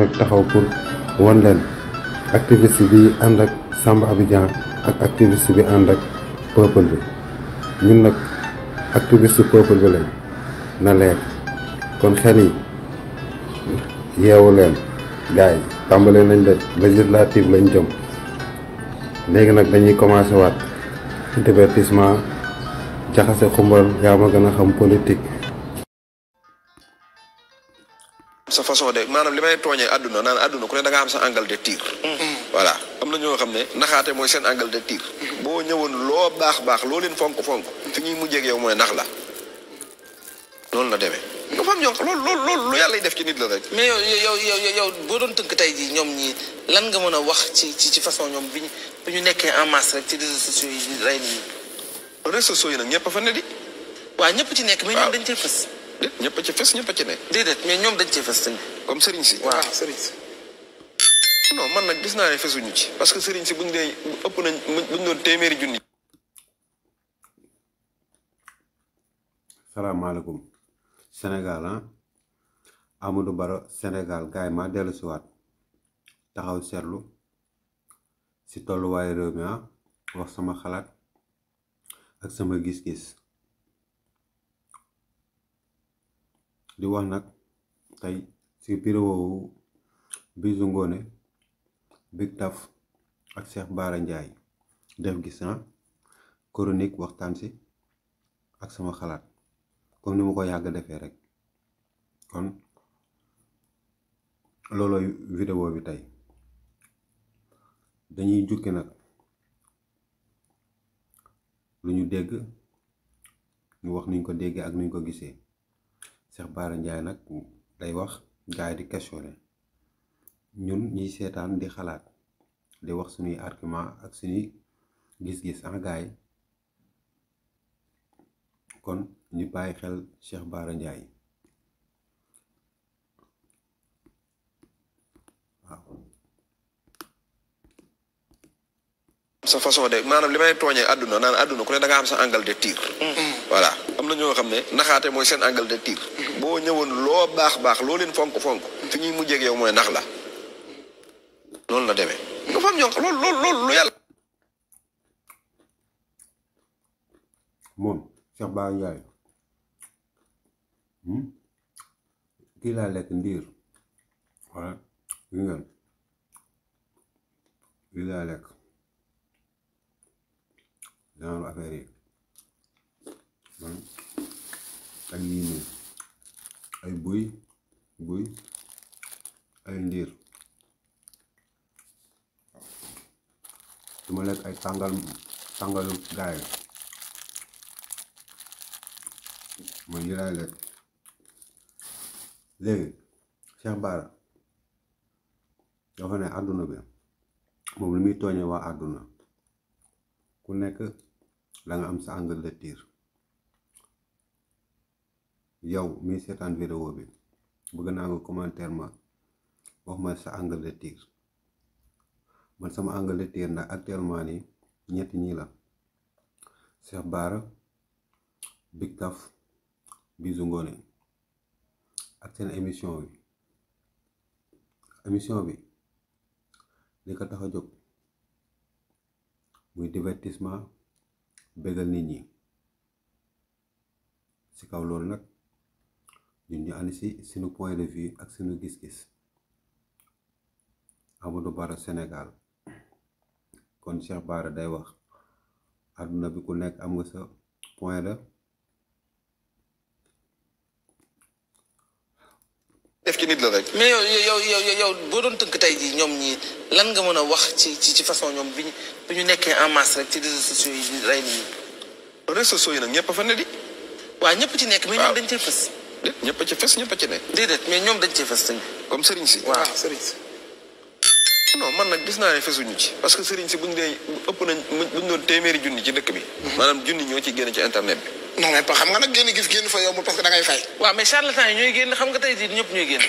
nag taxaw pour wan leen activiste bi ànd ak Samba Abidjan ak activiste bi ànd ak peuple bi ñun nag activiste peuple bi lañ na leer kon xel yi yeewu leen gars yi tàmbale nañ de législative lañ jëm léegi nag dañuy commencé waat divertissement jaxase xumbal yaa ma gën a xam politique sa façon de maanaam li may tooñee àdduna naan àdduna ku ne da nga am sa angle de tir. Mm-hmm. voilà am na ñoo xam ne naxaate mooy seen angle de tir. Mm-hmm. boo ñëwoon loo baax baax lool leen fonk fonk mm-hmm. fi ñuy mujjee ak yow mooy nax la noonu na demee. nga fam ñoo loolu loolu loolu def ci nit la rek. mais yow yow yow yow boo doon tënk tey jii ñoom lan nga mën a wax ci ci façon ñoom bi ñu bi ñu nekkee en masse rek ci réseaux sociaux yi rey nañu. réseaux sociaux yi nag ñëpp fa ne di. waa ñëpp ci nekk mais ñoom dañ cee fës. déet ñëpp ci fes ñëpp ci ne. déedéet mais ñoom dañ ci fes comme Serigne si. waaw ah, Serigne si. man nag gis naa ne fesuñu ci. parce que sëriñ si buñ dee ëpp nañ buñ doon téeméeri junni. salaamaaleykum Sénégal ah Amadou Baro Sénégal gaay ma taxaw seetlu si tolluwaay réew mi ah wax sama xalaat ak sama gis-gis. di wax nag tey si birowu Bijou Ngoné Big Taf ak Cheikh Bara njaay def gis na chronique waxtaan si ak sama xalaat comme ni ma ko yàgg defee rek kon loolooy vidéo bi tey dañuy jukki nag lu ñu dégg ñu wax nuñ ko déggee ak niñ ko gisee Cheikh Bara Ndiaye nag day wax gars yi di questionner ñun ñiy seetaan di xalaat di wax suñuy argument ak suñuy gis-gis en ah, gars kon ñu bàyyi xel Cheikh Bara Ndiaye waaw sa façon de maanaam li may tooñee àdduna naan àdduna ku ne da nga am sa angle de tir mm-hmm. voilà am na ñoo xam ne naxaate mooy seen angle de tir mm-hmm. boo ñëwoon loo baax baax loo leen fonk fonk fi ñuy mujjeeg yow mooy nax la loolu la demee mm-hmm. lu yàlla moom Cheikh Bara Ndiaye hmm? kii laa lekk ndiir voilà li laa lekk đi loại genre affaire yi man ak yii nii ay buy buy ay ndiir du ma lekk ay tàngal tàngalu gaay man yi laay lekk léegi Cheikh Bara dafa ne àdduna bi moom lu muy tooñee waa àdduna ku nekk la nga am sa angle de tir yow mi seetaan vidéo bi bëgg naa nga commentaire ma wax ma sa angle de tir man sama angle de tir nag actuellement nii ñetti ñii la Cheikh Bara Big Taf Bisou Ngone ak seen émission bi émission bi li ko tax a jóg muy divertissement bégal nit ñi ci kaw loolu nag ñun ñu ànd si suñu point de vue ak suñu gis-gis Amadou Barra Sénégal kon Cheikh Barra day wax àdduna bi ku nekk am nga sa point de def ci nit la rek. mais yow yow yow yow boo doon tënk tey jii ñoom ñii lan nga mën a wax ci ci ci façon ñoom bi ñu bi ñu nekkee en masse rek ci réseaux sociaux yi di rey nit ñi. réseaux sociaux yi nag ñëpp a fa ne di. waaw ñëpp ci nekk mais ñoom dañ cee fës. ñëpp a ci fës ñëpp a ci dañ cee fës tamit. comme Serigne si. waa ah, Serigne si. non man nag gis naa ne fesuñu ci parce que Serigne si buñ dee ëpp nañ buñ doon téeméeri junni ci dëkk bi. Mhm. maanaam junni ñoo ci génn ci internet bi. non nah, kan ya, mais pas xam nga nak génn gis génn fa yombul parce que da ngay fay. wa mais charlatan yi ñooy xam nga tay di ñep ñooy génn.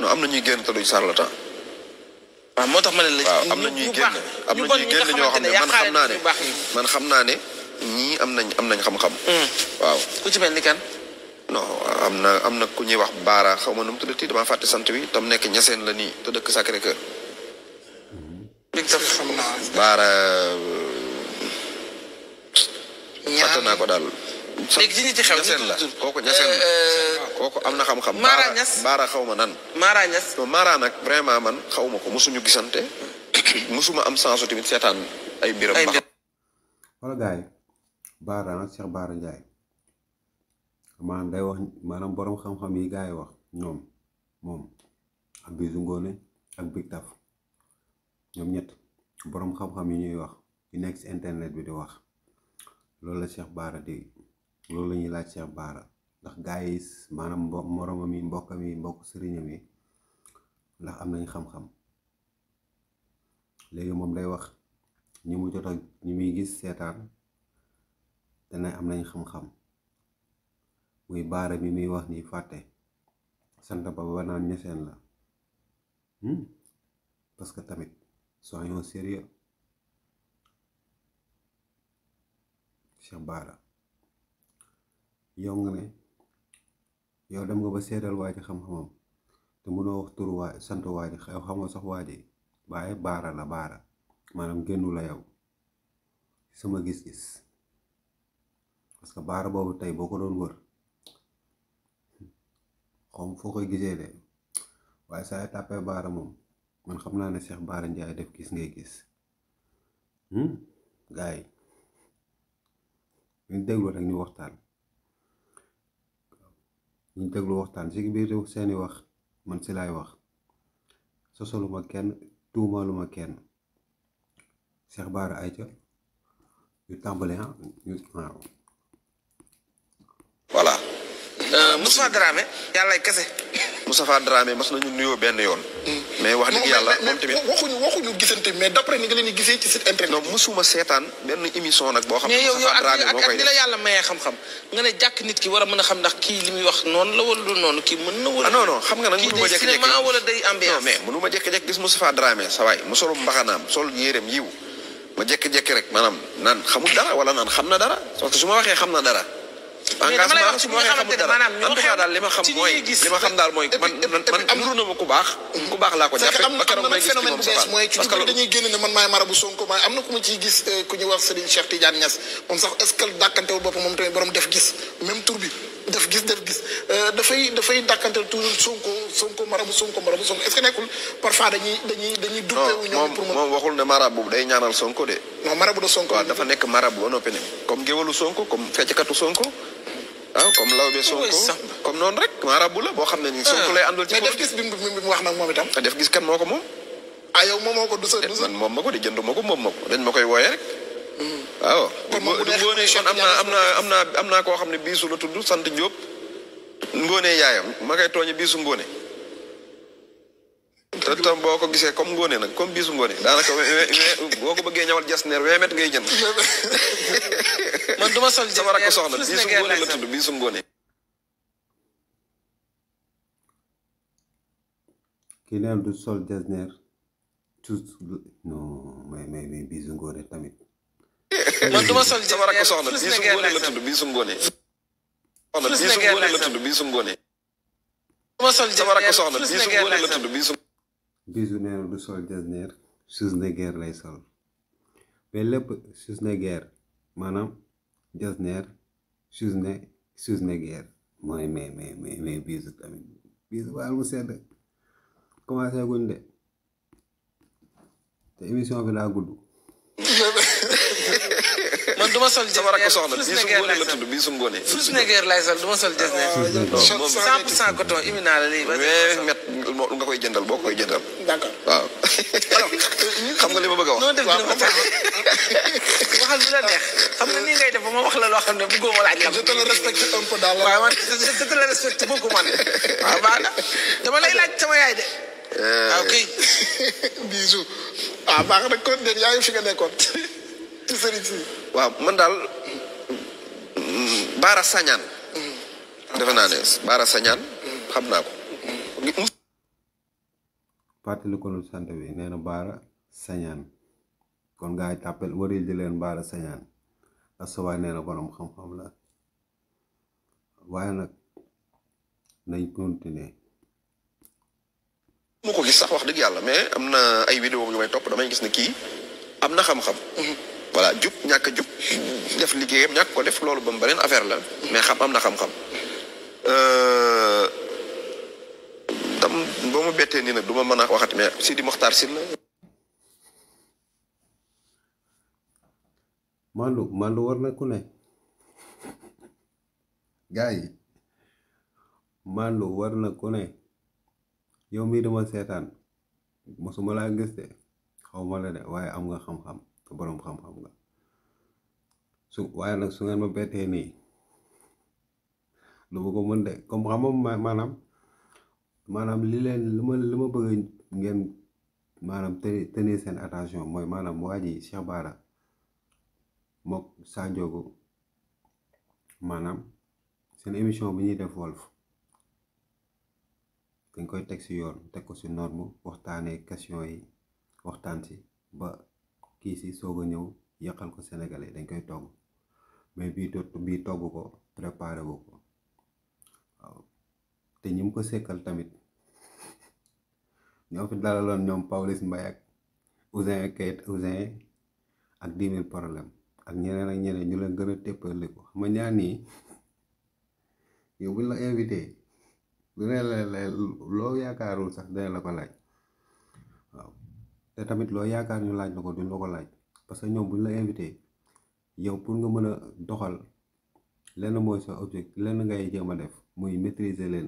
non amna ñuy génn ta duñ charlatan. wa motax tax ma ne la. amna ñuy génn amna ñuy génn ñoo xam man xam na ne man xam na ne ñi am nañ am nañ xam-xam. waaw ku ci melni kan. non amna amna ku ñuy wax bara xaw ma nu mu tuddati damaa fàtte sant wi tam nek ñaseen la ni te dëkk Sacré Cœur. bara ñaar fàtte daal. léegi li ñu ci xew kooku ñaseen euh, kooku am na xam-xam. Mara Niass Baara xaw ma nan. Mara Niass. Mara nag vraiment man xaw ma ko mosuñu gisante. mosuma am sensu tamit seetaan ay mbiram. ay mbiram wala gars yi Baara Cheikh Baara Ndiaye maanaam maanaam borom xam-xam yi gars yi wax ñoom moom ak Bijou Ngoné ak Big Taf ñoom ñett borom xam-xam yi ñuy wax yu nekk si internet bi di wax. loolu la Cheikh baara di loolu lañuy ñuy laaj Cheikh baara ndax gars yi maanaam mbo moromam yi mbokkam mi mbokk sëriñam yi ndax am nañ xam-xam léegi moom day wax ñi mu jot ak ñi muy gis seetaan dana am nañ xam-xam muy Bara mi muy wax ni fàtte sant ba ba naan ñeseen la hmm? parce que tamit soyons sérieux Cheikh Bara ne yow dem nga ba seetal waa ji xam-xamam te mënoo wax tur waa sant waa ji xew xamoo sax waa ji waaye Bara la Bara maanaam génnu la yow sama gis-gis parce que Bara boobu tey boo ko doon wër xom foo koy gisee de waaye saa tàppee Bara moom man xam naa ne Cheikh Bara Ndiaye def gis ngay gis hmm? gaay ñu déglu rek ñu waxtaan ñu déglu waxtaan si biir seeni wax man si laay wax sosoluma kenn tuumaaluma kenn Cheikh Bara Aïcha ñu tàmbale ah ñu waaw voilà euh, Moussa Dramé yàlla kese Moustapha Dramé mas nañu nuyoo benn yoon. Hmm. mais wax dëgg yàlla moom tamit waxuñu waxuñu gisante mais d'après ni nga leen di gisee ci xam ne la yàlla mayee xam-xam nga ne jàkk nit ki war a mën a xam ndax kii li muy wax noonu la wala du noonu kii mën na. wala ah, non non xam nga nag mënu ma a jékki kii day cinéma wala day ambiance. non mais mënu ma jékki mbaxanaam sol yéeram yiw ma jékki-jékki rek maanaam naan xamul dara wala naan xam na dara parce su ma waxee xam na dara dama a wax ci ñi nga xamante ne maanaam ñoo xew daal man man nuru na ma ku baax ku baax laa ko jàppe am na nag phénomène bu bees mooy ci ñu dañuy génn ne man maay marabu Sonko maay am na ku ma ciy gis euh, ku ñu wax Serigne Cheikh Tidiane Niass moom sax est-ce que moom tamit borom def gis même tur def gis def gis euh, da fay dakantal toujours Sonko Sonko marab Sonko marab Sonko est-ce que parfois dañuy dañuy dañuy wu ñoom pour mom waxul ne marab boobu day ñaanal Sonko de non marab de Sonko da fa nek marab ba noppi comme géwalu Sonko comme feccekatu Sonko ah comme lawbe ah, Sonko comme non rek marabu la bo xam ni Sonko ah, lay àndul ci def gis bim bim wax nak mom itam def gis kan moko mom ayaw ah, mom moko moom moo eh, man di jënd ma mom mako dañ makoy woyé rek waaw ngoone man am naa am naa am naa am koo xam ne biisu la tudd sant Diop. ngoone yaayam ma koy tooñe biisu ngoone. te boo ko gisee comme ngoone nag comme biisu ngoone daanaka boo ko bëggee ñawal jas neer vingt mètres sol jënd sama rakk soxna biisu ngoone biisu ngoone tamit. man du ma sol sama rakk soxna bii su ngoone la tudd bii su ngoone soxna bii su ngoone la tudd bii su ngoone sama rakk soxna bii su ngoone la tudd bii su bisu neena du sol jasneer suus na guerre lay sol mais lépp suus na guerre maanaam jasneer suus na suus na guerre mooy mais mais mais mais bisu tamit bisu baal mu sedd commencé guñ de te émission bi laa gudd man du ma sol jésneer sama rakk soxna bii su ngóone la tudd bii su ngóone. furs neger lay sol du ma sol jésneer. Ah, cent pour cent coton imina la lii. mais eh, met nga koy jëndal boo koy jëndal. d'accord waaw. xam nga li ma bëgg a wax. non dëgg la waxal lu la neex. xam nga nii ngay def ba ma wax la loo xam ne bëggoo ma laaj la. je te le respecte un peu daal la. waaw man je te le respecte beaucoup man. waaw baax na dama lay laaj sama yaay de. Eh. Ah, ok. bisou. ah baax na kon de yaa ngi fi nga nekkoon. surtout sëriñ waaw man daal Baara Sañaan. Mm-hmm. defe naa ne Baara Sañaan. Mm-hmm. xam naa ko. Mm-hmm. fàttali ko nu sant bi nee Baara Sañaan kon gaay tàppel waril di leen Baara Sañaan asawaay nee na borom xam-xam la waaye nag nañ continuer. mu gis sax wax dëgg yàlla mais am na ay vidéo yu may topp damay gis na kii am na xam-xam. voilà jup ñak djup def liggéeyam ñak ko def lolu bam mu affaire la mais xam am na xam-xam euh, tam bo ma bété ni nak duma mëna waxati mais Sidi mukhtar sin malu malu war na ku ne gay malu war na ku ne yow mi dama musuma la xawma la de waye am nga xam-xam boroom xam-xam nga su waaye nag su ngeen ma bettee nii lu ma ko mën de comme xam ma maanaam maanaam li li ma li ma bëgg ngeen maanaam tenir seen attention mooy maanaam waa ji Cheikh Bara mook Sanjogu maanaam seen émission bi ñuy def Walf dañ koy teg si yoon teg ko ci norme waxtaanee question yi waxtaan ci kii si soog a ñëw yàqal ko sénégalais dañ koy togg mais bii do bii togg ko préparé wu ko waaw te ñi ko sekkal tamit ñoo fi dalaloon ñoom Pawlish Mbaye ak Ouzin Keïta Ouzin ak dix mille problème ak ñeneen ak ñeneen ñu leen gën a téppale ko xam ñaan yi yow buñ la invité lu ne la loo yaakaarul sax dana la ko laaj te tamit lo yaakar ñu laaj la duñ lako laaj parce que ñom buñ la invité yow pour nga mëna doxal lén moy sa objectif lén ngay jëma def moy maîtriser lén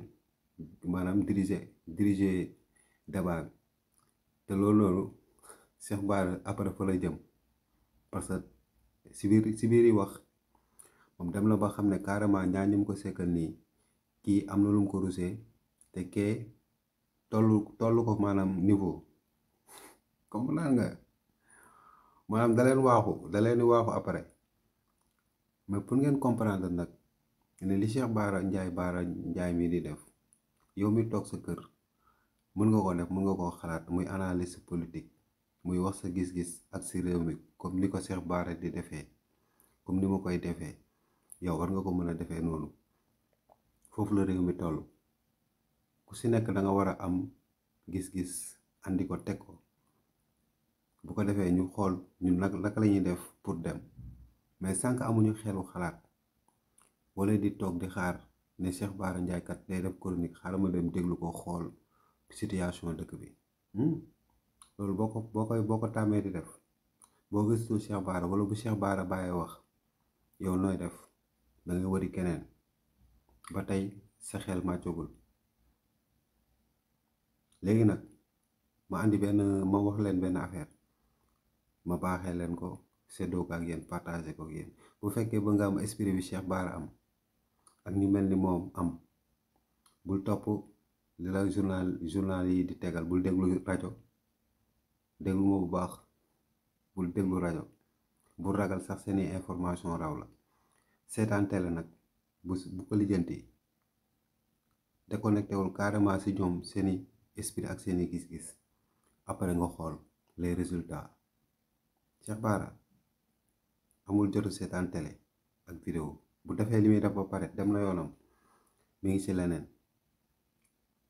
manam diriger diriger débat té te loolu Cheikh bar après fa lay jëm parce que sibir sibiri wax mom dem la ba xamné carrément ñaan ñi ko sékkal ni ki am na lu ko rusé té ké tollu tollu ko manam niveau kamu nga manam dalen waxu dalen waxu apare waaxu kan après mais pour ngeen comprendre nak ene li Cheikh bara njay bara njay mi di def yow mi tok sa keur mën nga ko def mën kan nga ko xalat muy analyse politique muy wax sa gis-gis ak si réew mi comme ni Cheikh bara di defé comme ni koy defé yow war nga ko mëna defé nonu fofu la mi ku si nek da nga wara am gis-gis andi ko bu ko defee ñu xool ñun nag naka lañuy def pour dem mais sànq amuñu xelu xalaat wala di toog di xaar ne Cheikh Bara Ndiaye kat day def chronique xaaral ma dem déglu ko xool situation dëkk bi hmm? loolu boo ko boo ko tàmmee di def boo gëstu Cheikh Bara wala bu Cheikh Bara bàyyee wax yow nooy def da ngay wari keneen ba tey sa xel màccagul léegi nag ma andi benn ma wax leen benn affaire. ma baaxe leen ko séddoo ko ak yéen partagé ko ak yéen bu fekkee ba nga am esprit bi Cheikh Bara am ak ñu mel ni moom am bul topp li la journal journal yi di tegal bul déglu rajo déglu ma bu baax bul déglu rajo bul ragal sax seeni information raw la seetaan télé nag bu bu ko lijjanti déconnecté wul carrément si ñoom seeni esprit ak seeni gis-gis après nga xool les résultat Cheikh Bara amul jotu seetaan télé ak vidéo bu defee li muy def ba pare dem na yoonam mi ngi ci leneen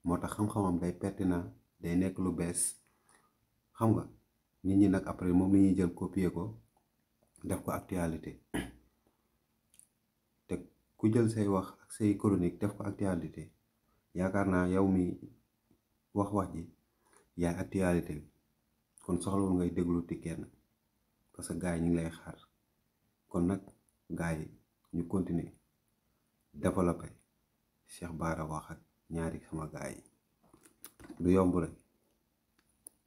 moo tax xam-xamam day pertinent day nekk lu bees xam nga nit ñi nag après moom la ñuy jël copier ko def ko actualité te ku jël say wax ak say chronique def ko actualité yaakaar naa yow mi wax wax ji yaay actualité kon soxla soxlawul ngay déglu ti kenn parce que gars yi ñu ngi lay xaar kon nag gars yi ñu continuer développer Cheikh Bara wax ak ñaari sama gars yi du yomb rek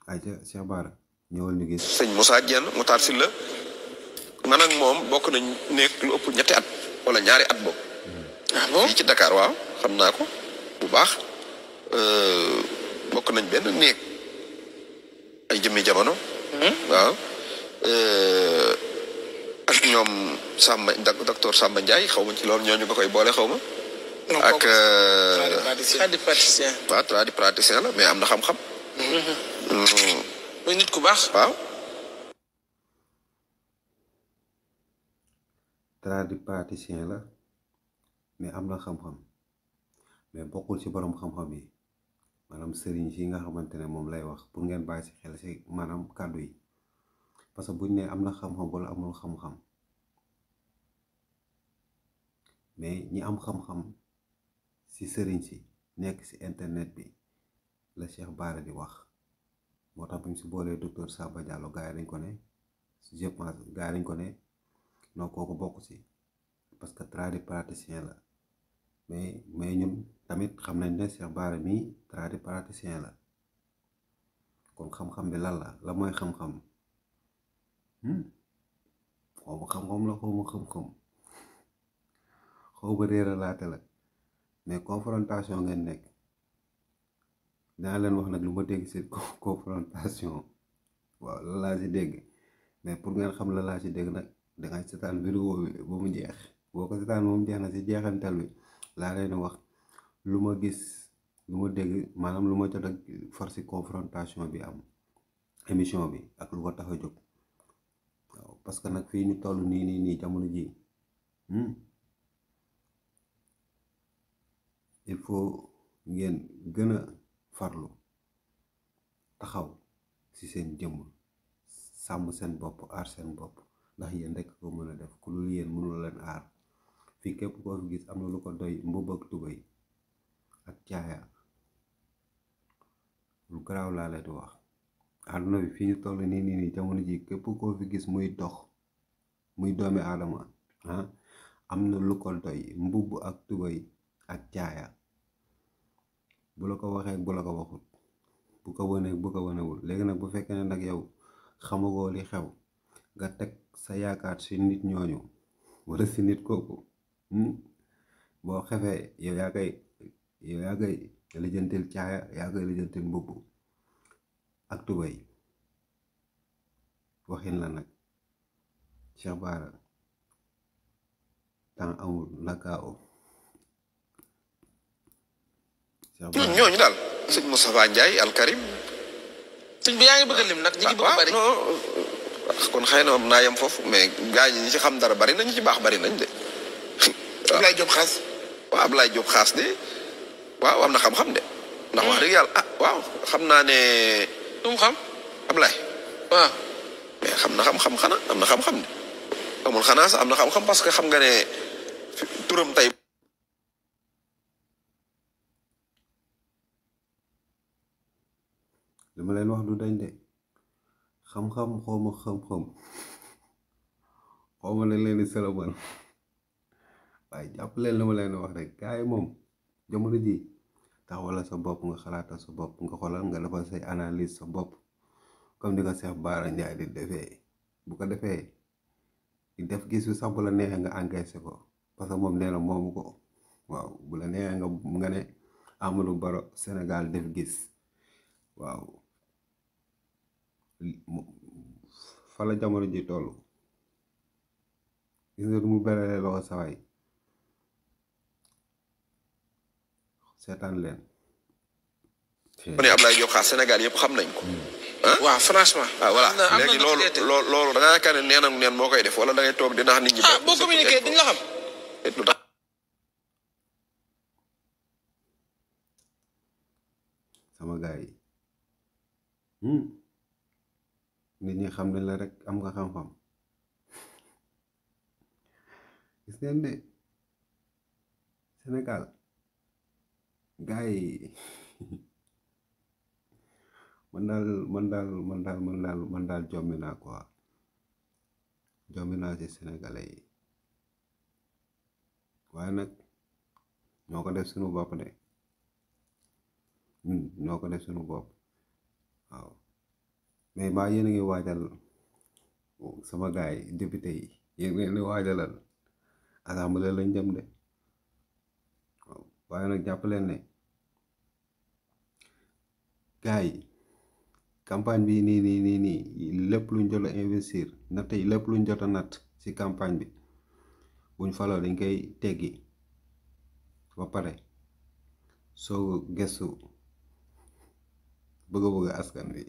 ayca Cheikh Bara ñëwal ñu gis. sëñ Moussa Dieng Moutar la man ak moom bokk na nekk lu ëpp ñetti at wala ñaari at boobu. Hmm. Ah, fii ci Dakar waaw xam naa ko bu baax euh, bokk nañ benn néeg ay jëmmi jamono. Hmm. waaw. Eh, ñoom Samba docteur Samba Ndiaye xaw ma ci loolu ñooñu nga koy boole xaw ma. ak. Euh, tradipraticien waaw tradipraticien la mais am xam-xam. muy mm-hmm. mm. nit ku baax. waaw. tradipraticien la mais am na xam-xam mais bokkul ci borom xam-xam yi maanaam sëriñ si nga xamante ne lay wax pour ngeen bàyyi si xel si maanaam kàddu yi parce que buñ né amna xam-xam wala amul xam-xam mais ñi am xam-xam si sëriñ ci nek si internet bi la Cheikh Bara di wax motax buñ si bolé docteur saba Diallo gaay dañ ko ne je pense gaay dañ ko né non koko bokku ci parce que praticien la mais mais ñun tamit xam nañ né Cheikh Bara mi praticien la kon xam-xam bi lan la la moy xam-xam Hmm. xaw ma xam-xam la xaw ma xam-xam xaw ma réeralaate la mais confrontation ngeen nekk dinaa leen wax nag lu ma dégg seen confrontation waaw la laa dégg mais pour ngeen xam la laa dégg nag dangay seetaan vidéo bi ba mu jeex boo ko seetaan ba mu jeex na si jeexantal bi laa leen wax lu ma gis lu ma dégg maanaam lu ma jot ak far confrontation bi am émission bi ak lu ko tax a jóg parce que nak fi ni toll ni ni ni jamono ji hmm? il faut ngeen gëna farlu taxaw ci seen jëm sam seen bop ar seen bop ndax yeen rek ko mëna def ku dul yéen mënul leen ar fi kep ko fi gis amna lu ko doy mbob ak tubay ak caaya lu graw la leen do wax àdduna bi fii ñu toll nii nii nii jamono ji képp koo fi gis muy dox muy doomi aadama ah, am na lu ko doy mbubb ak tubay ak caaya bu la ko waxee bu la ko waxut bu ko wanee bu ko wanewul léegi nag bu fekkee ne nag yow xamagoo li xew nga teg sa yaakaar si nit ñooñu wala si nit kooku hmm, boo xefee yow yaa koy yow yaa caaya yaa koy lijjantil mbubb ak tubay waxin la nag Cheikh Bara temps amul nakaaw ñun hmm, ñooñu daal sëñ mos Ndiaye alkarim sëñ bi yaa ngi bëgg a lim nag ñi ngi bëgg a ah, ah, bari kon xëy na am naa yem foofu mais gars ñi ci xam dara bari nañu ci baax bari nañ de waaw Ablaye Diop xaas waaw xaas de wa am na xam-xam de ndax wax dëgg yàlla ah waaw xam naa ne ุ้มคำทำไรว่าแม่คำนะคำคำขนาดคำนะคำคำคำมันขนาดสามนะคำคำพัสก็คำกันเนี่ยตุ่มไตเดี๋มาเล่นว่าดูได้เด็กคำคำโคมคำคำโคมาเล่นเล่นในเซลล์มันไปจับเล่นแล้วมาเล่นว่าเด็กกายมุมจะมาดี taxawalal sa bop nga xalaata sa bop nga xolal nga defal say analyse sa bop comme ni nga Cheikh Bara Ndiaye di defé bu ko defé di def gis bi sax bu la nexe nga engagé ko parce que mom nee mom ko waaw bu la nexe nga nga ne ya. Amadou Baro Sénégal def gis waaw fa la jamono ji tollu ñu nga du mu beralee loxo seetaan leen. mu ne Abdoulaye Diop Sénégal yëpp xam nañ ko. Hmm. Ah? waaw franchement. ah voilà léegi loolu loolu loolu da ngaa yaakaar ne neen ak moo koy def wala da ngay toog di naax nit ñi. ah xam. lu tax sama gars yi hmm. nit xam nañ la rek am nga xam-xam Sénégal. gaay man daal man daal man daal man daal man daal jommi naa quoi jommi naa ci sénégalais yi waaye nag ñoo ko def sunu bopp de ñoo ko def sunu bopp waaw mais maa yéen a ngi waajal sama gaay député yi yéen ngeen di waajalal assemblée lañ jëm de waaye nag jàpp leen ne gars yi campagne bi nii nii nii nii lépp luñ jot a investir natt yi lépp luñ jot a natt ci campagne bi buñ faloo dañ koy teggi ba pare soogu gëstu bëgg-bëgg askan wi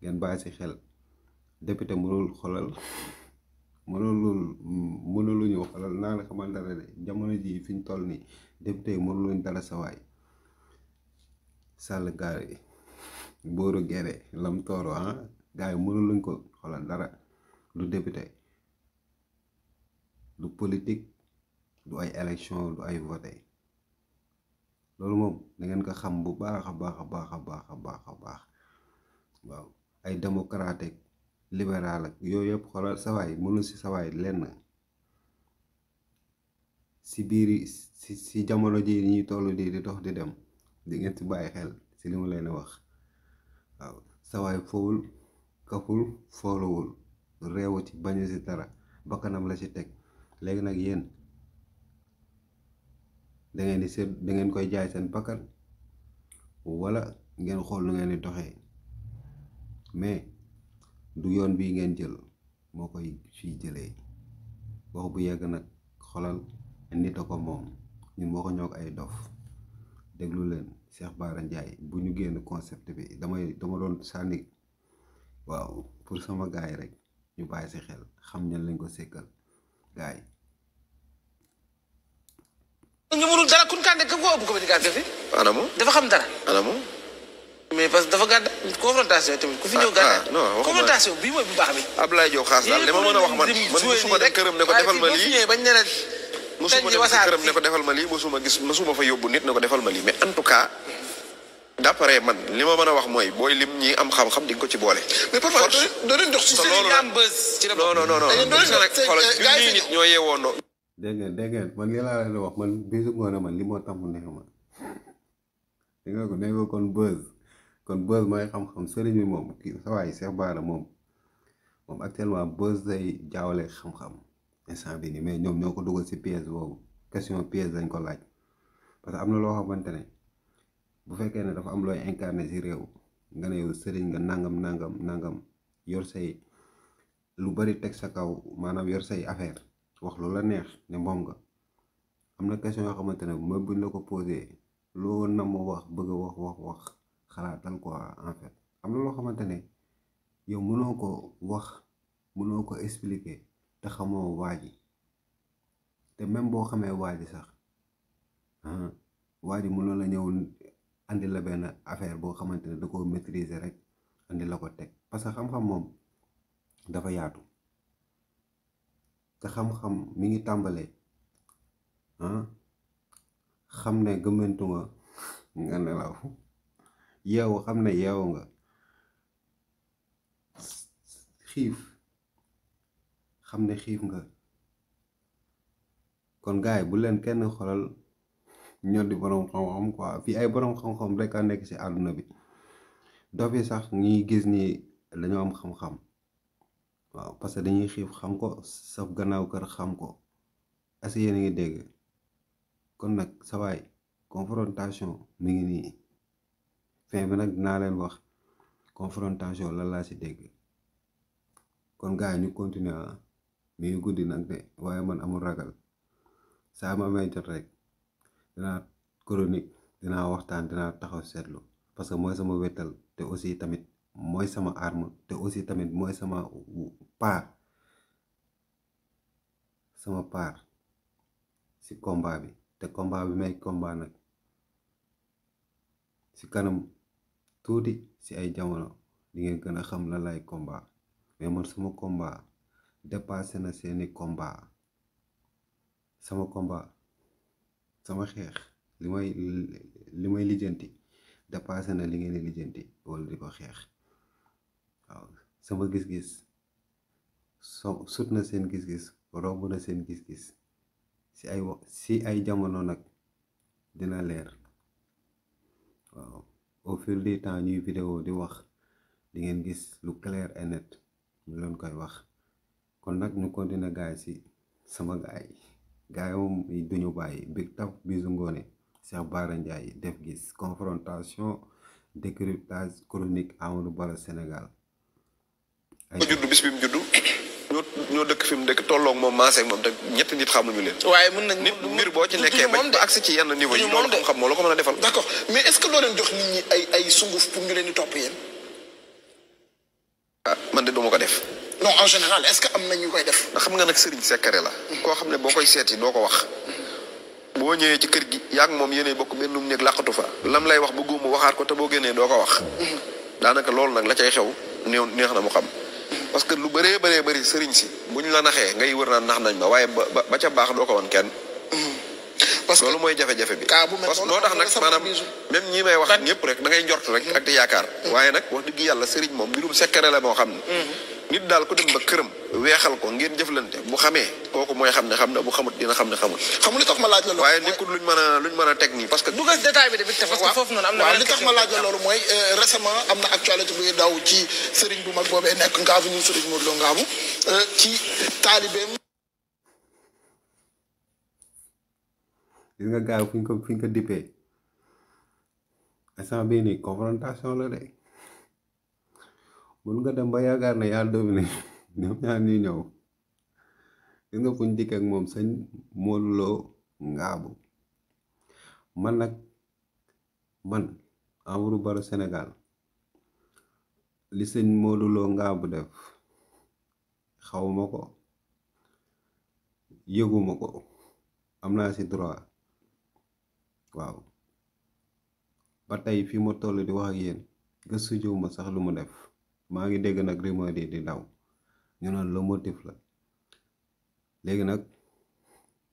ngeen bàyyi ci xel député mënul xolal mënulul mënuluñu xolal naa la xamal dara de jamono ji fi toll nii député yi mënu luñ dara sawaay sàll gaar yi booru gere lam tooro ah gars yi mënu luñ ko xoolal dara du député du politique du ay élection du ay voté loolu moom dangeen ko xam bu baax a baax a baax a baax a baax a baax waaw ay démocrate libéral ak yooyu yëpp xoolal sawaay mënul si sawaay lenn si biri si si jamono ji ni tolu di di dox di dem di ngeen ci xel ci limu leen wax waaw sawaay fowul kaful foolowul réewu ci bañu ci dara bakanam la ci tek léegi nak yeen da ngeen di se da ngeen koy jaay sen bakkan wala ngeen xol lu ngeen di doxee mais du yoon bi ngeen jël mokoy fi jëlé wax bu yegg nak xolal nit a ko moom ñun waxuñoo ko ay dof déglu leen Cheikh Bara Ndiaye bu ñu génn concept bi damay dama doon sànni waaw pour sama gars yi rek ñu bàyyi si xel xam ñan lañ ko sekkal gars yi. ñu mënul dara kun kànde ko ko ba ñu gàdde fi. anamo dafa xam dara. anamo mais parce que dafa gàdd confrontation tamit ku fi ñëw gàdd confrontation bii mooy bu baax bi Ablaye Diop xaas daal li ma mën a wax man man suma dem këram ne ko defal ma lii bañ ne musuma dem ci këram ne ko defal ma lii musuma gis musuma fa yóbbu nit ne ko defal ma lii mais en tout cas d'après man li ma mën a wax mooy booy lim ñi am xam-xam di nga ko ci boole. mais parfois doo leen dox ci ci la non non non nit ñoo yeewoon. dégg ngeen dégg ngeen man lii laa leen wax man bisu ngoone man li moo tax mu neex ma dégg nga ko dégg nga kon buzz kon buzz mooy xam-xam sëriñ bi moom kii sa waay Cheikh Bara moom moom actuellement buzz day jaawale xam-xam. instant bi nii mais ñoom ñoo ko dugal si piège boobu question piège lañ ko laaj parce que am na loo xamante ne bu fekkee ne dafa am looy incarné si réew nga ne yow nga nangam nangam nangam yor say lu bari teg sa kaw maanaam yor say affaire wax lu la neex ne moom am na question yoo xamante ne même buñ la ko posé loo nam wax bëgg a wax wax wax xalaatal am na loo xamante ne yow mënoo ko wax mënoo ko expliquer. te xamoo waa ji te même boo xamee waa sax ah, waa ji mënoon la ñëw indi la benn affaire boo xamante ne da koo maîtriser rek andi la ko teg parce que xam-xam moom dafa yaatu te xam-xam mi ngi tàmbalee ah, xam ne gëmmantu nga nga nelaw yeewu xam ne yeewu nga xiif xam ne xiif nga kon gaa gaay bu leen kenn xoolal ñor di boroom xam-xam quoi fii ay boroom xam-xam rek a nekk ci àdduna bi dof yi sax ñuy gis ni dañoo am xam-xam waaw parce que dañuy xiif xam ko saf gannaaw kër xam ko est-ce yéen a ngi dégg kon nag sawaay confrontation mi ngi nii fin bi nag dinaa leen wax confrontation lan laa ci dégg kon gaay ñu continuer ah. mais yu guddi nag de waaye man amul ragal saa ma may rek dinaa chronique dinaa waxtaan dinaa taxaw seetlu parce que mooy sama wéttal te aussi tamit mooy sama arme te aussi tamit mooy sama paar sama paar ci combat bi te combat bi may combat si kanam tuuti si ay jamono di ngeen gën a xam lan lay combat mais man sama combat. dépassé na seeni combat sama combat sama xeex li may li may lijjanti dépassé na li ngeen lijjanti wala di ko xeex waaw sama gis-gis so sut na seen gis-gis romb na seen gis-gis si ay si ay jamono nag dina leer waaw au fil du temps ñuy vidéo di wax li ngeen gis lu clair et net ñu leen koy wax kon nag ñu continuer gaay si sama gaay yi gaay moom duñu bàyyi big taf bisu ngoone bis bi mu juddu ñoo ñoo dëkk fi mu dëkk tolloog moom maaseeg moom te ñetti nit xamuñu leen. waaye mën nañ nit mbir boo ci nekkee ba ba agsi ko mën a defal. d'accord mais est-ce que doo leen jox nit ñi ay sunguf pour ñu leen topp yéen. ah man de duma ko def. non en général est-ce que am na ñu koy def. ndax xam nga nag sëriñ secret la. Mm-hmm. koo xam ne boo koy seeti doo ko wax. Mm-hmm. boo ñëwee ci kër gi yaa moom yéenay bokk benn mu nekk làqatu fa. lam lay wax bëgguma waxaat ko te boo génnee doo ko wax. Mm-hmm. daanaka loolu nag la cay xew néew neex na mu xam. parce que lu bëree bëree bëri sëriñ si bu ñu la naxee ngay wër naan nax nañ ma waaye ba ba ba ca baax doo ko woon kenn. parce que loolu mooy jafe-jafe bi. kaa bu mel noonu moo tax nag maanaam may wax ñëpp rek da ngay rek. ak di yaakaar. Mm. waaye nag wax dëgg yàlla sëriñ moom mbirum sekkare la moo xam ne. Mm. nit daal ku dem ba këram. weexal ko ngeen jëflante bu xamee kooku mooy xam ne xam ne bu xamut dina xam ne xamul. xam li tax ma laaj waaye nekkul tax ma laaj la loolu mooy euh, récemment am na actualité buy daw ci sëriñ bu mag boobee nekk Ngaabu ñu sëriñ Modou Lo Ngaabu euh, ci taalibeem gis nga gars yi ko fuñ ko dippee instant bii nii confrontation la de mun nga dem ba yaakaar ne yaa dominé ñoom ñaar ñuy ñëw gis nga fuñ dikk moom sëñ Modou Lo Ngaabu man nag man Amadou Baro Sénégal li sëñ Modou Lo Ngaabu def xawma ko yëguma ko am naa si droit waaw ba tey fi ma toll di wax ak yéen gëstu jiw ma sax lu mu def maa ngi dégg nag rumeur yi di daw ñu naan Lomotif la léegi nag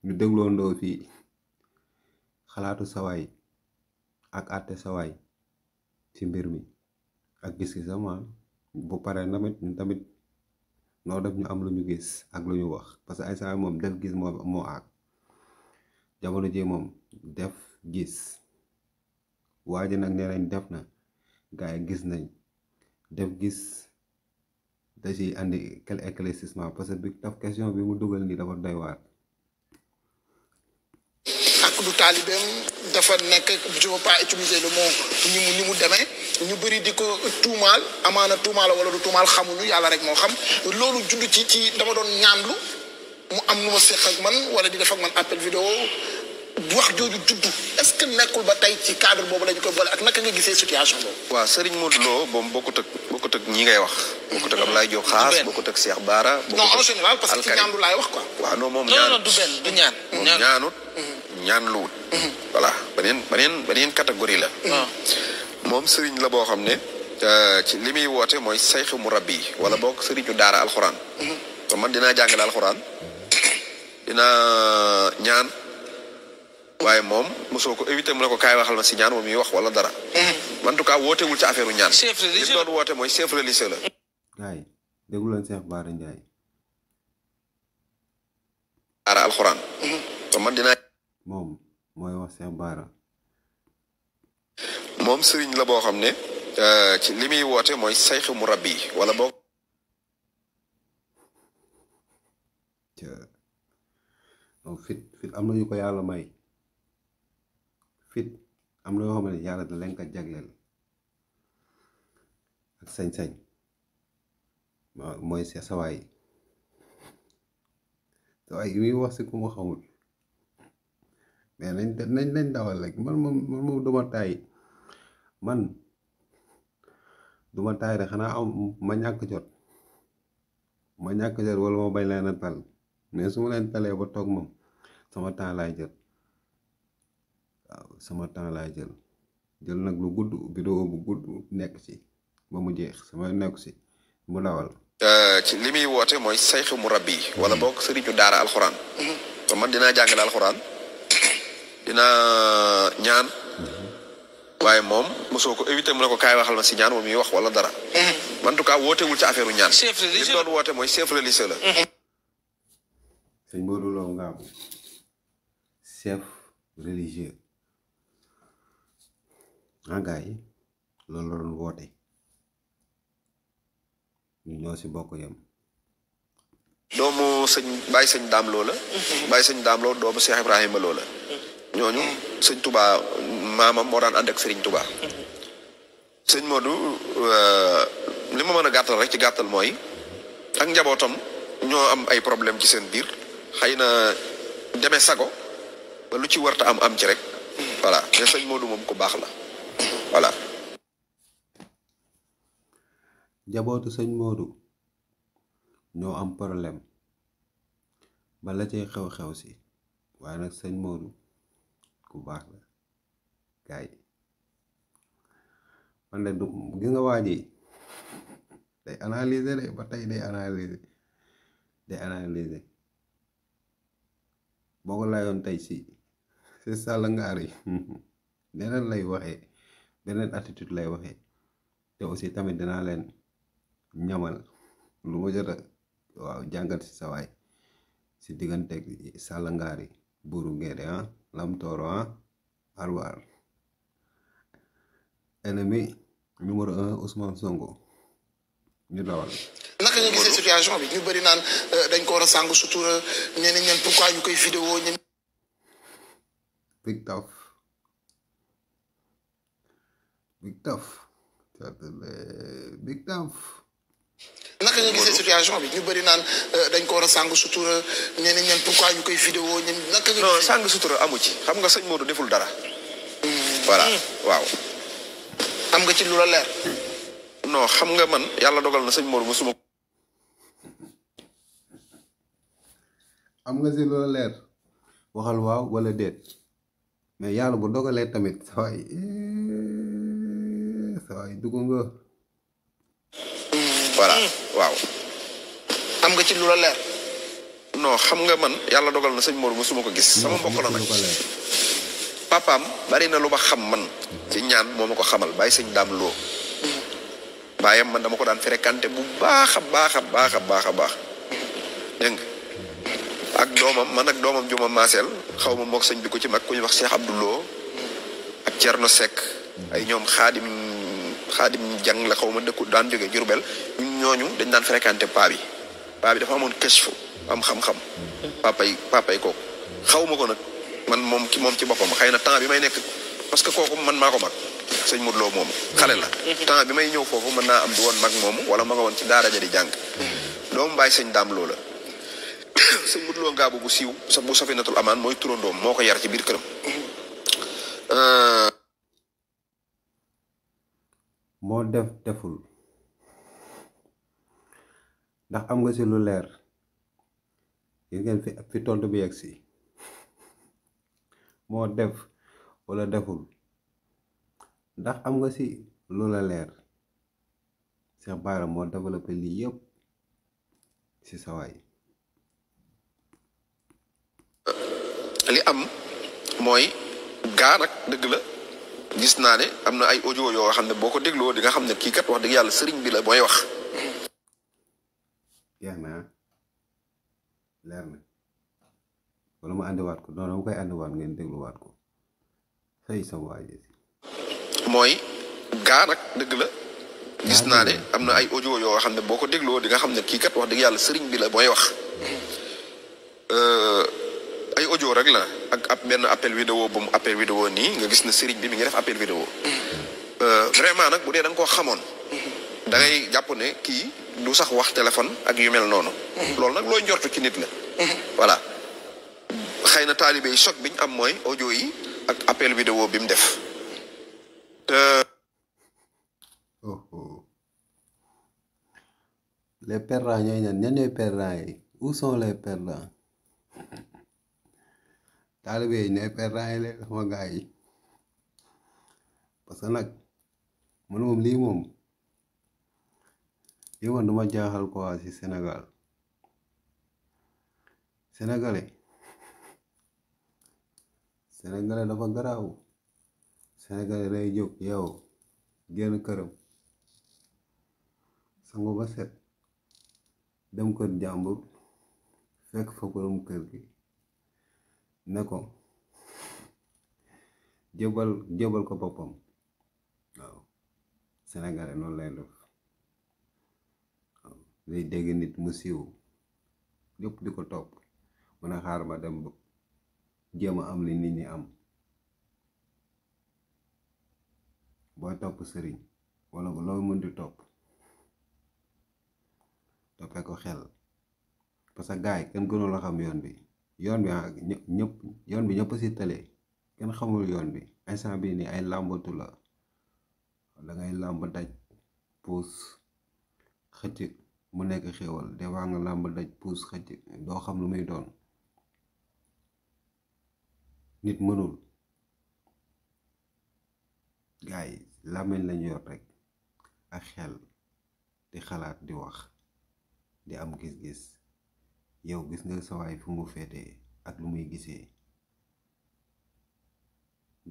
ñu dégloondoo fii xalaatu sawaay ak àtte sawaay ci mbir mi ak gis-gisam ah. bu paree tamit ñu tamit noo def ñu am lu ñu gis ak lu ñu wax parce que ay sawaay moom def gis moo moo aak jamono ji moom def gis waaja nag nee def na gaa yi gis nañ def gis da ciy andi quel bi taf question bi mu dugal nii dafa doy waar ak du taalibeem dafa nekk je veux lu utiliser le ni mu ni mu demee ñu bari di ko tuumaal amaana tuumaal wala du tuumaal xamuñu yàlla rek moo xam loolu judd ci ci dama doon ñaanlu mu am lu ma séq ak man wala di def ak man appel vidéo wax joju judd est ce que nekul ba tay ci cadre bobu lañ ko boole ak naka nga gisee situation bobu wa serigne Modou Lo bom bokut ak bokut ak ñi ngay wax mm-hmm. bokut ak lay jox xaas bokut ak Cheikh Bara non en général parce que ñaan lu lay wax quoi wa non mom ñaan non du ben du ñaan ñaanut mm-hmm. ñaan lu wut mm-hmm. voilà benen benen benen catégorie la mom ah. serigne la bo xam euh, ci limi wote moy mooy sayxu murabbi wala bok serigne dara alcorane man dina jangal alcorane dina ñaan waaye moom mosoo ko éviter mu ne ko kaay waxal ma si ñaan moom yi wax wala dara. Eh. en wootewul ci affaire ñaan. chef religieux li doon woote mooy chef religieux la. gars yi déglu leen mm-hmm. moom sëriñ la boo xam ne euh, ci li muy woote mooy sayxu mu rabbi wala boog. fit am na ñu ko yàlla may. fit am na yoo xam ne yàlla da leen ko jagleel ak sañ-sañ mooy sa sawaay sawaay yi muy wax si ku ma xamul mais nañ nañ nañ dawal rek man moom man moom duma taay man duma taay rek xanaa am ma ñàkk jot ma ñàkk jot wala ma bañ leen a tal mais su ma leen talee ba toog moom sama temps laay jot sama temps lay jël jël nak lu gudd vidéo bu gudd nek ci ba mu jeex sama nek ci mu dawal ci limi muy moy mooy sayxu wala hmm. bok serigne daara alquran hmm. to man dina jàngale alquran dina ñaan hmm. waye mom musoko éviter mu lako kay waxal ma si ñaan moom mi wax wala dara en tout cas wul ci affaireu ñaan li doon woote moy chef religieux la sëñ Modou Lo Ngabou chef religieux Ah, gars yi loolu la doon woote ñu ñoo si bokk yam doomu sëñ bàyyi sëñ daam loola bàyyi sëñ daam loola doomu Cheikh Ibrahima loola ñooñu sëñ Touba maamam moo daan ànd ak Serigne Touba sëñ Modou euh, li ma mën a gàttal rek ci gàttal mooy ak njabootam ñoo am ay problème ci seen biir xëy na demee sago ba lu ci warta am am ci rek voilà mais sëñ Modou moom ku baax la voilà. jabootu sëñ Modou ñoo am problème bala la cay xew-xew si waaye nag sëñ Modou ku baax la gaay yi man du gis nga waa ji day analyser de ba tey day analyser day analyser boo ko laayoon tey si c'est ça lay waxe beneen attitude lay waxee te aussi tamit dinaa leen ñamal lu ma jot a waaw jàngal si sawaay si diggante sàllangaari buuru ngeere ah lamtooro ah alwaar ennemi numéro un Ousmane Sonko ñu dawal naka nga gisee situation bi ñu bëri naan euh, dañ ko war a sutura euh, ñeneen ñeen pourquoi koy vidéo ñen big taf big taf euh, big taf naka ñu gisee situation bi ñu bëri naan euh, dañ ko war a sàng sutura ñeneen ñeen pourquoi ñu koy vidéo ñen naka ñu non sàng sutura amu ci xam nga sëñ Modou deful dara voilà hmm. waaw am nga ci lu la leer non xam nga man yàlla dogal na sëñ Modou musuma am nga ci lu la waxal waaw wala déet mais yàlla bu dogalee tamit waaye eh. ça va dugg nga. voilà waaw. am nga ci lu leer. non xam nga man yàlla dogal na Mor ko gis. sama mbokk la nag papaam bari na lu xam man. ci ñaan moo xamal bàyyi sëñ daam loo. baayam man dama ko daan fréquenté bu baax a baax a baax a ak doomam man ak doomam ju ma maaseel xaw ma bi ko ci wax Cheikh ak ay khadim jang la xawma deku daan joge jurbel ñooñu dañ daan fréquenter pa bi pa bi dafa amone kësfu am xam-xam papay papay kooku xaw ma ko nak man mom ki mom ci bopam xeyna temps bi may nek parce que kooku man mako mak mag sëñ mom xalé la temps bi may ñew fofu man na am du won mak mom wala ma nga won ci dara ja di jàng doomu mbaay sëñ dam loo la sëñ nga bu siw sa bu safinatul aman moy turondom moko yar ci bir kërëm euh mo def deful ndax am nga ci lu leer yeen ngeen fi fi tontu bi yegg mo def wala deful ndax am nga ci lu la leer Cheikh Bara mo developer li yeb ci saway li am moy gaa ak deug la gis naa ne am na ay audio yoo xam ne boo ko dégloo di nga xam ne kii kat wax dëgg yàlla sëriñ bi la mooy wax. jeex àndiwaat ko noonu ma koy gaa nag dëgg la. naa ne am na ay audio yoo xam ne boo ko dégloo di nga xam ne kii kat dëgg yàlla sëriñ bi la mooy wax. Hmm. Euh, vidéo rek la ak ap ben appel vidéo bu appel vidéo ni nga gis na serigne bi mi ngi def appel vidéo euh vraiment nak boudé dang ko xamone da ngay jàpp ne kii du sax wax téléphone ak yu mel noonu lool nak loy ñortu ci nit la voilà xeyna talibé choc biñ am moy audio yi ak appel vidéo bi mu def les perdants ñooy ñan ñan ñooy perdants où sont les perrains taalibe yi ñooy perdant yi leen sama gars yi parce que nag man moom lii moom lii man dama jaaxal quoi ci Sénégal sénégalais sénégalais dafa garaaw sénégalais day jóg yow génn këram sangu ba set dem kër jàmbur fekk fa borom kër gi nako jobal jobal ko bopam waw sénégalais non lay def waaw day dégg nit musiw siiw diko di ko xaar ma dem ba am li nit ñi am booy top sëriñ wala loo mën di top topé ko xel parce que gaay kën gënul la xam yoon bi yoon bi ah ñëpp yoon bi ñëpp si télé kenn xamul yoon bi instant bi nii ay làmbatu la da ngay làmb daj puus xëcc mu nekk xéwal des fois nga làmb daj puus xëcc doo xam lu muy doon nit mënul gars yi làmmiñ lañ yor rek ak xel di xalaat di wax di am gis-gis yow gis nga sa waay fu mu féetee ak lu muy gisee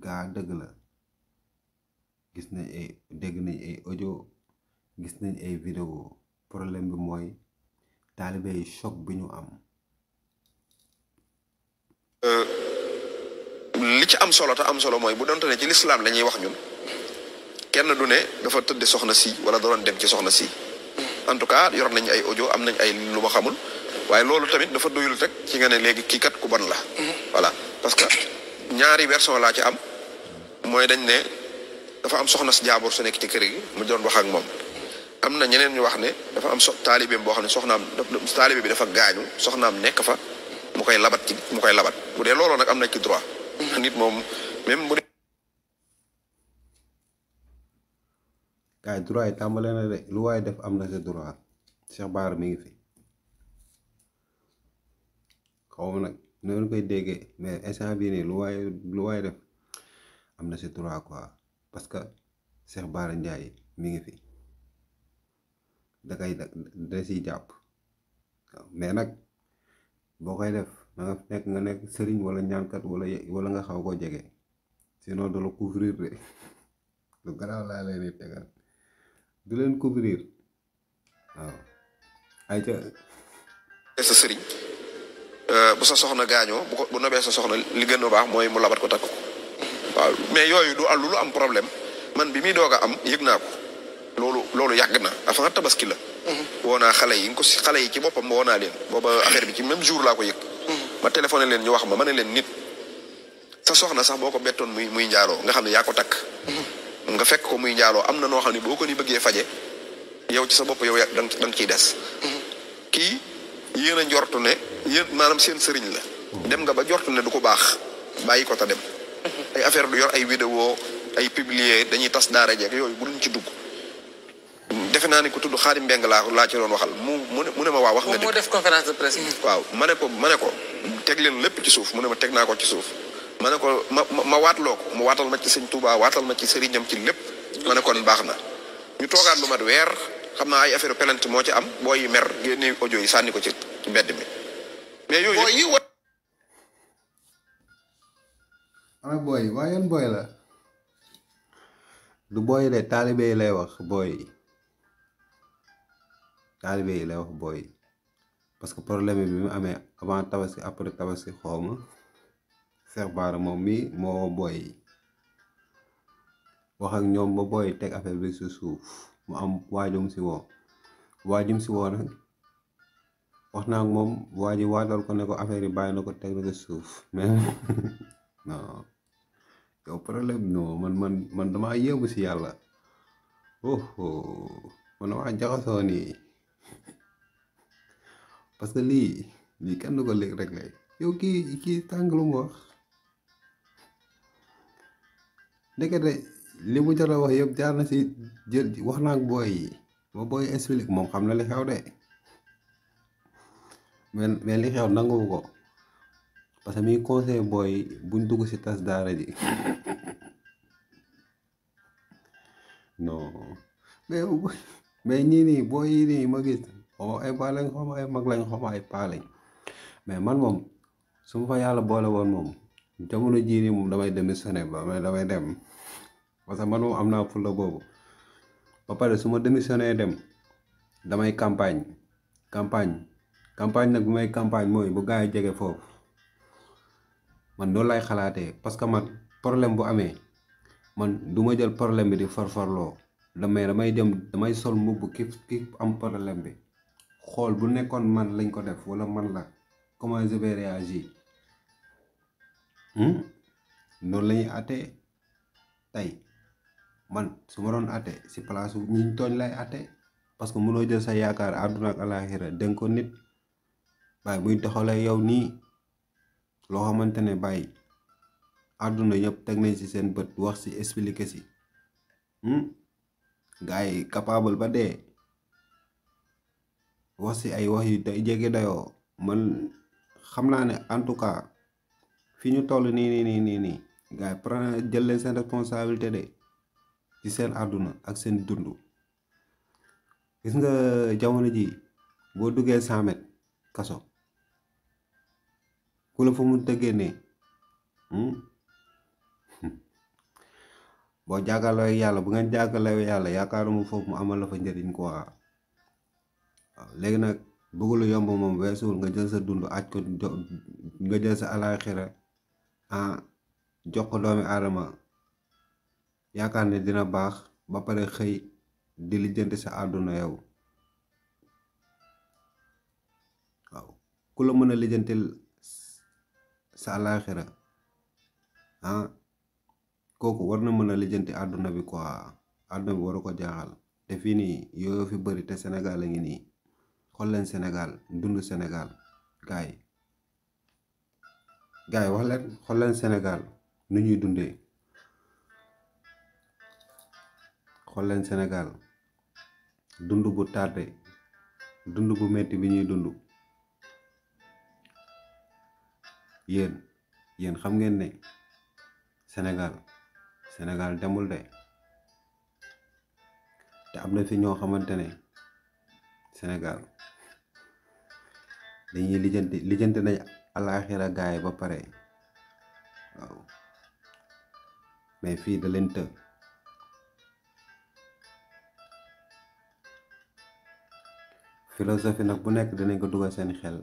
gaa dëgg la gis nañ ay dégg gis nañ ay vidéo problème bi mooy taalibe yi choc bi ñu am. Euh, li ci am solo te am solo mooy bu donte ci lislaam lañuy wax ñun kenn du ne dafa tëdd soxna si wala da dem ci soxna si en tout cas nañ ay ojo am nañ ay lu ma xamul. waaye loolu tamit dafa doyul rek ci nga léegi kii kat ku bon la. voilà parce que ñaari version laa ci am mooy dañ ne dafa am soxna si jaabur su nekk ci kër gi mu doon wax moom. am na ñeneen ñu wax ne dafa am so taalibeem boo xam ne soxnaam taalibe bi dafa gaañu soxnaam nekk fa mu koy labat ci mu koy labat bu dee looloo nag am na ci droit. nit moom même mu dee. gars yi droit yi tàmbale na de lu waaye def am na sa droit Cheikh Bara mu ngi fi. xaw nag noonu koy dégge mais instant bii nii lu waaye lu waaye def am na si droit quoi parce que Cheikh Bara Ndiaye mi ngi fi da kay da siy jàpp mais nag boo koy def na nekk nga nekk sëriñ wala ñaankat wala wala nga xaw ko jege sinon du la couvrir de lu garaaw laa leen du leen couvrir ay ca sëriñ Euh, bu sa soxna gaño bu nobe sa soxna li gën baax mu labat ko mais yoyu du lu am problème man bi mi doga am yegna ko lolu lolu yagna afa nga tabaski la. Mm-hmm. wona xalé yi ko si xale yi ci bopam wona len boba affaire bi ci même jour la ko yek mm-hmm. ma téléphoné len ñu wax ma mané len nit sa soxna sax boko ko muy muy ndialo nga xam ya ko tak mm-hmm. nga fekk ko muy ndialo amna no xamni boko ni bëggé faje yow ci sa bop yow ya dang ci dess ki yeena a njortu ne yéen maanaam seen sëriñ la dem nga ba jortu ne du ko bax bàyyi ta dem ay affaire du yor ay vidéo ay publier dañuy tass daara jek yoy bu luñ ci dugg defe naa ne ku tudd Xaadim Mbeng la ci doon waxal mu mu ne ma wa wax nga def conférence de presse mm. waaw mané ko mané ko tek leen lepp ci souf mu ne ma tek naa ko ci souf mané ko ma wat lok ko mu watal ma ci sëñ touba watal ma ci sëriñam ci lepp mané kon baxna ñu togaat lu mat werr xam naa ay affaire pelante moo ci am booy yu mer génne sànni ko ci mbedd mi. booy yi wa. booy waa yan booy la. du booy de taalibe yi lay wax booy yi taalibe yi lay parce que problème bi mu amee avant tabaski après tabaski xooma Cheikh Bara moom mii moo booy yi ñoom ba booy teg affaire bi si suuf. mu am waajum si woo waajum si woo wax naa moom waa ji waajal ko ne affaire yi bàyyi na ko teg na ko suuf mais non yow problème non man man man damaa yéemu si yàlla oh man damaa jaxasoo nii parce que lii lii kenn ko léeg rek lay yow ki kii tàng lu mu wax li mu jar a wax yëpp jaar na si jël wax naa ak booy yi ba booy explique moom xam na li xew de mais li xew nanguwu ko parce que mi conseil booy buñ dugg si tas daara ji non mais mais nii booy yii nii ma gis ay baal lañ xaw ay mag lañ xaw ay paa lañ mais man moom su fa yàlla boole woon moom jamono jii nii moom damay dem sonné ba mais damay dem. parce que man moom am naa fulla boobu ba pare su ma démissionné dem damay campagne campagne campagne nag bu may campagne mooy bu gaa yi jege foofu man loolu lay xalaatee parce que man problème bu amee man duma jël problème bi di farfarloo damay damay dem damay sol mbubb ki ki am problème bi xool bu nekkoon man lañ ko def wala man la commencé je vais réagir hmm? noonu la àttee tey man su ma ate ci place ñu togn lay ate parce que mënoo jël sa yaakar aduna ak alakhirah den ko nit bay muy doxalee yow ni lo xamantene bay aduna àdduna yëpp teg nañ ci seen bëtt wax si expliquer ci hmm yi capable ba dé wax ci ay wax yu day jege man xamna né ne en tout cas fiñu tollu ni ni ni ni nii nii prend jël leen seen responsabilité de ci seen àdduna ak seen dund gis nga jamono ji boo duggee cent kaso ku la fa mun te génnee hmm? boo jàkkaarloo yàlla bu ngeen jàkkaarloo yàlla yaakaaruma foofu mu amal la fa njëriñ quoi waaw léegi nag bëggulu yomb moom weesuwul nga jël sa dund aj ko nga jël sa alaaxira ah jox ko aadama yaakaar ne dina baax ba pare xey di lijjanti sa àdduna yow waaw ku la mën a sa alaxira ah kooku war na mën a àdduna bi quoi àdduna bi waru ko jaaxal te fii nii yooyo fi bëri te sénégal a ngi nii xool leen sénégal dund sénégal gaay gaay wax leen xool leen sénégal nu ñuy dundee xool leen Sénégal dund bu tardé dund bu metti bi ñuy dund yéen yéen xam ngeen ne Sénégal Sénégal demul de te am na fi ñoo xamante ne senegal dañuy lijjanti lijjanti nañ alaaxira gaay ba pare waaw mais fii da leen të philosophie nag bu nekk danañ ko dugal seen xel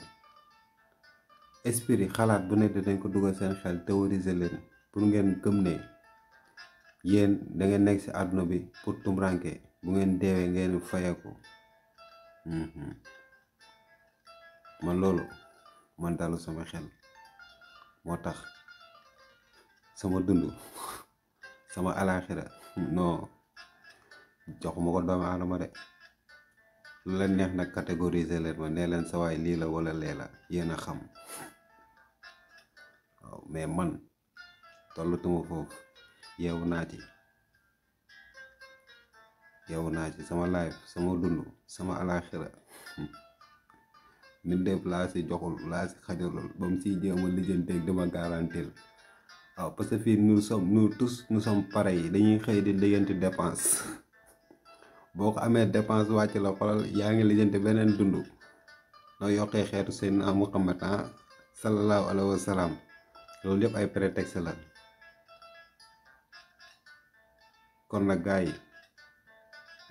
esprit xalaat bu nekk dinañ ko dugal seen xel théoriser leen pour ngeen gëm ne yéen dangeen nekk ci àdduna bi pour tumranke bu ngeen deewee ngeen fayeeku mhm. man loolu man dalu sama xel moo tax sama dund sama alaaxira non joxuma ko doomu aadama de lu leen neex nag catégoriser leen ma nee leen sawaay lii la wala lee la yenn a xam waaw mais man tollatuma foofu yeewu naa ci yeewu naa ci sama life sama dund sama alaxira nit def laa si joxul laa si xajalul ba mu siy jéem a lijjanteeg dama garantir waaw parce fii nous sommes nous tous nous sommes pareils dañuy xëy di liggéenti dépense boo ko amee dépense wàcc la xolal yaa ngi lijjanti beneen dund noo yokkee xeetu seen Muhammad ah, sallallahu alayhi wa salaam loolu yëpp ay prétexte la kon nag gaay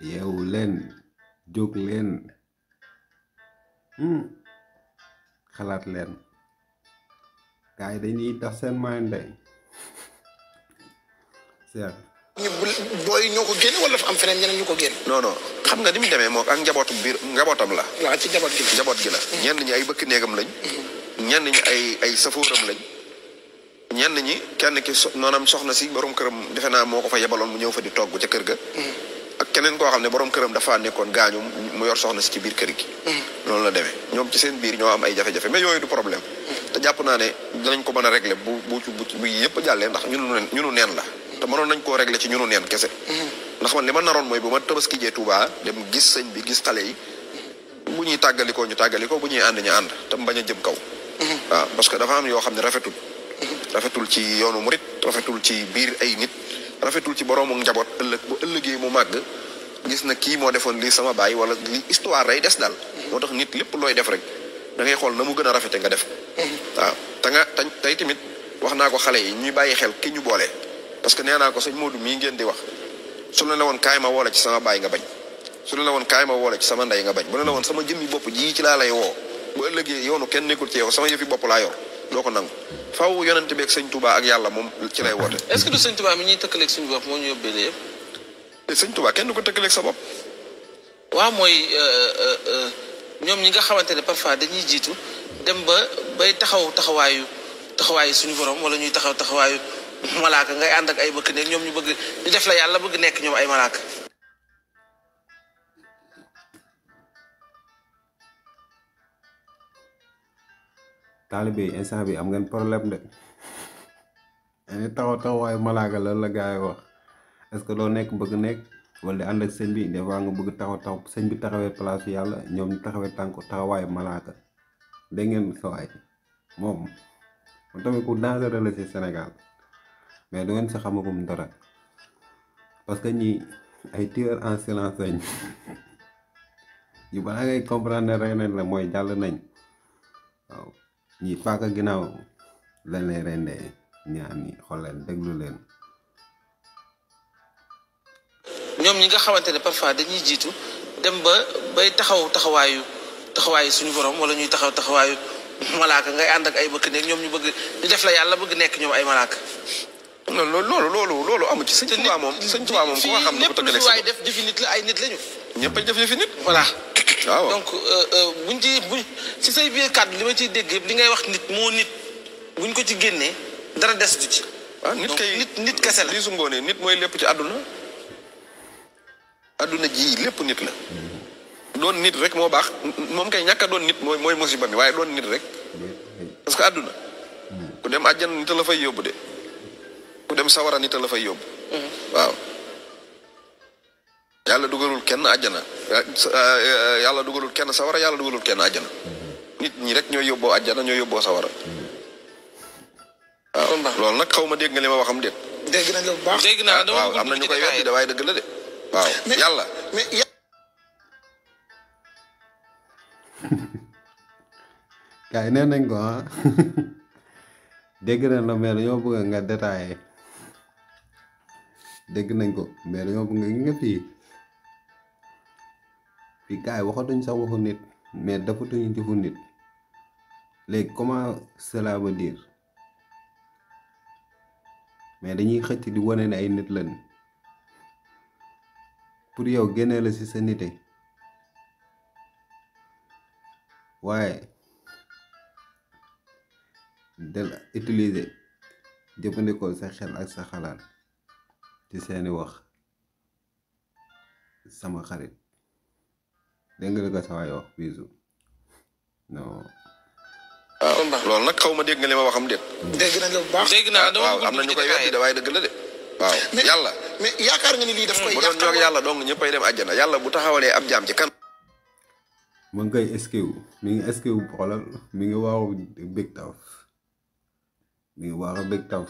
yi yeewu leen jóg leen hmm, xalaat leen gaay yi dañuy tax seen maande seet ñu booy ñoo ko génne wala dafa am feneen ñeneen ñu ko génne. non xam nga ni mu demee moom ak njabootu biir njabootam la. waaw ci njaboot gi la njaboot la. ñenn ñi ay bëkk néegam lañ. ñenn ñi ay ay safóoram lañ. ñenn ñi kenn ki so maanaam soxna si borom këram defe naa moo ko fa yebaloon mu ñëw fa di togg ca kër ga. Mm. ak keneen koo xam ne borom këram dafa nekkoon gaañu mu yor soxna si ci biir kër gi. loolu mm. la demee ñoom ci seen biir ñoo am ay jafe-jafe mais yooyu du problème. Mm. te jàpp naa ne dinañ ko mën a régler bu bu bu yëpp jàllee ndax ñunu neen la te mënon nañ ko régler ci ñunu neen kessé ndax man lima naron moy buma bu ma tabaski jee Touba dem gis sëñ bi gis xale yi bu ñuy tagaliko ñu tagaliko bu ñuy and ñu and te baña jëm kaw wa parce que dafa am yo xamni rafetul rafetul ci yoonu mourid rafetul ci bir ay nit rafetul ci borom boroomu njaboot ëlëk bu ëllëgee mu mag gis na ki mo defon li sama baay wala li histoire ray dess dal motax nit lepp loy def rek da ngay xol na mu gën a nga def wa ta nga tay timit waxna ko xalé yi ñuy bàyyi xel ki ñu boole parce que nee naa ko sëñ Modou mii ngeen di wax su la ne woon kaay ma woo la ci sama baay nga bañ su la ne woon kaay ma woo ci sama ndey nga bañ bu la woon sama jëmmi bopp ji ci laa lay woo bu ëllëgee yoonu kenn nekkul ci yow sama yëfi bopp laa yor doo ko nangu faw yonent beek ak sëñ ak yàlla moom ci lay woote. est-ce que du sëñ Touba mi ñuy tëkkaleeg suñu bopp moo ñu yóbbee la yëpp. te eh, sëñ ko tëkkaleeg sa bopp. waaw mooy euh, euh, euh, ñoom ñi nga xamante ne parfois dañuy jiitu dem ba bay taxaw taxawaayu taxawaayu suñu borom wala ñuy taxaw taxawaayu malaka ngay andak ak ay bëkk nek ñom ñu bëgg di def la yalla bëgg nek ñom ay malaka talibé instant bi am ngeen problème de ene taw taw way malaka la la gaay wax est-ce que loo nekk bëgg nek wala di ànd ak sëñ bi des wa nga bëgg taw taw sëñ bi taxawé place yalla ñom ñu taxawé tànk taxawaayu malaka de ngeen sawaay moom moom tamit ku dangereux la ci Sénégal mais du ngeen si xamagum dara parce que ñi ay tueur en silence lañ ñu balaa ngay comprendre rey la mooy jàll nañ waaw ñi paaka ginnaaw lañ lay rendee ñaan ñi xool leen déglu leen ñoom ñi nga xawante ne parfois dañuy jiitu dem ba bay taxaw taxawaayu taxawaayu suñu borom wala ñuy taxaw taxawaayu malaaka ngay ànd ak ay bëkk néeg ñoom ñu bëgg ñu def la yàlla bëgg nekk ñoom ay malaaka non loolu loolu loolu amu ci sëñ Tuubaa moom sëñ Tuubaa moom ku ko xam ne ko tëggaleeg nit la ay nit lañu ñëpp ay def nit voilà nit nit buñ ko ci génnee dara ah, nit kay nit nit kese la lii su ngoonee nit nit rek moo baax moom kay ñàkk a doon nit mooy mooy musiba mi waaye doon nit rek parce que àdduna ku dem àjjana nit la fay yóbbu de ku dem sawara nit a la fay yóbbu mm-hmm. waaw yàlla dugalul kenn àjjana eh, eh, eh, yàlla dugalul kenn sawara yàlla dugalul kenn àjjana mm-hmm. nit ñi rek ñoo yóbboo àjjana ñoo yóbboo sawara mm-hmm. waaw loolu nag xaw ma dégg nga li ma waxam déet ah, waaw am na ñu koy weddi nañ ko ah dégg nañ la mais nga détaillé dégg nañ ko mais dañoo bëgg nga fii fii gars yi waxatuñ sax waxu nit mais dafatuñu jëfu nit léegi comment cela veut mais dañuy xëcc di wane ne ay nit lañ pour yow génnee la ci sa nite waaye del utiliser jëfandikoo sa xel ak sa xalaat ci seeni wax sama xarit dégg nga ko sa waay wax ah, loolu nag xaw ma dégg na li ma waxam déet. dégg nañ la baax dégg naa dama am na ñu koy weddi da waaye dëgg la de. yàlla mais yaakaar nga ni lii daf koy. Hmm, bu doon ñoog yàlla dong ñëppay dem àjjana yàlla bu taxawalee am jaam ci kan. mu ngi koy eskewu mi ngi eskewu mi ngi waaru bég taf mi ngi waaru bég taf.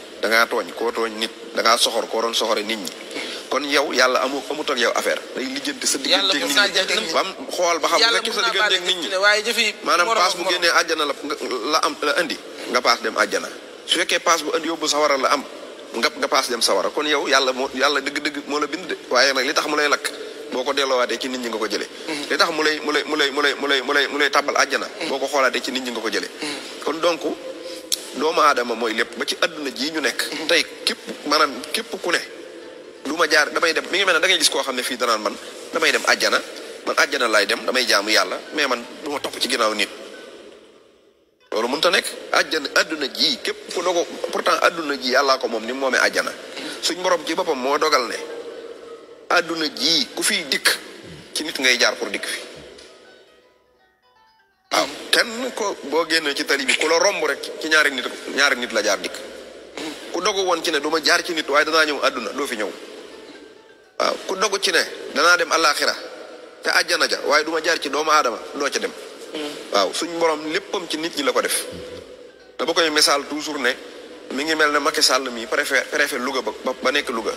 da nga togn ko togn nit da nga soxor ko ron soxore nit ñi kon yow yalla amu amut tok yow affaire day lijeenti sa digeenti nit ñi bam xol ba xam rek sa digeenti nit ñi waye manam pass bu gene aljana la la am la andi nga pass dem aljana su fekke pass bu andi yóbbu sawara la am nga nga pass dem sawara kon yow yalla moo yàlla deug dëgg moo la bind waye nak li tax mu lay lak boko delo delloowaatee ci nit ñi nga ko jëlee mm-hmm. li tax mu lay mu lay mu lay mu lay mu lay tabal aljana boko àjjana mm-hmm. ci nit ñi nga ko jëlee mm-hmm. kon donc doomu aadama mooy lépp ba ci àdduna ji ñu nekk. tey képp maanaam képp ku ne. lu ma jaar damay dem mi ngi mel ne da ngay gis koo xam ne fii man damay dem àjjana man àjjana laay dem damay jaamu yàlla mais man du ma topp ci ginnaaw nit. loolu mënut a nekk àjjana àdduna ji képp ku dogo pourtant àdduna ji yàllaa ko moom ni moomee àjjana suñ morom ji boppam moo dogal ne àdduna ji ku fiy dikk ci nit ngay jaar pour dikk fi am kenn ko bo génnee ci tali bi ko la romb rek ci ñaari nit ñaari nit la jaar dik ku dogu won ci ne duma jaar ci nit way dana ñew aduna do fi ñew waaw ku dogu ci ne dana dem al-akhirah te aljana ja way duma jaar ci doomu adama do ci dem mm. waaw suñ borom leppam ci nit ñi la ko def dama koy message toujours ne mi ngi mel ne Macky Sall mi préfère préfère Louga ba ba nekk Louga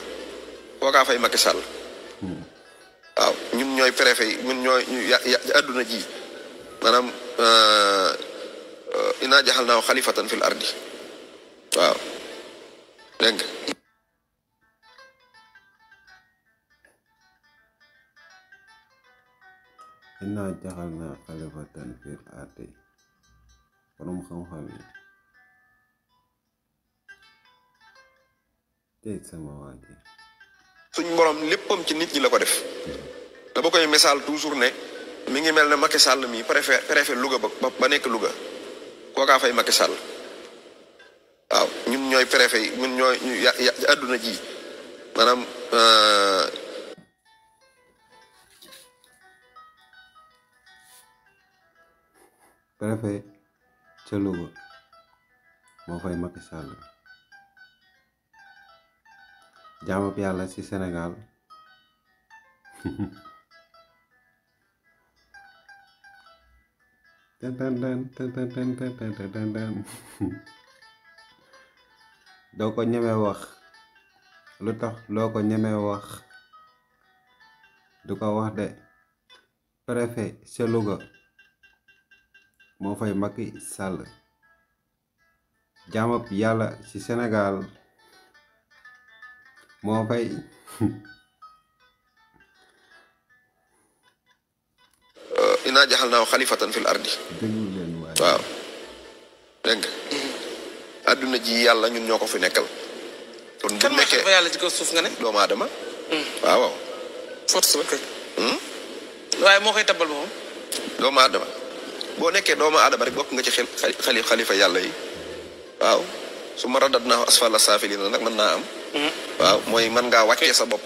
ka fay Macky Sall mm. waaw ñun ñoy préfère ñun ñoy aduna ya, ya, ji manam Eh, eh, inna jaxalnaahu khalifatan fil ardi waaw deng ina inna jaxalna xalifatan fil ardi borom xam-xam yi tey sama waa suñ borom leppam ci nit ñi la ko def da ba message toujours ne mi ngi mel ne Macky Sall mi préfet préfet Louga ba ba nek Louga ka fay Macky Sall waaw ñun ñoy préfet yi ñun ñoy ñu ya, ya, àdduna ji maanaam euh, préfet ca Louga fay Macky Sall jaamab yàlla ci Sénégal doo ko ñemee wax lu tax loo ko ñemee wax du ko wax de préfet ca Louga moo fay Macky Sall jaamab yàlla ci Sénégal moo fay inna jaxalnaa khalifatan fil ardi waaw Deng. aduna ji yalla ñun ñoko fi nekkal kon bu nekké kan yalla ci ko suuf nga ne doomu aadama hmm. waaw waaw force la kay hmm? waaye mo koy tabal ma doomu bo nekké do ma aadama rek bok nga ci xel khalifa xalifa yàlla yi waaw su ma radadna asfala safilin nak man na am hmm. waaw moy man nga wacce sa bop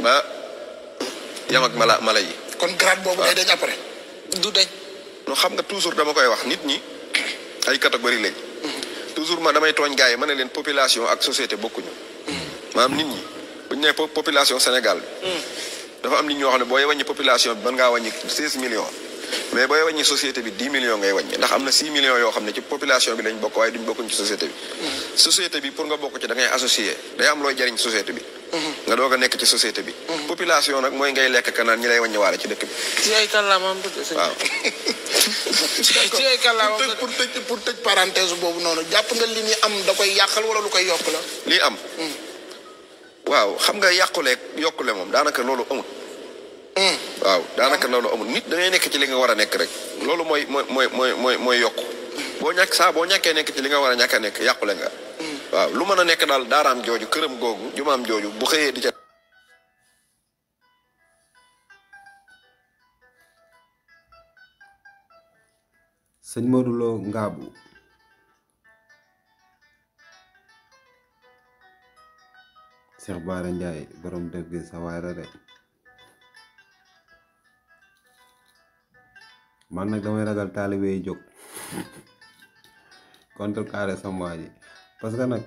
ba yam ak mala mala yi kon grade boobu day ah. dañ après. du dañ. non xam nga toujours dama koy wax nit ñi ay catégorie lañ. toujours ma damay tooñ gars yi ma ne leen population ak société bokkuñu. maanaam nit ñi bu ñu nee population Sénégal bi. dafa am nit ñoo booy wàññi population bi mën ngaa wàññi seize millions. mais booy wàññi société bi dix millions ngay wàññi ndax am na six million yoo xam ne ci population bi lañ bokk waaye duñ bokkuñ ci société bi. Mm. société bi pour nga bokk ci da associé day am looy jariñ société b nga doog a nekk ci société bi. Mhm. population nag mooy ngay lekk kanaan ñi lay wàññiwaale ci dëkk bi. ci ay kàllaamaam dëkk. waaw. ci pour tëj pour tëj parenthèse boobu noonu jàpp nga li ñuy am da koy yàqal wala lu koy yokk la. lii am. Mm. waaw xam nga yàquleeg yokkule moom daanaka loolu amul. Mm. waaw daanaka loolu amul nit da ngay nekk ci li nga war a nekk rek. loolu mooy mooy mooy mooy mooy yokk. Mm. boo ñàkk saa boo ñàkkee nekk ci li nga war a ñàkk a nekk yàqule nga. waaw lu ma a nekk daal daaraam jooju këram googu jumaam jooju bu xëyee di ca sëñ Modou Lo Ngaabu Cheikh Bara Ndiaye borom def gi sa waay man nag damay ragal taalibe yi jóg contre carré sama parce que nag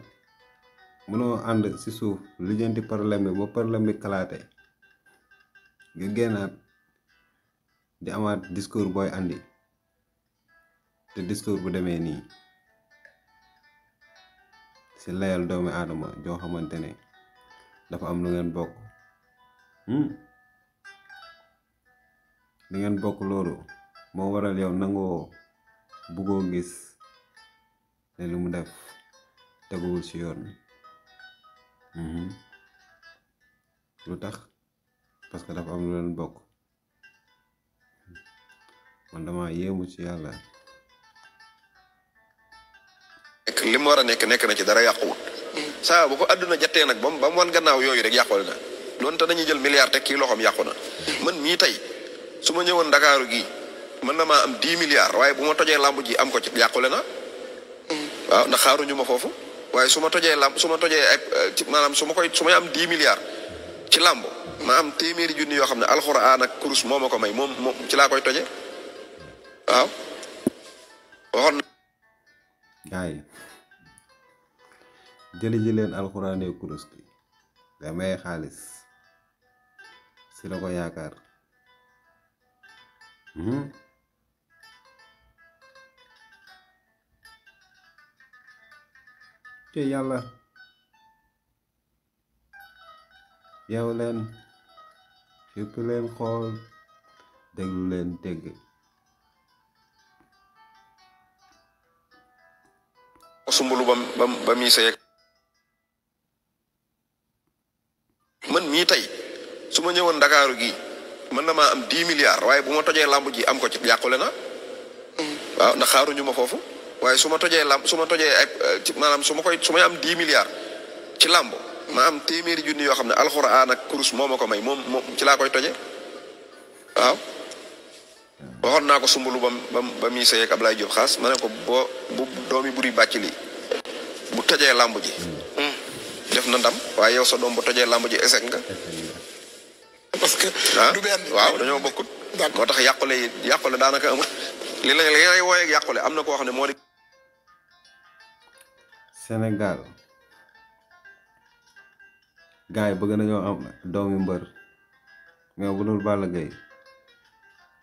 mënoo ànd si suuf lijjanti problème bi ba problème bi kalaate nga génnaat di amat discours boy andi te discours bu démé ni si layal doomi aadama jo xamantene dafa am lu ngeen bok hmm li ngeen bok lolu mo waral yow nango bugo gis ne li mu def teguwul ci yoon lu mm-hmm. tax pas que dafa am lu leen bokk man dama yéemu ci yàlla nekk li mu war a na ci dara yàquwut Sa bu ko aduna jatte nak bam bam ba wan gannaaw yoy rek yàqule na loonte dañu jël milliard tek ki loxoom yàqu na man mi tay suma ñewon Dakaru gi man na ma am 10 milliards waye bu ma tojee làmb ji am ko ci yàqule na mm. waaw ndax xaru ñuma fofu waaye su ma tojee làmb suma ma tojee ay maanaam su ma koy su may am 10 milliards ci làmb ma am téeméeri junni yoo xam ne alxuraan ak kurus moo ma ko may moom moom ci laa koy toje waaw waxoon gaay jëli ji leen alxuraan kurus gi nga may xaalis si la ko yaakaar hmm? Ya Allah, yaulen, leen fépp leen xool déglu sumbulu bam bam ba muy sëy man mii tey su ma ñëwoon ndakaaru gi mën na am dix milliards waaye bu ma tojee làmb ji am ko ci yàqule mm. waaw ndax waaye su ma tojee làmb su ma tojee ay eh, maanaam su ma koy su may am 10 milliards ci làmb ma am téeméeri junni yoo xam ne alxuraan ak kurus moom ma ko may moom moom ci laa koy toje waaw waxoon naa ko sumbulu ba ba ba muy sëy ak Ablaye Diop ma ne ko boo bu bàcc lii bu tojee làmb ji hmm. def na ndam waaye yow sa doom bu tojee làmb ji échec nga parce que ah, du benn waaw dañoo bokkut moo tax yàqule yi yàqule daanaka amut li lay li ngay wooyee yàqule am na koo xam ne moo di Sénégal gars yi bëgg nañoo am doomi mbër mais bu dul Balla Gaye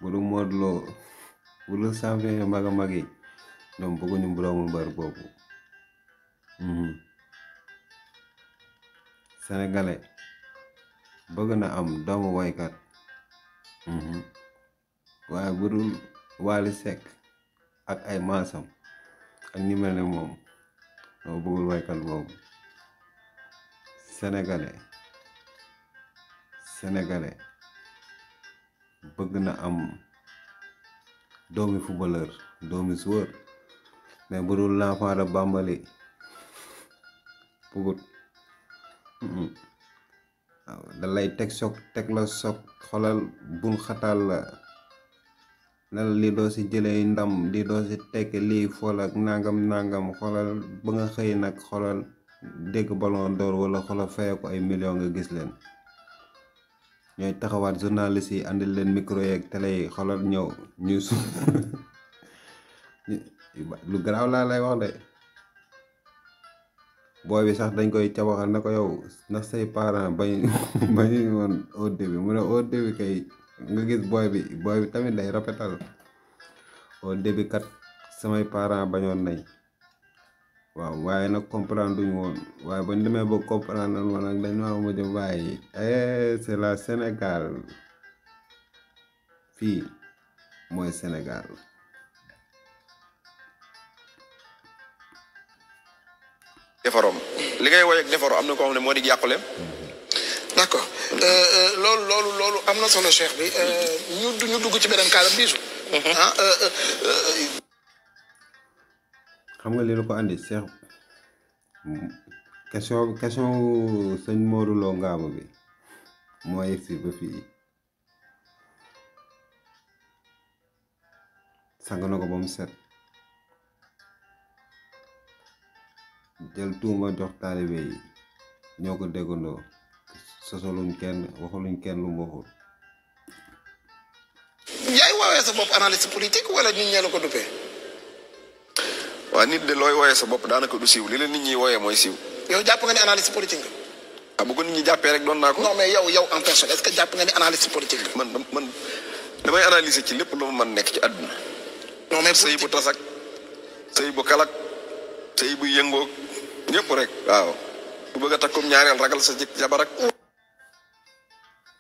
bu dul Modou Lo bu dul champion yu mag a mag yi ñoom bëgguñu doomu mbër boobu mhm. sénégalais bëgg na am doomu woykat mhm. waaye bu dul Wally Seck ak ay masam ak ñi mel ne moom dama bëggul waykat boobu sénégalais sénégalais bëgg na am doomi footballeur doomi joueur mais bu dul l'enfant de Bambali bëggut lay teg soog teg la soog xolal bun xataal la nel li doo si jëlee ndam di doo si tekk lii fol ak nangam nangam xoolal ba nga xëy nag xolal dégg ballon d'or wala xoolal fayee ko ay million nga gis leen ñooy taxawaat journaliste yi àndil leen micro yeeg télé yi xoolal ñëw ñu su lu garaaw laa lay wax de booy bi sax dañ koy cabaxal na ko yow ndax say parents ba bañu woon au début mu ne au début kay nga gis booy bi booy bi tamit day rafetal au début kat samay parent bañoon waaw waaye nag comprendre duñu woon waaye bañ demee ba comprendre woon nag eh, mooy Sénégal defaroom li ngay woy am na ko ne moo di yàqule Euh, euh, loolu loolu loolu am na solo cheikh bi euh, ñu ñu ci beneen kaaram mhm. ah, xam nga li ko andi cheikh question question sëñ Modou Lo Ngabou bi moo yegg si ba fii sang na ko ba set jël tuuma jox taalibe ñoo ko déggandoo sosoluñ kenn waxuluñ kenn lu mboxul yaay woowee sa bopp analyste politique wala nit ñee la ko duppee waa nit de looy woowee sa bopp daanaka du siiw li la nit ñi woowee mooy siiw yow jàpp nga ni analyste politique nga ah bu ko nit ñi jàppee rek doon naa ko non mais yow yow en personne est ce que jàpp nga ni kan analyste politique man man damay analyser ci lépp lu ma mën nekk ci àdduna non mais sëy bu tasak sëy bu kalak sëy bu yëngoog ñëpp rek waaw bu bëgg a takkum ragal sa jabar. jabarak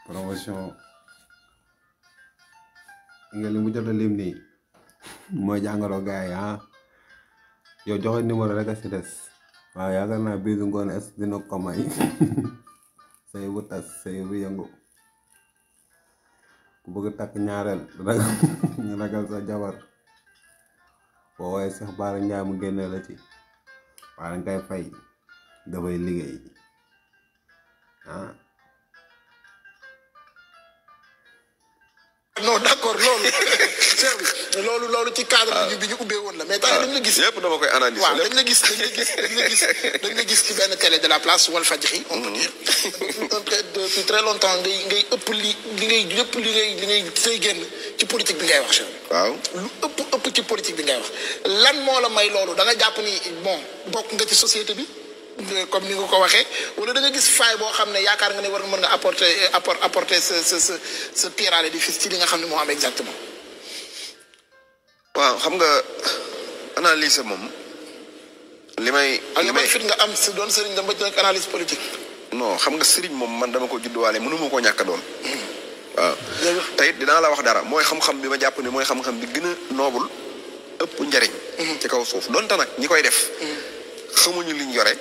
promotion nga li mu jot a lim nii mooy jàngaloo gars yi ah yow joxe numéro rek a si des waaw yaakaar naa bisu ngoon es dina ko say bu tas say bu yëngu ku bëgg takk ñaareel ragal sa jabar boo waaye sax baara njaay mu génne la ci waaye nga fay dafay liggéey ah non d'accord, non. c'est cadre de la mais la de la place on depuis très longtemps politique bon Euh, comme ni nga ko waxee wala da nga gis faay boo xam ne yaakaar nga ne war mën nga apporter euh, apport apporter sa sa sa sa pierre à l'édifice ci li nga xam ne moo am exactement. waaw xam nga analyse moom li may. fit nga am si doon sëriñ dama ci analyse politique. non xam nga sëriñ moom man dama ko judduwaale mënuma koo ñàkk doon. Hmm. waaw te it dinaa la wax dara mooy xam-xam bi ma jàpp ne mooy xam-xam bi gën a noobul ëpp njariñ. Hmm. ci kaw suuf donte nag ñi koy def. Hmm. xamuñu liñ yore.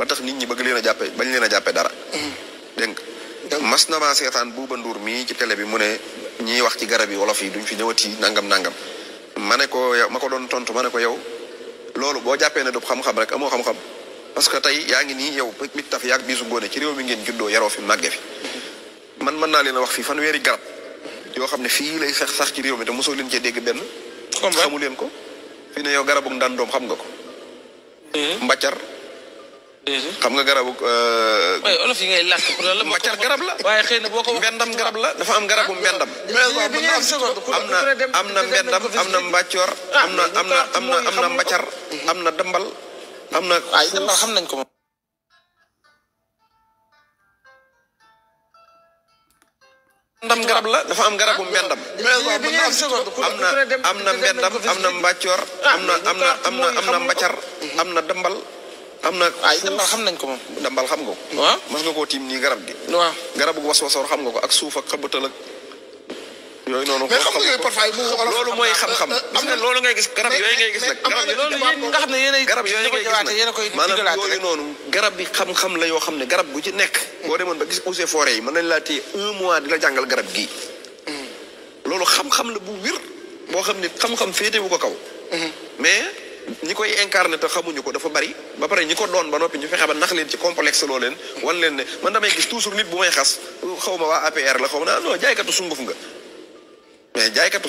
ba tax nit ñi bëgg leen a jàppe bañ leen a jàppe dara mm. dégg nga mas na maa seetaan buuba nduur mii ci télé bi mu ne ñiy wax ci garab yi wolof yi duñ fi ñëwati nangam nangam ma ne ko yow ma ko doon tontu ma ne ko yow loolu boo jàppee ne du xam-xam rek amoo xam-xam parce que tey yaa ngi nii yow mit taf yaa biisu góone ci réew mi ngeen juddoo yaroo fi màgge fi mm-hmm. man mën naa leen a wax fii weeri garab yoo xam ne fii lay sax sax ci réew mi te mosoo leen cee dégg benn xamu leen ko fii ne yow garabu ndandoom xam nga ko mm-hmm. mbaccar xam nga garabu. Euh, waaye olof yi ngay làkk pour la mbàccar garab la. waaye xëy na boo ko mbendam garab la dafa am garabu mbendam. Ah, am na am na mbendam am na mbàccoor. Ah, am na am na am na am na mbàccar. am na dambal am na. ay dambal xam nañ ko garab la dafa am garabu mbendam. am na am na mbendam am na mbàccoor. am na am na am na am na mbàccar. am na dambal. am na ay dambal xam nañ ko moom dambal xam nga ko waaw mas nga koo tiim nii garab gi waaw garabu waswasoor xam nga ko ak suuf ak xëbatal ak yooyu noonu mais xam nga yooyu parfois loolu mooy xam-xam gis gis garab yooyu ngay gis nag nga xam ne yéen garab yooyu ngay gis nag maanaam xam-xam la yoo xam ne garab gu ci nekk boo demoon ba gis eaux et forêts yi mën nañ laa téye un mois di la jàngal garab gi hmm. loolu xam-xam la bu wir boo xam ne xam-xam féetewu ko kaw hmm. mais ñi koy incarné te xamuñu ko dafa bari ba pare ñi ko doon ba noppi ñu fexe ba nax leen ci complexe loo leen wan leen ne man damay gis toujours nit bu may xas xaw ma waa daa gën jaaykatu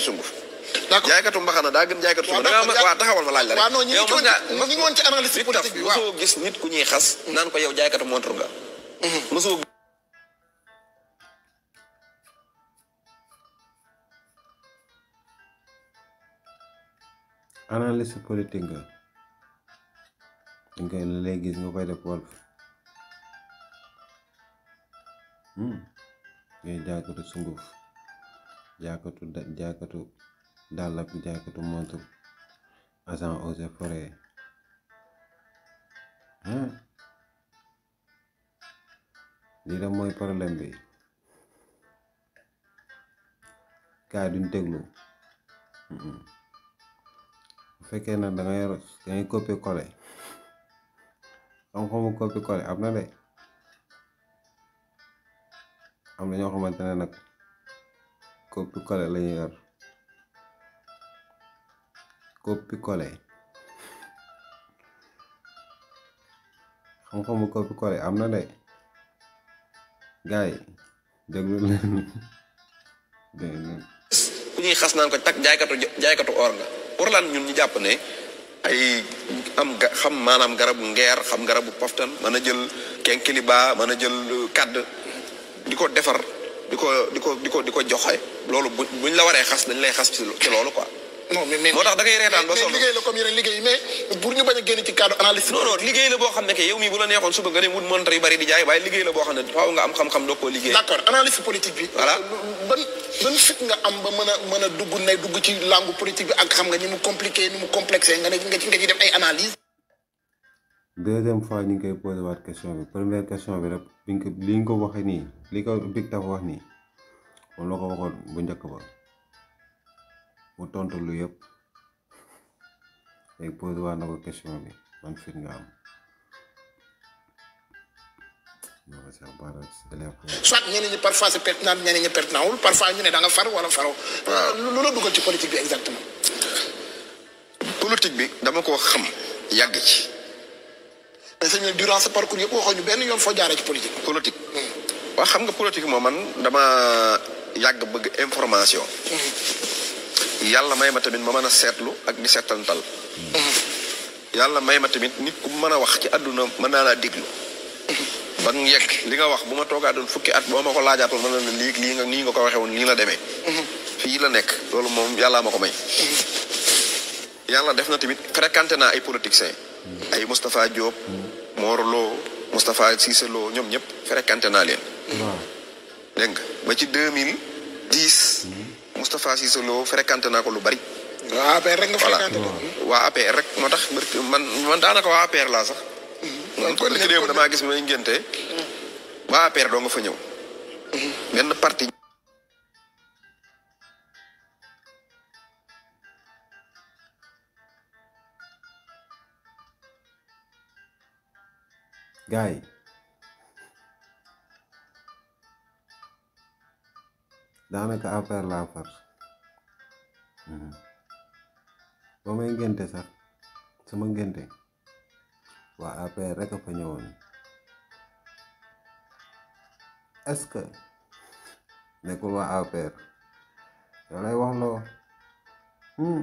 sunguf d'accord jaaykatu mbaxana daa gën jaaykatu sunguf danga waa taxawal ma laaj la rek mosoo gis nit ku ñuy xas naan ko yow jaaykatu montre nga mhm. mosoo analyste politique nga dañ koy lay gis nga koy hmm. sunguf jaakatu jaakatu dàll ak agent eaux et forêt hmm. lii mooy problème bi gaa duñ bu fekkee nag danga yor da ngay copier coller xam-xamu copier coller am na de am na ñoo xamante ne nag copier coller yor copier coller xam am na de gars yi ku ñuy xas naan ko tak jaaykatu or nga. pour lan ñun ñu jàpp ne ay am xam maanaam garabu ngeer xam garabu poftan mën a jël kenkiliba mën a jël kàdd di ko defar di ko di ko di ko di ko joxe loolu buñ la waree xas dañ lay xas ci loolu quoi non mais mais moo tax da ngay reetaan ba sonn liggéey la comme yeneen liggéey mais pour ñu bañ a génn ci cadre analyse non non liggéey la boo xam ne ke yow mii bu la neexoon suba nga ne wut montre bi voilà ban ban fit nga am ba mën a mën a dugg bi ak xam nga ni mu compliqué ni mu complexé nga ne nga ci nga ci def ay analyse deuxième fois ñu ngi koy posé waat question bi première question bi rek biñ ko li ñu muton tontu lu yëpp léegi posé waat na ko question bi man fit nga am. soit ñeneen ñi parfois c'est pertinent ñeneen ñi pertinent wul parfois ñu ne da nga far wala faro lu la dugal ci politique bi exactement. politique bi dama ko xam yàgg ci. mais sëñ durant ce parcours yëpp waxo ñu ben yoon fo jaaré ci politique. Hmm. politique waaw xam nga politique mo man dama yàgg bëgg information. yàlla may ma tamit ma mën a seetlu ak di seetantal yàlla may ma tamit nit ku mën a wax ci àdduna mën naa laa déglu ban yegg li nga wax bu ma toogaa doon fukki at boo ma ko laajaatoon ma na ne lii nga nii nga ko waxee woon la demee fii la nekk loolu moom yàllaa ma ko may yàlla def na tamit fréquenté naa ay politiciens ay Moustapha Diop Mor Lo Moustapha Cissé Lo ñoom ñëpp fréquenté naa leen dégg nga ba ci 2010 Moustapha Cissé fréquenté nako lu bari. wa APR rek nga fréquenté wa APR rek motax tax man man daanaka wa APR la sax. man mm-hmm. ko ni dem dama gis may ngenté mm-hmm. wa APR do nga fa ñew mm-hmm. ben parti. gaay ka affaire la far ba may ngénte sax sama ngénte wa APR rek a fa ñewon est-ce que nekkul wa APR yow ya? ya lay wax hmm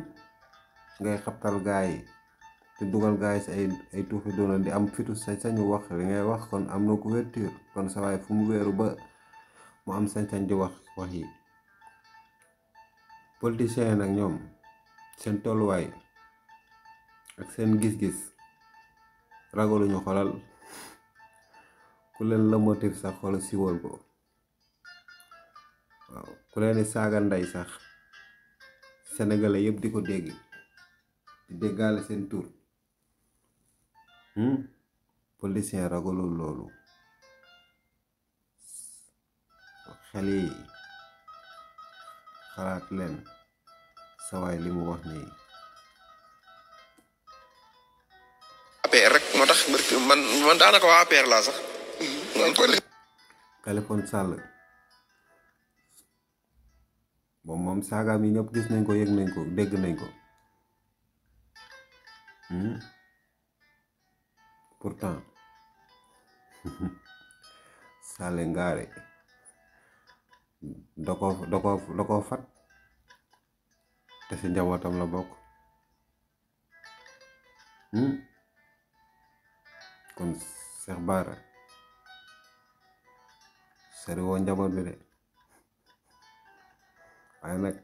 ngay xaptal gaay di dugal gaay yi ay ay tuufi doona di am fitu sa sañu wax li ngay wax kon am ko wetir kon sa way fu mu wëru ba mu am sañ-sañ di wax wax yi politiciens yang nag ñoom seen tolluwaay ak gis-gis ragu xolal ku leen la motif sax xol siwal ko waaw ku leen saaga ndey sax sénégalais yëpp di ko dégg di déggaale seen tur hmm? politicien ragalul xalaat leen sawaay li mu wax nii APR rek moo tax man daanaka waa APR laa sax Khaliphone Sall moom moom saagaam yi ñëpp gis nañ ko yëg nañ ko dégg nañ ko hmm? pourtant Sale Ngaare da koo da fat te si njabootam la bokk hmm? kon Cheikh Bara sori woo njaboot bi de waaye nag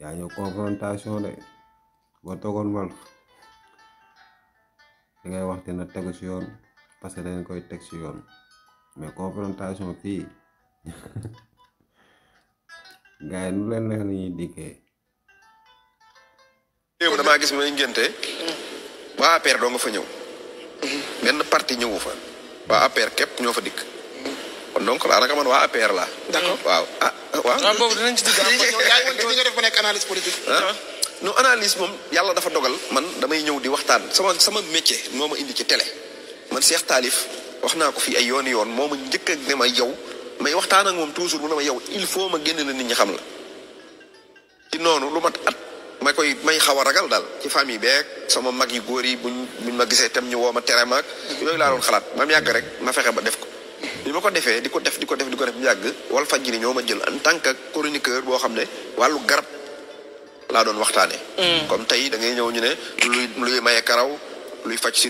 yaa ñëw confrontation de boo toogoon wal li ngay wax dina tegu ci yoon parce que dañ koy teg ci mais confrontation fii gaay lu leen neex lañuy dikkee réew ya. damaa gis muy ngénte waa APR doo nga fa ñëw benn parti ñëwu fa waa APR képp ñoo fa dikk kon donc man waa APR waaw ah waaw boobu dinañ ci dugg yaay woon nga def ba nekk analyse politique non analyse moom yàlla dafa dogal man damay ñëw di waxtaan sama sama métier moo ma indi ci télé man Cheikh Talif wax naa ko fii ay yooni yoon moo ma njëkk ma yow may waxtaan ak mom toujours mu ne ma yow il faut ma génn na nit ñi xam la ci noonu lu mat at ma koy may xaw a ragal daal ci famille beeg sama mag yi góor yi buñ buñ ma gisee tam ñu woo ma tere ak yooyu laa doon xalaat ma rek ma fexe ba def ko bi ko defee di ko def di ko def di ko def yàgg wal fajiri ñoo ma jël en tant que chroniqueur boo xam ne wàllu garab laa doon waxtaanee. Mm. comme tey da ngay ñëw ñu ne luy luy maye karaw luy faj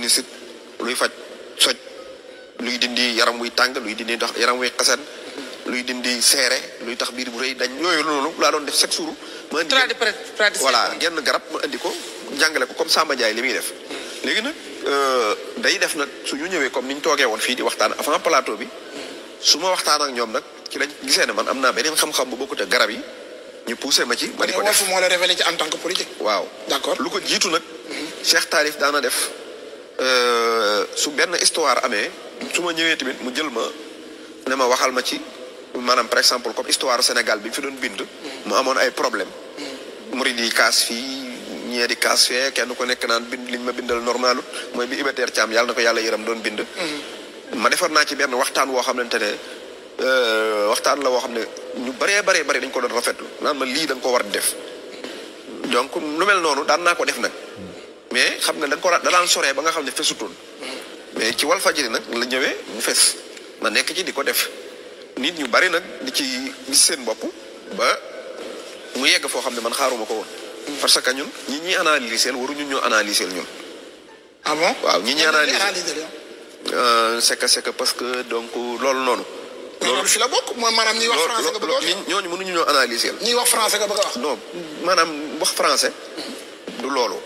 luy faj soj luy dindi yaram wuy tàng luy dindi yaram wuy xasan luy dindi séré luy tax bir bu reuy dañ yoy lolu la doon def chaque jour ma indi voilà genn garab ma indi ko jàngale ko comme Samba jay limi def légui nak euh day def nak suñu ñëwé comme niñ togué won fi di waxtaan avant plateau bi suma waxtaan ak ñom nak ci lañ gisé ne man amna benen xam-xam bu bokku ak garab yi ñu pousser ma ci ma di ko def mo la révéler ci en tant que politique waaw d'accord lu ko jitu nak Cheikh Taarif daana def euh su benn histoire amé suma ñëwé ñëwee tamit mu jël ma ne waxal ma ci manam par exemple comme histoire Sénégal bi fi doon bind. mu amone ay problème murid yi kaas fi ñee di kaas fi kenn ko nek naan bind liñ ma bindal normal moy bi ibater cham yalla nako na yeeram doon bind. ma defar na ci benn waxtaan woo xamante euh waxtaan la wo xamne ñu bare bare bare dañ ko doon rafetlu naan ma li dañ ko war def. donc lu mel nonu daan na ko def nak mais xam nga dañ ko da lan soré ba nga xamne fessutul mais ci Walfadjri nak la ñëwé mu fess ma nek ci di ko def nit ñu bari nak di ci di seen bop ba mu yegg fo xamne man xaaruma ko won mm. parce que ñun ñi ñi analyser waru ñu ñu analyser ñun ah bon waaw ñi ñi analyser euh c'est que c'est que parce que donc loolu non loolu fi la bok mo manam ñi wax français nga bëgg wax ñoo ñu mënu ñu ñu analyser ñi wax français nga bëgg wax non manam wax français du loolu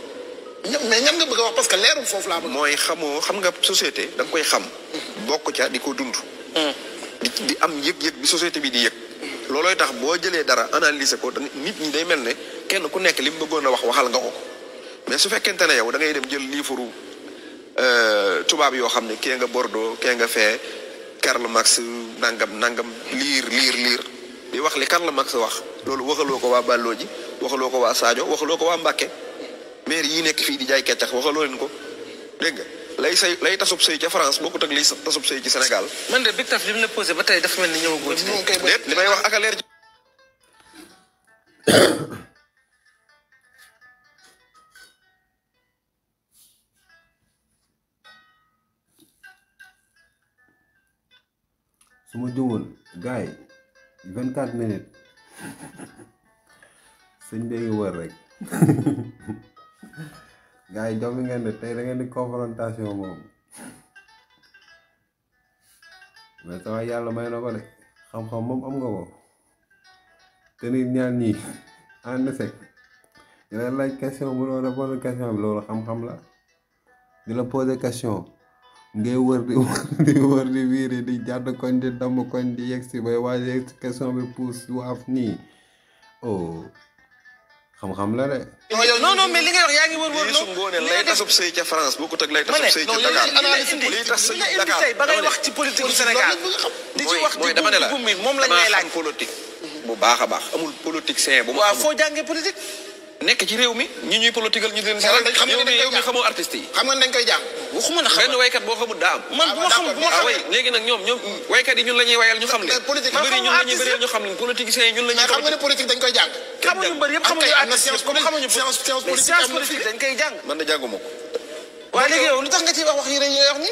mais ñam nga bëgg wax parce que lérum fofu la bëgg moy xamoo xam nga société da koy xam mm-hmm. bok ca diko dund mm. nit di am yëg-yëg bi société bi di yëg loolooy tax boo jëlee dara analyser ko nit ñi day mel ne kenn ku nekk li mu bëggoon a wax waxal nga ko mais su fekkente ne yow da ngay dem jël liifaru euh, tubaab yoo xam ne kee nga Bordeaux kee nga fee Karl Marx nangam nangam liir liir liir di wax li Karl Marx wax loolu waxaloo ko waa Balloo ji waxaloo ko waa saajo waxaloo ko waa Mbàkke maire yi nekk fii di jaay keccax waxaloo leen ko dégg lay say lay tasub sëy ca France bokut ak lay tasub sey ci Sénégal. man de big taf li poser la ba tey dafa melni ñew goot ci. limay wax ak leer. su ma jëwoon gars minutes sëñ bi wër rek. gars yi jommi ngeen ne tey da ngeen di confrontation moom mais sama yàlla may na ko de xam-xam moom am nga ko te nit ñaan ñi ànd sec ñu la laaj question bi loolu xam-xam la di la poser question ngay wër di wër di jàdd koñ di damm koñ di yegsi bay waaj question bi puus waaf nii oh. xam-xam la de. non non mais li nga wax yaa ngi wër-wër. lii su ngoonee lay tasub ca France bokkut ak lay tasub sëy ca Dakar. lii tas sëy Dakar tey ba ngay wax ci Sénégal. moom lañ lay laaj politique. bu baax a baax amul politique sain bu ma. waaw foo jàngee politique. nekk ci réew mi ñu ñuy political ñu leen seeral xam nga yow mi xamoo artistes yi xam nga dañ koy jàng waxuma na xam benn waykat boo xamul daa man bu ma xam bu ma ah, xam ah, léegi nag ñoom ñoom hmm. waykat yi ñun la ñuy wayal ñu xam leen bëri ñun la ñuy bëri ñu xam leen politiciens yi ñun la ñuy xam nga ne politique dañ koy jàng xamuñu bëri yëpp xamuñu ah, artistes comme dañ koy jàng man da jànguma ko waaye léegi yow lu tax nga ci wax wax yi rek yi nga wax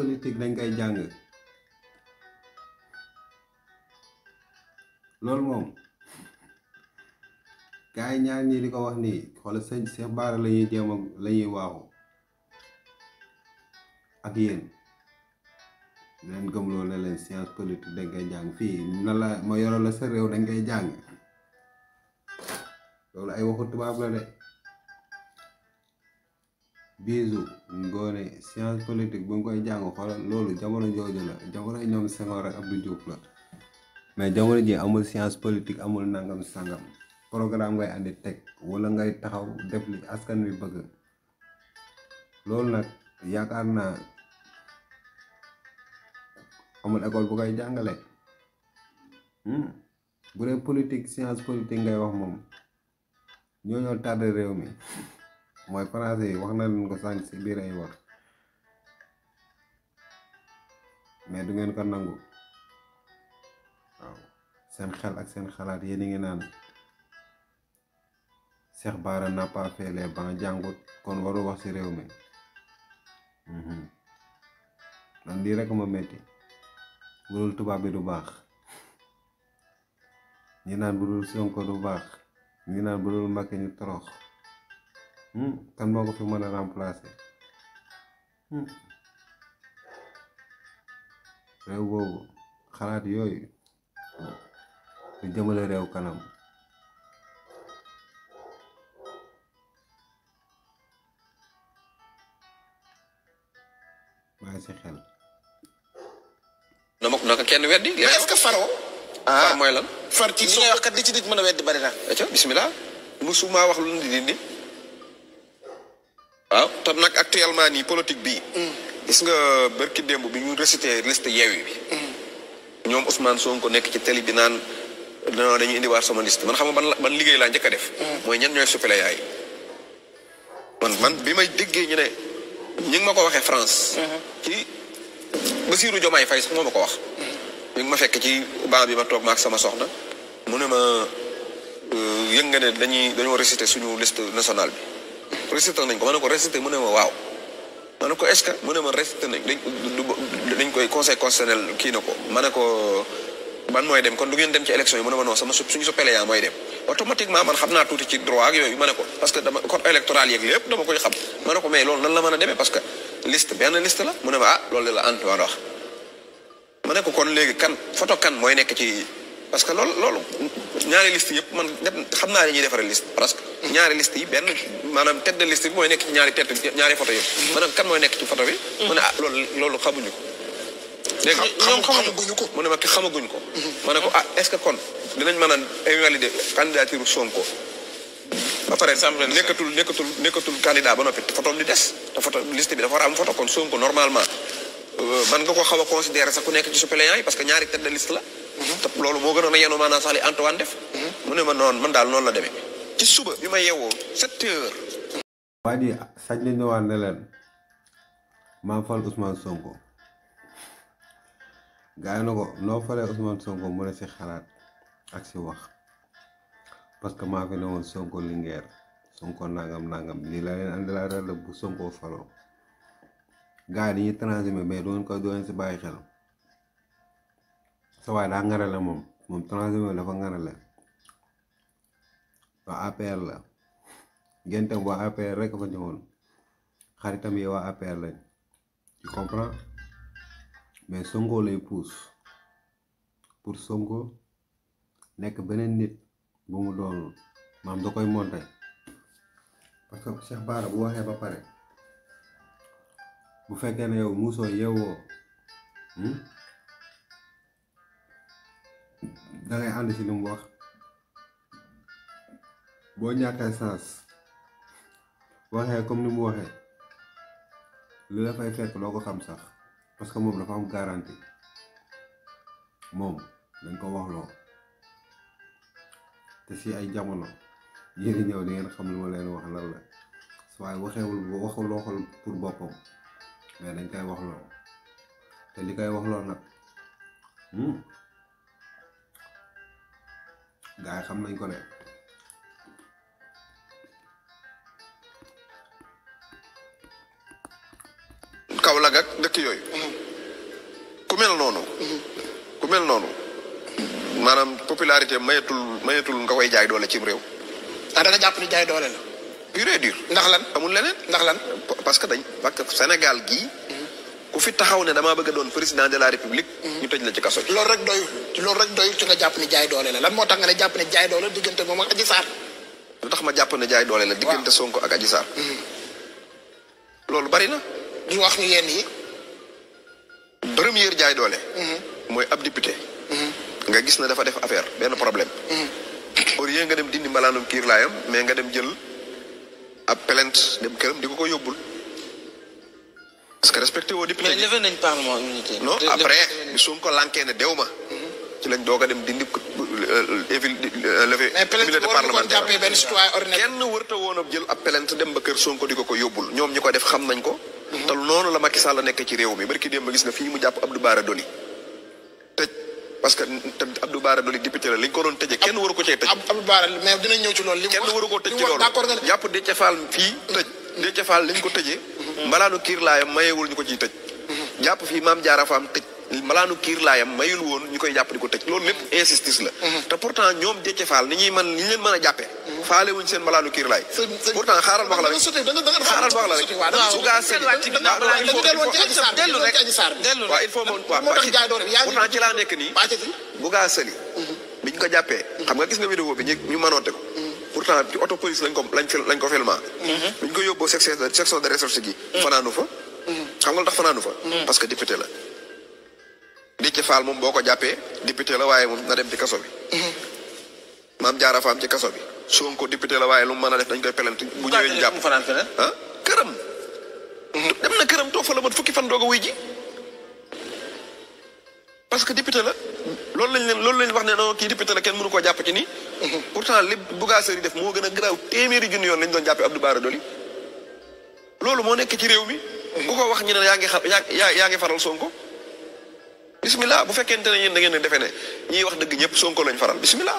ni dañ koy jàng loolu moom gars yi ñaar ñii di ko wax nii xoolal sëñ Cheikh Bara lañuy ñuy jéem a la ñuy waaxu ak yéen leen gëm loolu ne leen science politique da jàng fii na la ma yoro sa réew da ngay jàng loolu ay waxu tubaab la de bisu ngoone science politique bu ñu koy jàng xoolal loolu jamono jooju la jamono ñoom Senghor ak Abdou la mais jamono ji amul science politique amul nangam sangam programme ngay andi teg wala ngay taxaw def li askan wi bëgg loolu nag yaakaar naa amul école bu koy jàngale hmm? bu dee politique science politique ngay wax moom ñoo ñoo tardé réew mi mooy français yi wax na leen ko sànq si biir ay wax mais du ngeen ko nangu seen xel ak seen xalaat yéen a ngi naan Cheikh Bara n'a pas fait les bancs jàngut kon waru wax si réew mi mhm. man lii rek ma metti budul tubaab bi du baax ñi naan budul Sonko du baax ñi naan budul Macky ñu torox hmm? kan moo ko fi mën a remplacer hmm? réew boobu xalaat yooyu jëmale réew kanam si xel naka kenn weddi faro ah mooy lan far ci wax kat bismillah musuma wax di dindi waaw nag actuellement ah, nii politique hmm. bii gis nga démb bi ñu liste bi ñoom hmm. Ousmane Sonko nekk ci tali bi naan non dañuy indiwaat sama liste man xam man ban ban liggéey laa njëkk a def. Mm. mooy ñan ñooy suppléants yi. man man bi may déggee ñu ne ñi ngi ma ko waxee France. Mm-hmm. ci Bassirou Diomaye Faye sax moo ma ko wax. ñu mm. ngi ma fekk ci ban bi ma toog ma ak sama soxna. mu ne ma euh, yëg nga ne dañuy dañoo réciter suñu liste national bi. réciter nañ ko ma ne ko réciter mu ne ma waaw. ma ko est-ce que mu ne ma réciter nañ dañ dañ koy conseil constitutionnel kii na ko ma ne ko. man mooy dem kon lu ngeen dem ci élection yi mu ne ma non sama suñu soppeeku mooy dem automatiquement man xam naa tuuti ci droit ak yooyu ma ne ko parce que dama code électoral yeeg lépp dama koy xam ma ne ko a demee ah ne ko kon léegi kan photo kan mooy nekk ci parce que loolu loolu ñaari liste yëpp man ñett xam naa ne ñuy defaree liste presque. ñaari liste yi benn maanaam tête de liste bi mooy nekk ci ñaari tête ñaari photo yëpp. ma ne kan mooy nekk ci photo bi. mu ne ah loolu xamuñu dégg nga ñoom xamaguñu ko mu ne ma ki xamaguñ ko. ma ne ko ah est-ce que kon dinañ mën a invalider candidature Sonko. ba pare nekkatul nekkatul nekkatul candidat ba noppi photo di des te photo liste bi dafa war a am photo kon Sonko normalement. Euh, man nga ko xaw a considérer sax ku nekk ci suppléant yi parce que ñaari tête de liste la. Mhm. te loolu moo gënoon a yenu maanaam sax li Antoine def. Mhm. mu ne ma noonu man daal noonu la deme ci suba bi ma yeewoo sept heures. waa ji sañ nañu gaay na ko noo falee Ousmane Sonko mu ne si xalaat ak si wax parce que maa fi ne woon Sonko Linguère Sonko nangam nangam lii la leen andi laa la bu Sonko faloo gaay dañuy transhumé mais doon ko doon si bàyyi xel sa waay daa ngarale moom moom transhumé dafa ngarale waa APR la gentam waa waa APR lañ tu comprends mais songoo la puus pour Sonko nekk beneen nit bu mu doonul maam da koy monter parce que Cheikh Bara bu waxee ba pare bu fekkee ne yow muusoo yeewoo hmm, dangay ànd ci li mu wax boo ñàkkee sens waxee comme ni mu waxee li la fay fekk loo ko xam sax parce que moom dafa am garantie moom dañ ko wax te si ay jamono yéen ñëw di ngeen xam lu ma leen wax lan la waaye waxeewul waxul waxul pour boppam mais dañ koy wax te li koy wax loo nag hmm, gars xam nañ ko de Kaolack ak dëkk yooyu. ku mel noonu. ku mel noonu. maanaam popularité mayetul mayetul nga koy jaay doole cim réew. ah dana jàpp ni jaay doole la. pur et lan amul leneen. ndax lan parce que dañ parce que Sénégal gii. ku fi taxaw ne damaa bëgg doon président de la république. ñu tëj ci kaso loolu rek doyul loolu rek doyul jàpp ni jaay doole la lan moo tax nga ne jàpp ne jaay doole diggante moom ak Adji Sarr. tax ma jàpp ne jaay doole la. diggante Sonko ak Adji Sarr. Mm-hmm. loolu bari ñu wax ñu yenn yi premier jaay doole mm-hmm. mooy ab député mm-hmm. nga gis na dafa def affaire benn problème mm-hmm. au lieu nga dem dindi malanum kiir laayam mais nga dem jël ab plainte dem këram di ko ko yóbbul parce que respecté wo député mais levé nañ parlement unité non après suñ ko lanké ne dew ci lañ doga dem dindi evil euh, euh, euh, levé immunité parlementaire kenn wërta woon a jël ab plainte dem ba kër sonko di ko ko yóbbul ñoom ñi ko def xam nañ ko te noonu la Macky la nekk ci réew mi barki démb gis nga fii mu jàpp Abdou Bara Dolly tëj parce que Abdou Bara Dolly député la liñ ko doon tëjee kenn waru ko cee tëj. Abdou Bara mais dinañ ñëw ci loolu. li kenn waru koo tëj ci loolu jàpp Déthié Fall fii tëj. Déthié Fall liñ ko tëjee. mbalaanu kiir laayam mayewul ñu ko ci tëj. Mhm. jàpp fii Mame Diarra Fam tëj. malaanu kiir laayam mayul woon ñu koy jàpp di ko tëj loolu lépp injustice la mhm. te pourtant ñoom Déthié Fall ni ñu leen mën a jàppee mhm. faale wuñ seen malaanu kiir pourtant ci laa nekk nii bu gaa sëli bi ñu ko jàppee mhm. xam nga gis nga vidéo bi ñu mënoote ko pourtant ci auto lañ ko lañ lañ ñu ko yóbboo section de recherche gi fanaanu fa xam nga lu tax fanaanu fa parce que la Déthié Fall moom boo ko jàppee député la waaye moom na dem ci kaso bi. maam jaara faam ci kaso bi. Sonko député la waaye lu mu def dañ koy pelante bu ñëwee ñu jàpp ah këram. dem na këram toog fa la mat fukki fan dogo a wuy ji. parce que député la loolu lañ leen loolu lañ wax ne non député la kenn mënu ci pourtant li yi def moo gën a garaaw téeméeri yoon lañ doon jàppee Abdou Bara Doli. loolu moo nekk ci réew mi. ku ko wax ñu ne faral Sonko. bismillah bu fekkente ne yéen da ngeen di defee ne ñiy wax dëgg ñëpp Sonko lañ faral bismillah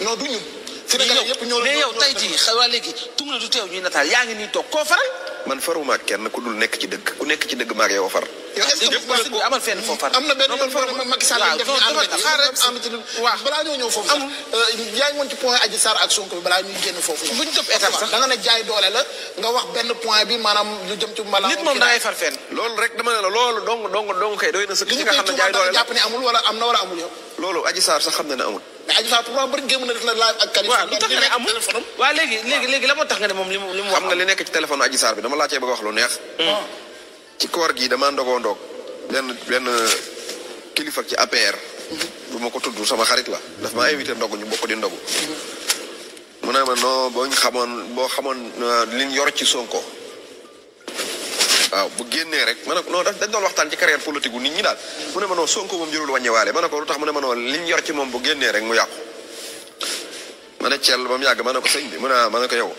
non du ñun. Sénégal yëpp ñoo mais yow tey jii xaw léegi tum na du teew ñuy nataal yaa ngi nii toog koo faral. man faruma ak kenn ku dul nekk ci dëgg ku nekk ci dëgg maa ngi a far. yow est-ce que amal fenn foofu am na benn yoon foofu Macky Sall sax. xam ne na wala mais Adji Sarr pourtant bëri gémm na def na live ak Kali. waaw lu tax nga amul léegi léegi léegi la moo tax nga ne moom li mu li mu wax. xam nga li nekk ci téléphone Adji Sarr bi dama laajtee bëgg wax lu neex. Hmm. ci koor gi dama ndogoo ndoog benn benn kilifa ci APR. Hmm. bu ma ko tudd sama xarit la. daf maa invité ndogu ñu bokk di ndogu. Hmm. mu ne ma non boo ñu xamoon boo xamoon euh, liñ yor ci Sonko. waaw bu génnee rek ma a ko non dañ doon waxtaan ci carrière politique gu nit ñi daal mu ne ma non Sonko moom jërul wàññiwaale ma ne ko lu tax mu ne ma non liñ yor ci moom bu génnee rek mu yàqu ma ne Thiel ba mu yàgg ma a ko sëñ bi mu ne ma ko yow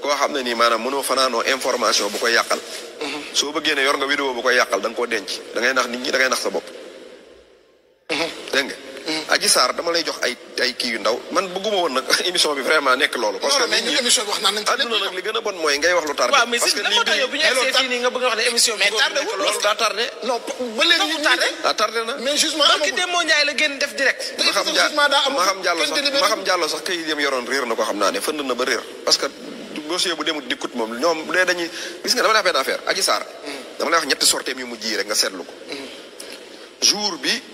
koo xam ne nii maanaam mënoo fanaanoo information bu koy yàqal mm-hmm. soo bëggee ne yor nga vidéo bu koy yàqal da nga koo denc da ngay nax nit ñi da ngay nax sa bopp mm-hmm. dégg nga aji sar dama lay jox ay ay ki yu ndaw man buguma won nak émission bi vraiment nek lolu parce que ñu émission wax nañu nañ àdduna nag li gëna bon moy ngay wax lu tardé waaw mais si dama tax yow bu ñu egsee fii ni nga bëgg wax né émission mais tardé wu lolu da tardé non ba légui ñu tardé da ah, tardé na mais justement barki mo ñay la gën def direct ma xam justement da am ma xam jallo sax ma xam jallo sax kay dem yoron réer na ko xam na né fënd na ba réer parce que dossier bu demut dikut mom ñom bu dee dañuy gis nga dama lay wax affaire aji sar mm. dama lay wax ñett sortem yu mujj rek nga sétlu ko mm. jour bi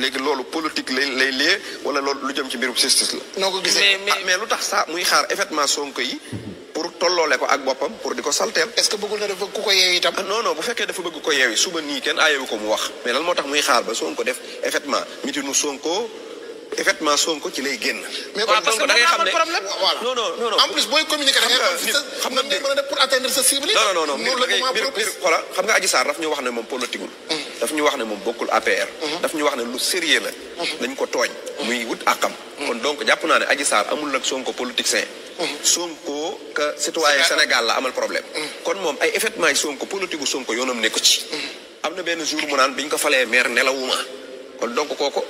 léegi loolu politique lay lay lee loolu lu jëm ci mbirum justice la. noo ko gisee mais ah, lu tax saa muy xaar effectivement Sonko yi. pour tolloole ko ak boppam pour di ko salteel. est-ce que bëggul na dafa ku ko yeewi itam. non non bu fekkee dafa bëgg ko yeewi suba nii kenn aayewu ko mu wax. mais lan moo tax muy xaar ba Sonko def effectivement mitinu Sonko effectivement Sonko ci lay génn. mais kon Sonko da ngay xam ne voilà non non non. en plus booy communiquer da ngay xam ne mën a def pour atteindre sa cible. non non non mbir wax ne moom politique daf ñu wax ne moom bokkul APR. Mhm. daf ñu wax ne lu sérieux la. Mhm. dañ ko tooñ. Mhm. muy wut àqam. kon donc jàpp naa ne Adji Sarr amul nag Sonko politicien. Sonko que citoyen Sénégal la amal problème. kon moom ay effectivement yi Sonko politique gu Sonko yoonam ci. am na benn jour mu naan bi ñu ko falee maire nelawuma kon donc kooko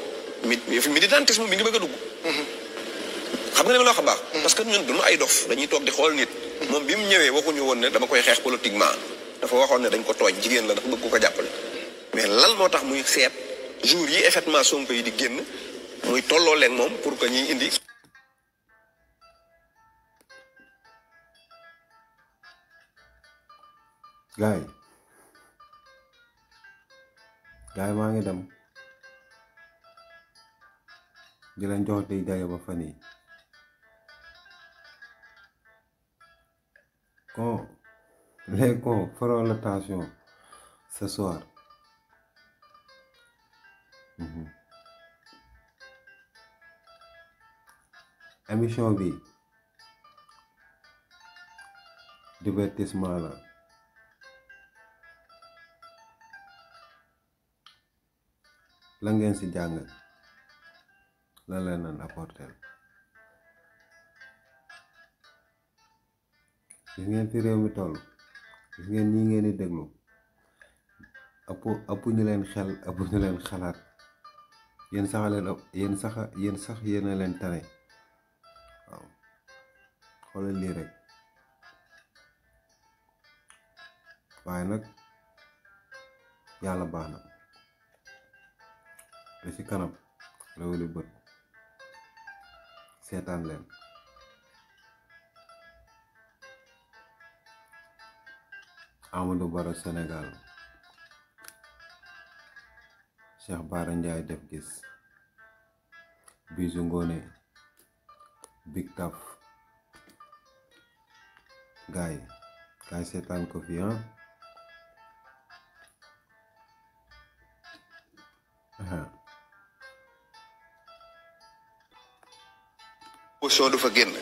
mi militantisme mi ngi bëgg a dugg. xam nga li la wax baax. parce que ñun duñu ay dof dañuy toog di xool nit. moom bi mu ñëwee waxuñu woon ne dama koy xeex politiquement dafa waxoon ne dañ ko tooñ jigéen la dafa bëgg ko jàppale. mais lan moo tax muy seet jour yi effectivement Sonko yi di génn muy tolloo leen moom pour que ñuy indi. gaay gaay maa ngi dem di leen jox day daye fan yi kon les cons feront attention ce soir Mhm. émission bi divertissement la la ngeen ci lalanan lan la nan apporter gis ngeen fi réew mi toll gis ngeen ñi ngeen di déglu ñu leen xel ñu leen xalaat yéen sax leen ëpp yéen sax yéen sax yéen a leen tane waaw xoolal lii rek waaye nag yàlla baax na te ci kanam réewlu bët seetaan leen Amadou Baro Sénégal Cheikh Bara Ndiaye def gis bisu ngone Big Taf gay, gay setan ko fi hein position du fa genn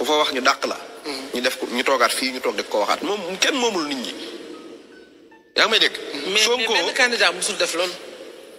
ku fa wax ñu dak la mm-hmm. ñu def ñu togaat fi ñu tok de ko waxat mom kenn momul nit ñi yaa ngi may dégg Sonko ben candidat musul def lolu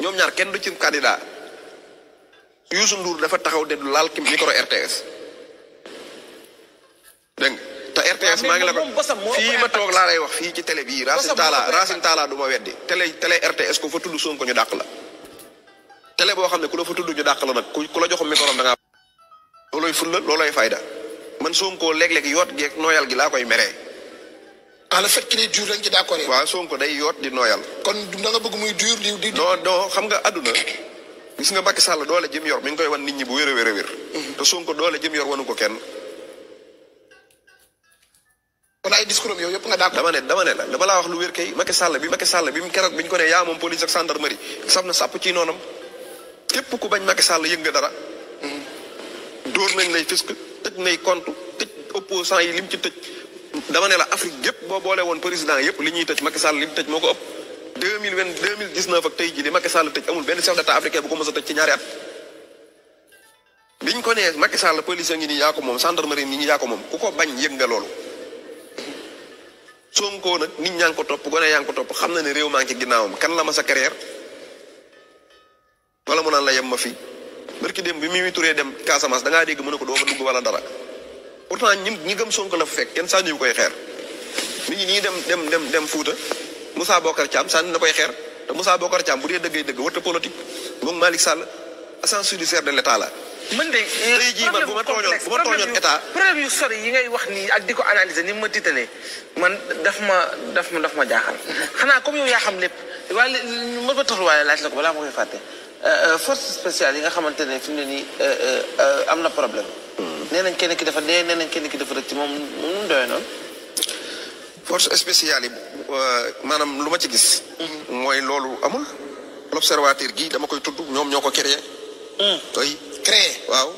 ñom ñaar kenn du ci candidat yusuf Ndour dafa taxaw de lal kim micro RTS deng ta RTS ah, ma ngi la ko fii ma tok la lay wax fi ci télé bi Racine tala Racine tala du ma weddi télé télé RTS ko fa tuddu son ko ñu dàq la télé bo xam ku la fa tuddu ñu dàq la nak ku la joxum micro da nga loloy fulal loloy fayda man son ko leg leg yot gi ak noyal gi la koy meree ala fekkine dur lañ ci d'accord wa ko day yot di noyal kon du nga bëgg muy dur di di non non xam nga aduna gis nga bakki Sall doole jëm yor mi ngi koy wan nit ñi bu wéré wéré wér mhm. te ko doole jëm yor wonu ko kenn kon ay discours yow yëpp nga d'accord dama ne dama ne la bala wax lu wér kay Macky Sall bi Macky Sall bi mu kérok biñ ko né ya mom police ak gendarmerie sam na sapp ci nonam képp ku bañ Macky Sall yëng dara mhm. door nañ lay fisk tej nay compte tej opposant yi lim ci tej dama ne la Afrique yep bo boole won président yep li ñuy tëj Macky Sall li mu moko moo 2020 2019 ak tay ji di Macky Sall tëj amul ben chef d'état africain bu ko mësa a ci ñaari at. biñ ko nee Macky Sall police ngi ni ya ko mom gendarmerie ngi nii ya ko mom ku ko bañ yeg nga loolu. Sonko nak nit ñang ko top gone yang ko top xamna ne réew maa ngi kan la ma sa carrière wala mu nan la yam ma fi barki dem bi mi Touré dem Casamance da nga dégg mu ko do fa dugg wala dara. pourtant ñi ñi gëm Sonko la fa fekk kenn sànni yu koy xeer nit ñi ñi dem dem dem dem Fuuta Moussa Bokar Thiam sànni na koy xeer te Moussa Bokar Thiam bu dee dëggay dëgg wërta politique moom Malick Sall agent judiciaire de l' état la. mën de tey man bu ma tooñoon bu ma tooñoon état problème yu sori yi ngay wax nii ak di ko analyser ni ma tiitalee man daf ma daf ma daf ma jaaxal. xanaa comme yow yaa xam lépp waaye ma ba taxawaay laaj la ko balaa ma koy fàtte euh, euh, force spéciale yi nga xamante ne fi mu ne nii euh, am na problème. nee nañ kenn ki dafa dee nee nañ kenn ki dafa rëcc moom moom nu doyee noonu. force spéciale yi euh, maanaam lu ma ci gis. Mm-hmm. mooy loolu amul. l'observateur gi dama koy tudd ñoom ñoo ko créé. koy mm. créé waaw.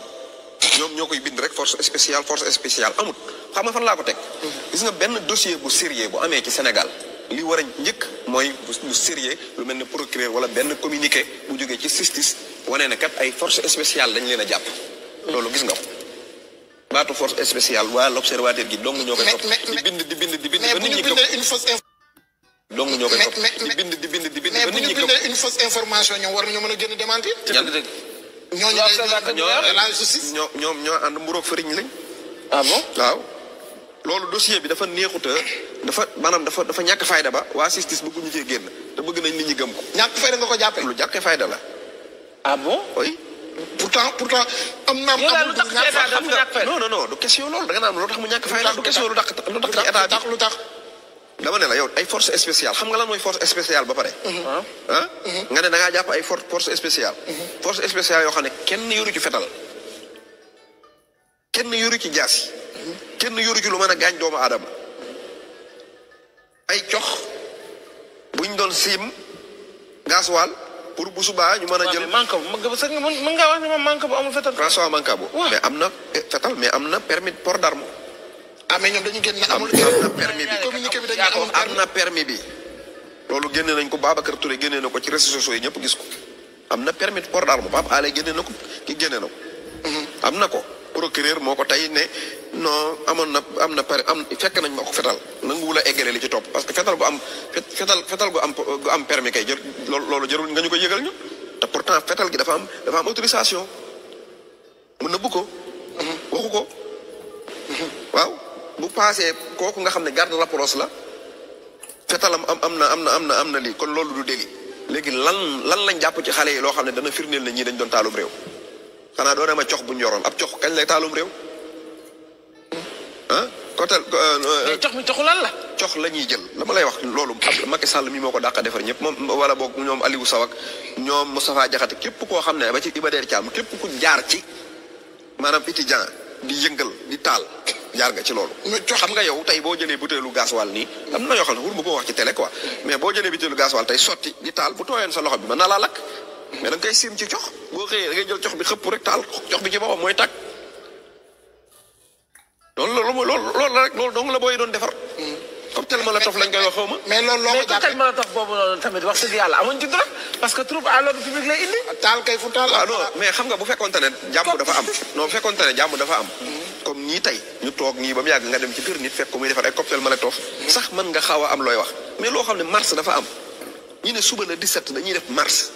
ñoom ñoo koy bind rek force spéciale force spéciale amul xam nga fan laa ko teg. Mm-hmm. gis nga benn dossier bu sérieux bu amee ci Sénégal. li war a njëkk mooy bu sérieux lu mel ne procureur wala benn communiqué bu jógee ci justice wane na kat ay force spéciale dañ leen a jàpp. Mm. loolu gis nga ko. baatu force spéciale waa l'observateur gi dong ñoo koy topp di bind di bind di bind ba nit ñi dong ñoo koy topp bind di bind di nit ñi mais une fausse information ñoom war nañoo mën a gën a démentir. ñooñu ñoo ñoom ñoo ànd mburoog fëriñ lañ. ah bon waaw. loolu dossier bi dafa neexuta dafa maanaam dafa dafa ñàkk fayda ba waa justice bëgguñu cee génn te bëgg nañ nit ñi gëm ko. ñàkk fayda nga ko jàppee. lu jàkkee fayda la. ah pourtant pourtant am na am amul bu ñàkk fa xam nga non non non du question loolu da nga naan lu tax mu ñàkk fay du question lu tax lu tax ci état bi lu tax dama ne la yow ay force spéciale xam nga lan mooy force spéciale ba pare mhm. ah nga ne da ngaa jàpp ay force force spéciale mhm. force spéciale yoo xam ne kenn yoru ci fetal kenn yoru ci jaasi mhm. kenn yoru ci lu mën a doomu aadama ay cox buñ doon siim gasoil pour bu subaa ñu mën a jël. manque mën ngaa wax ne ma manque bu amul fetal. François manque bu. mais am na eh, fetal mais am na permis port d'arme. ah am na permis bi communiqué bi dañu bi. loolu génne nañ ko Babacar Touré génne na ko ci réseaux sociaux yi ñëpp gis ko am na permis port d'arme Pape Alé génne na ko ki génne na ko. Mm-hmm. am na ko. procureur moo ko tey ne no amoon na am na pare am fekk nañ ma ko fetal nanguwul a eggale li ci topp parce que fetal gu am fetal fetal gu am gu am permis kay jër loolu jërul nga ñu ko yëgal ñu te pourtant fetal gi dafa am dafa am mu nëbb ko mhm, waxu ko mhm, waaw bu paasee kooku nga xam ne garde rapproche la fetalam am am na am na am na am na lii kon loolu du délit léegi lan lan lañ jàpp ci xale yi loo xam ne dana firndeel na ñii dañ doon taalum réew xanaa doona ma cox bu ñu yoroon ab cox kañ lay taalum réew ah kotel euh, euh, cox mi coxu lan la cox la ñuy jël la ma lay wax loolu ab Macky Sall mi moo ko dàq defar ñëpp moom wala boog ñoom Aliou Sow ak ñoom Moustapha Diakhaté képp koo xam ne ba ci Iba Der Thiam képp ku jaar ci maanaam étudiant di yëngal di taal jaar nga ci loolu xam nga yow tey boo jëlee butéelu gasoil nii am na yoo xam ne wur ma ko wax ci télé quoi hmm. mais boo jëlee butéelu gasoil tey sotti di taal bu tooyoon sa loxo bi mën na laa lakk mais da nga koy siim ci cox boo xëyee da ngay jël cox bi xëpp rek taal cox bi ci boppam mooy tàkk loolu lool mooy loolu loolu la rek loolu dong la booy doon defar. cocktail Molotov lañ koy wax ma. mais loolu loo ko jàppee mais tamit wax dëgg yàlla amuñ ci dara parce que trouble kay fu taal. Ah mais xam nga bu fekkonte ne jàmm dafa am. non bu fekkonte ne jàmm dafa am. comme ñii tey ñu toog ñii ba mu yàgg nga dem ci kër nit fekk ko muy defar ay cocktail Molotov. sax mën nga xaw a am looy wax mais loo xam ne mars dafa am ñu ne suba la 17 dañuy def mars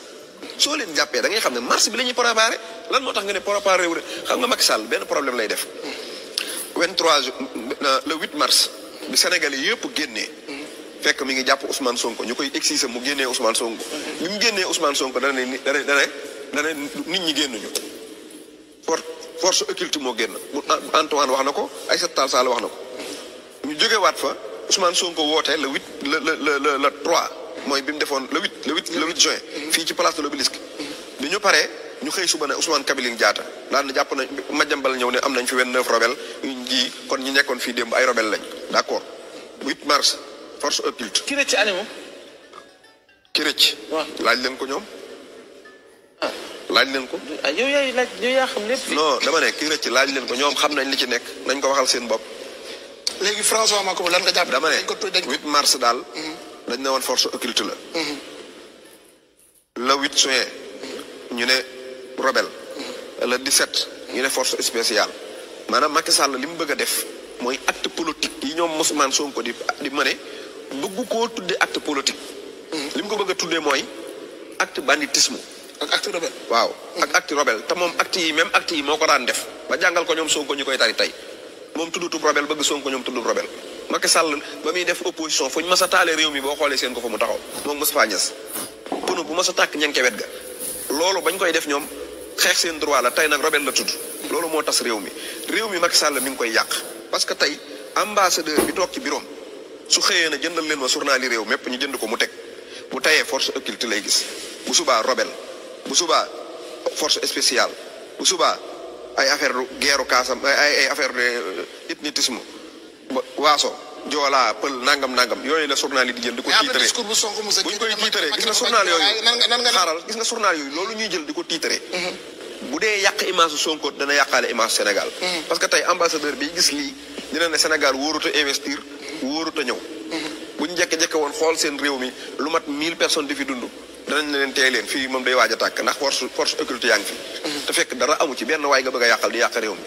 soo leen jàppee da ngay xam ne mars bi la ñuy préparé lan moo tax nga ne préparé wu xam nga Macky Sall benn problème lay def. 23 le 8 mars. bi Sénégal yëpp iya, génnee. fekk mi ngi jàpp Ousmane Sonko ñu koy excisé mu génnee Ousmane Sonko. bi mu génnee Ousmane Sonko dana ne dana dana nit ñi génnuñu. force force occulte moo génn Antoine anu wax anu na ko Aïssata Tall Sall wax anu na ko. ñu jógewaat fa Ousmane Sonko wootee le 8 le le le le 3. mooy bi mu defoon le huit le huit le huit juin. fii ci place de l'Obélisque. bi ñu paree ñu xëy suba ne Ousmane Kabiline Diatta daan na jàpp nañ Madiambal ñëw ne am nañ fi vingt-neuf rebelle yuñ ji kon ñi nekkoon fii démb ay rebelle lañ d'accord 8 mars force ki rëcc année moom. ki rëcc. laaj leen ko ñoom. Ah. laaj leen ko. Ah, yow yaay laaj yow yaa xam lépp. non dama ne ki rëcc laaj leen ko ñoom xam nañ li ci nekk nañ ko waxal seen bopp. léegi ko Mancabou lan nga jàpp. dama ne 8 mars daal. Mm-hmm. dañ ne woon force occulte la le 8 juin ñu ne rebelle le 17 ñu ne force spéciale maanaam Macky Sall li mu bëgg a def mooy acte politique yi ñoom Ousmane Sonko di di mëne bëgg koo tuddee acte politique mm-hmm. li mu ko bëgg a tuddee mooy acte banditisme ak acte rebelle waaw ak mm-hmm. acte rebelle te moom acte yi même acte yi moo ko daan def ba jàngal ko ñoom Sonko ñu koy tari tey moom tuddutub rebelle bëgg Sonko ñoom tuddub rebelle Macky Sall ba muy def opposition fuñu ñu talé réew mi bo xolé seen ko fa mu taxaw mo mës fa ñes punu bu mës tak tàkk ñanke wet ga loolu bañ koy def ñom xex seen droit la tay nak robel la tudd lolu mo tass réew mi réew mi Macky Sall mi ngi koy yaq parce que tay ambassadeur bi tok ci biroom su xëyee na jëndal leen ma journal réew mepp ñu jënd ko mu tek bu tayé force occulte lay gis bu suba robel bu suba force spéciale bu suba ay affaire guerre kasam ay ay affaire de euh, ethnicisme waso jola pël nangam nangam yoy la journal yi di jël diko titré buñ koy titré gis na journal yoy xaral gis na journal yoy loolu ñuy jël diko titré tiitre mhm. bu dee yàq image sonko dana yakale image sénégal mhm. parce que tay ambassadeur bi gis li dina né sénégal wóoruta investir wóoruta ñew mhm. buñ jekke-jekke won xol sen réew mi lu mat 1000 personnes di fi dundu dañ leen tey leen fi mom day waja tak tàkk ndax force force occulte yang fi te fekk dara amu ci ben way nga bëgg yakal di yak réew mi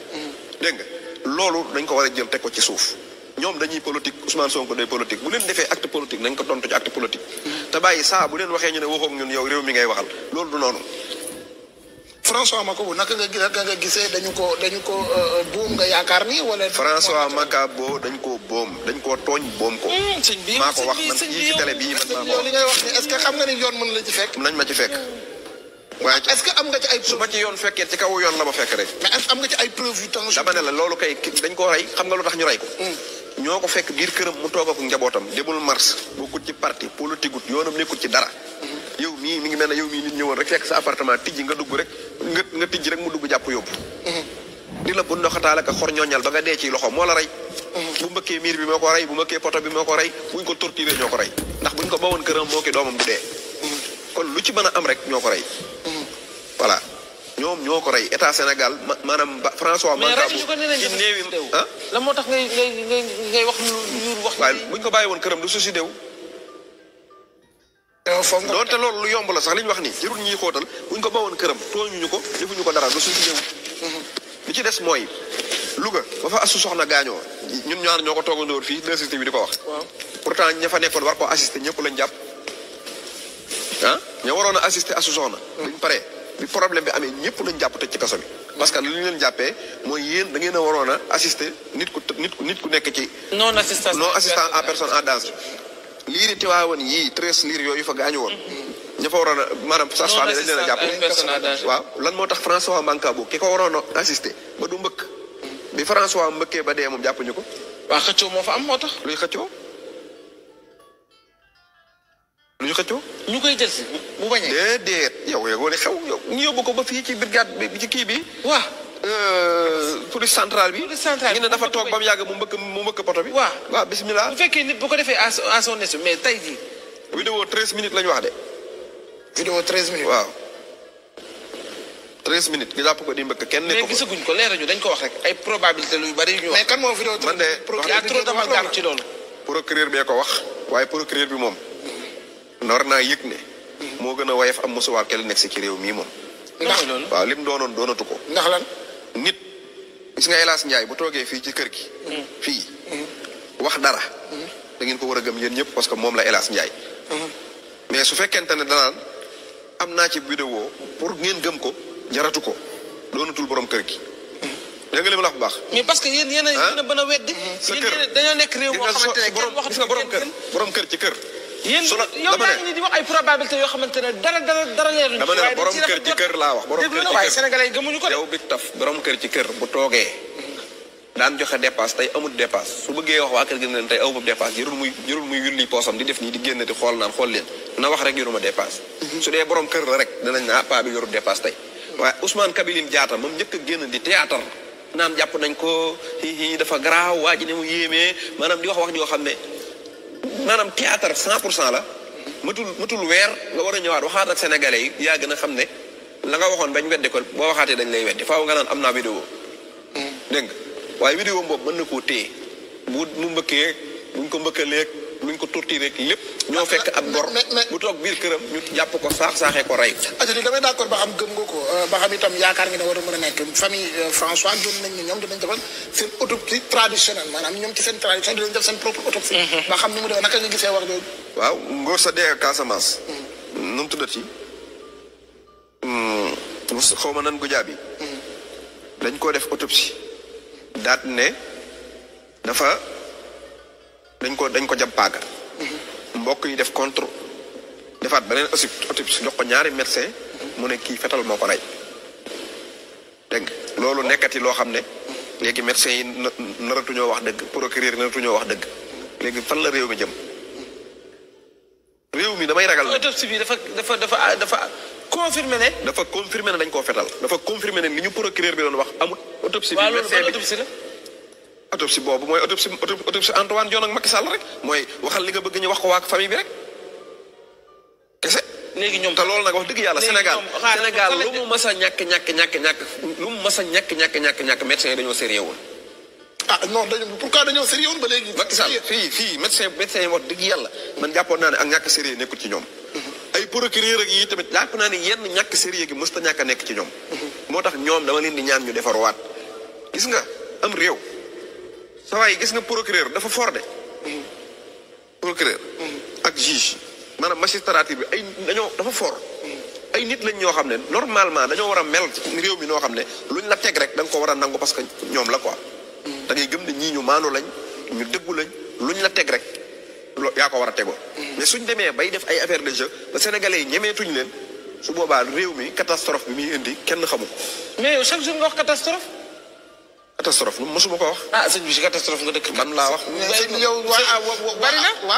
dégg lolu dañ ko wara jël teg ko ci suuf ñoom dañuy politique Ousmane Sonko day politique bu leen defee acte politique nañ ko tontu ci acte politique. te bàyyi saa bu leen waxee ñu ne waxoog ñun yow réew mi ngay waxal loolu du noonu. François Makabu naka nga naka nga gisee dañu ko dañu ko euh, euh, boom nga yaakaar ni wala. François boo dañ koo boom dañ koo tooñ boom ko. Hmm, sëñ bi maa ko wax man ci télé bii man maa ko li ngay wax ni est xam nga ni yoon mën la ci fekk. nañ ma ci fekk. waaye est ce que am nga ci ay preuve su ma ci yoon fekkee ci kaw yoon yu tax. dama ne la loolu kay dañ koo rey xam nga lu tax ñu rey ko. Hmm. ñoo ko fekk biir këram mu toog ak njabootam demul mars bokkut ci parti politique gut yoonam nekkut ci dara. Hmm. yow mii mi ngi mel ne yow mii nit ñëwoon rek fekk sa apartement tijji nga dugg rek nga nga tijji rek mu dugg jàpp yóbbu. Hmm. di la bu ndoxataal ak xor ñooñal ba nga dee ci loxo moo la rey. bu mbëkkee miir bi moo ko rey bu mbëkkee poto bi moo ko rey buñ ko torturé ñoo ko ndax buñ ko bawoon këram moo ki doomam bu dee kon lu ci mëna am rek ñoko ray mm-hmm. voilà ñom ñoko ray état sénégal manam françois mankabu ci neewi la ah? motax ngay ngay ngay wax ñuur wax waaye buñ ko bayiwon kërëm këram du susi déw euh, donte loolu lu yomb la sax liñ wax ni jërul ñi xotal buñ ko bawon kërëm toñu ñuko defu ñuko dara du susi dew mm-hmm. li ci dess moy Louga ba fa asu soxna gaño ñun ñaar ñoko ko toogandóor fii deux bi di ko wax pourtant ñafa nekkon war ko assister ñepp lañ japp ah ñoo waroon a assister asu soxna bi problème bi amee ñëpp lañ jàpp tëj ci kaso bi parce que li ñu leen jàppee mooy yéen da ngeen a waroon a assister nit ku nit nit ku nekk ci non assistance non assistance à personne en danger liiri Tiwaawan yii treize liir yooyu fa gaañu woon ña fa waroon maanaam sage-femme yi dañ leen a jàpp waaw lan moo tax François Mancabou ki ko waroon a assister ba du mbëkk bi François mbëkkee ba dee moom ñu ko waa xëccoo moo fa am moo tax luy xëccoo lu ñu xëccoo. ñu koy jël si bu bañee. déedéet yow yaa ngi xew yow ñu yóbbu ko ba fii ci brigade bi ci kii bi. waa police euh, centrale bi. police centrale bi ñu ne dafa toog ba mu yàgg mu mbëkk mu mbëkk poto bi. waaw waaw bisimilah. bu fekkee nit bu ko defee à son mais tey jii. vidéo treize minutes la ñu wax de. vidéo treize minutes. waaw. treize minutes nga jàpp ko di mbëkk kenn. ne ko mais gisaguñ ko leerañu dañ ko wax rek ay probabilité lu bari ñu wax. mais kan moo vidéo. trop d'amalgame ko wax. waaye bi moom. norna naa yëg ne. moo gën wayef am musu war kel nek ci réew mi mom ndax non wa lim doonon doonatu ko. ndax lan nit. gis nga Elaas Njaay bu toogee fi ci kër gi. Mm. fi mm. wax dara. Mm. da ngeen ko wara gëm yeen ñëpp parce que mom la Elaas Njaay. mais su fekkenta ne danaan am naa ci vidéo pour ngeen gëm ko jaratu ko doonatul borom kër gi. dégg nga li ma wax bu mais parce que yéen yéen ah? a. yéen a bën a weddi. sa kër dañoo borom kër borom kër ci kër. yéen yow yaa ngi ko de. yow taf borom kër ci kër bu toogee. daan joxe dépasse tey amut dépasse su bëggee wax waa kër gi ne leen tey aw boobu dépasse jërul muy jërul muy yulli poosam di def nii di génn di xool naan xool leen na wax rek yoruma dépasse mhm. su dee borom kër la rek danañ naa ah, paa waaye Ousmane Kabiline Diatta moom njëkk a génn di théâtre naan jàpp nañ ko hi hi dafa garaaw waa ji ne mu yéemee maanaam di wax wax joo xam ne maanaam théâtre cent pour cent la matul matul weer nga war a ñëwaat waxaat ak sénégalais yi yaa gën a xam ne la nga waxoon bañ weddi ko boo waxaatee dañ lay weddi faaw nga naan am naa vidéo hmm. dégg nga waaye vidéo boobu mën na koo téye bu mu mbëkkee buñ ko mbëkkaleeg ngi ko torturé rek lépp. ñoo fekk ab gor bu toog biir këram ñu jàpp ko saax saaxee ko rey. ati damay d'accord ba xam gëm nga ko euh, ba xam itam yaakaar nga ne war a a nekk famille euh, François doon nañ ne ñoom dinañ defal seen autopsie traditionnelle maanaam ñoom ci seen tradition dinañ def seen propre autopsie. Mhm. ba xam ni mu demee naka nga gisee wax jooju. Mhm. nu mu hmm, xaw ma nan gu jaabi. Mhm. dañ koo def autopsie. daat ne dafa. dañ ko dañ ko jam paga Mbok yi def contre defaat beneen aussi ci jox ko ñaari médecin mu ne ki fetal moko ray deug lolu nekati lo xamne xam ne léegi médecin yi ñoo wax deug procureur yi ñoo wax deug léegi fan la rew mi jëm rew mi damay ragal autopsie bi dafa dafa dafa dafa confirmer ne dafa confirmer ne dañ ko fetal dafa confirmer ne ni ñu procureur bi doon wax amul autopsie bi médecin bi autopsie bobu moy autopsie autopsie Antoine Diome ak Macky Sall rek moy waxal li nga bëgg ñu wax ko waak fami bi rek kessé légui ñom ta lool nak wax dëgg yalla Sénégal Sénégal lu mu mësa a ñak ñak ñak lu mu mësa a ñak ñak ñak médecin dañu sérieux ah non dañu pourquoi dañu sérieux woon ba légui Macky Sall fi fii médecin médecin wax dëgg yalla man jappo na ne ak ñak sérieux nekkul ci ñom mhm. ay procureur ak yi tamit jàpp na ne yenn ñak sérieux gi mësta ñaka nekk ci ñom motax mhm. ñom dama leen di ñaan ñu waat gis nga am réew sa waay gis nga procureur dafa for de procureur ak juge maanaam magistrature bi ay dañoo dafa foor ay nit lañ ñoo xam ne normalement dañoo war a mel réew mi noo xam ne luñ la teg rek danga ko war a nangu parce que ñoom la ko da gëm ne ñii ñu maanu lañ ñu dëggu lañ luñ la teg rek yaa ko war a tegoo mais suñ demee bay def ay affaire de jeu ba sénégalais yi ñemeetuñ leen su boobaa réew mi catastrophe bi muy indi kenn xamu ko mais yow chaque jour nga catastrophe lu mosuma ko wax. ah sëñ bi si catastrophe nga dëkk. man laa wax. yow waa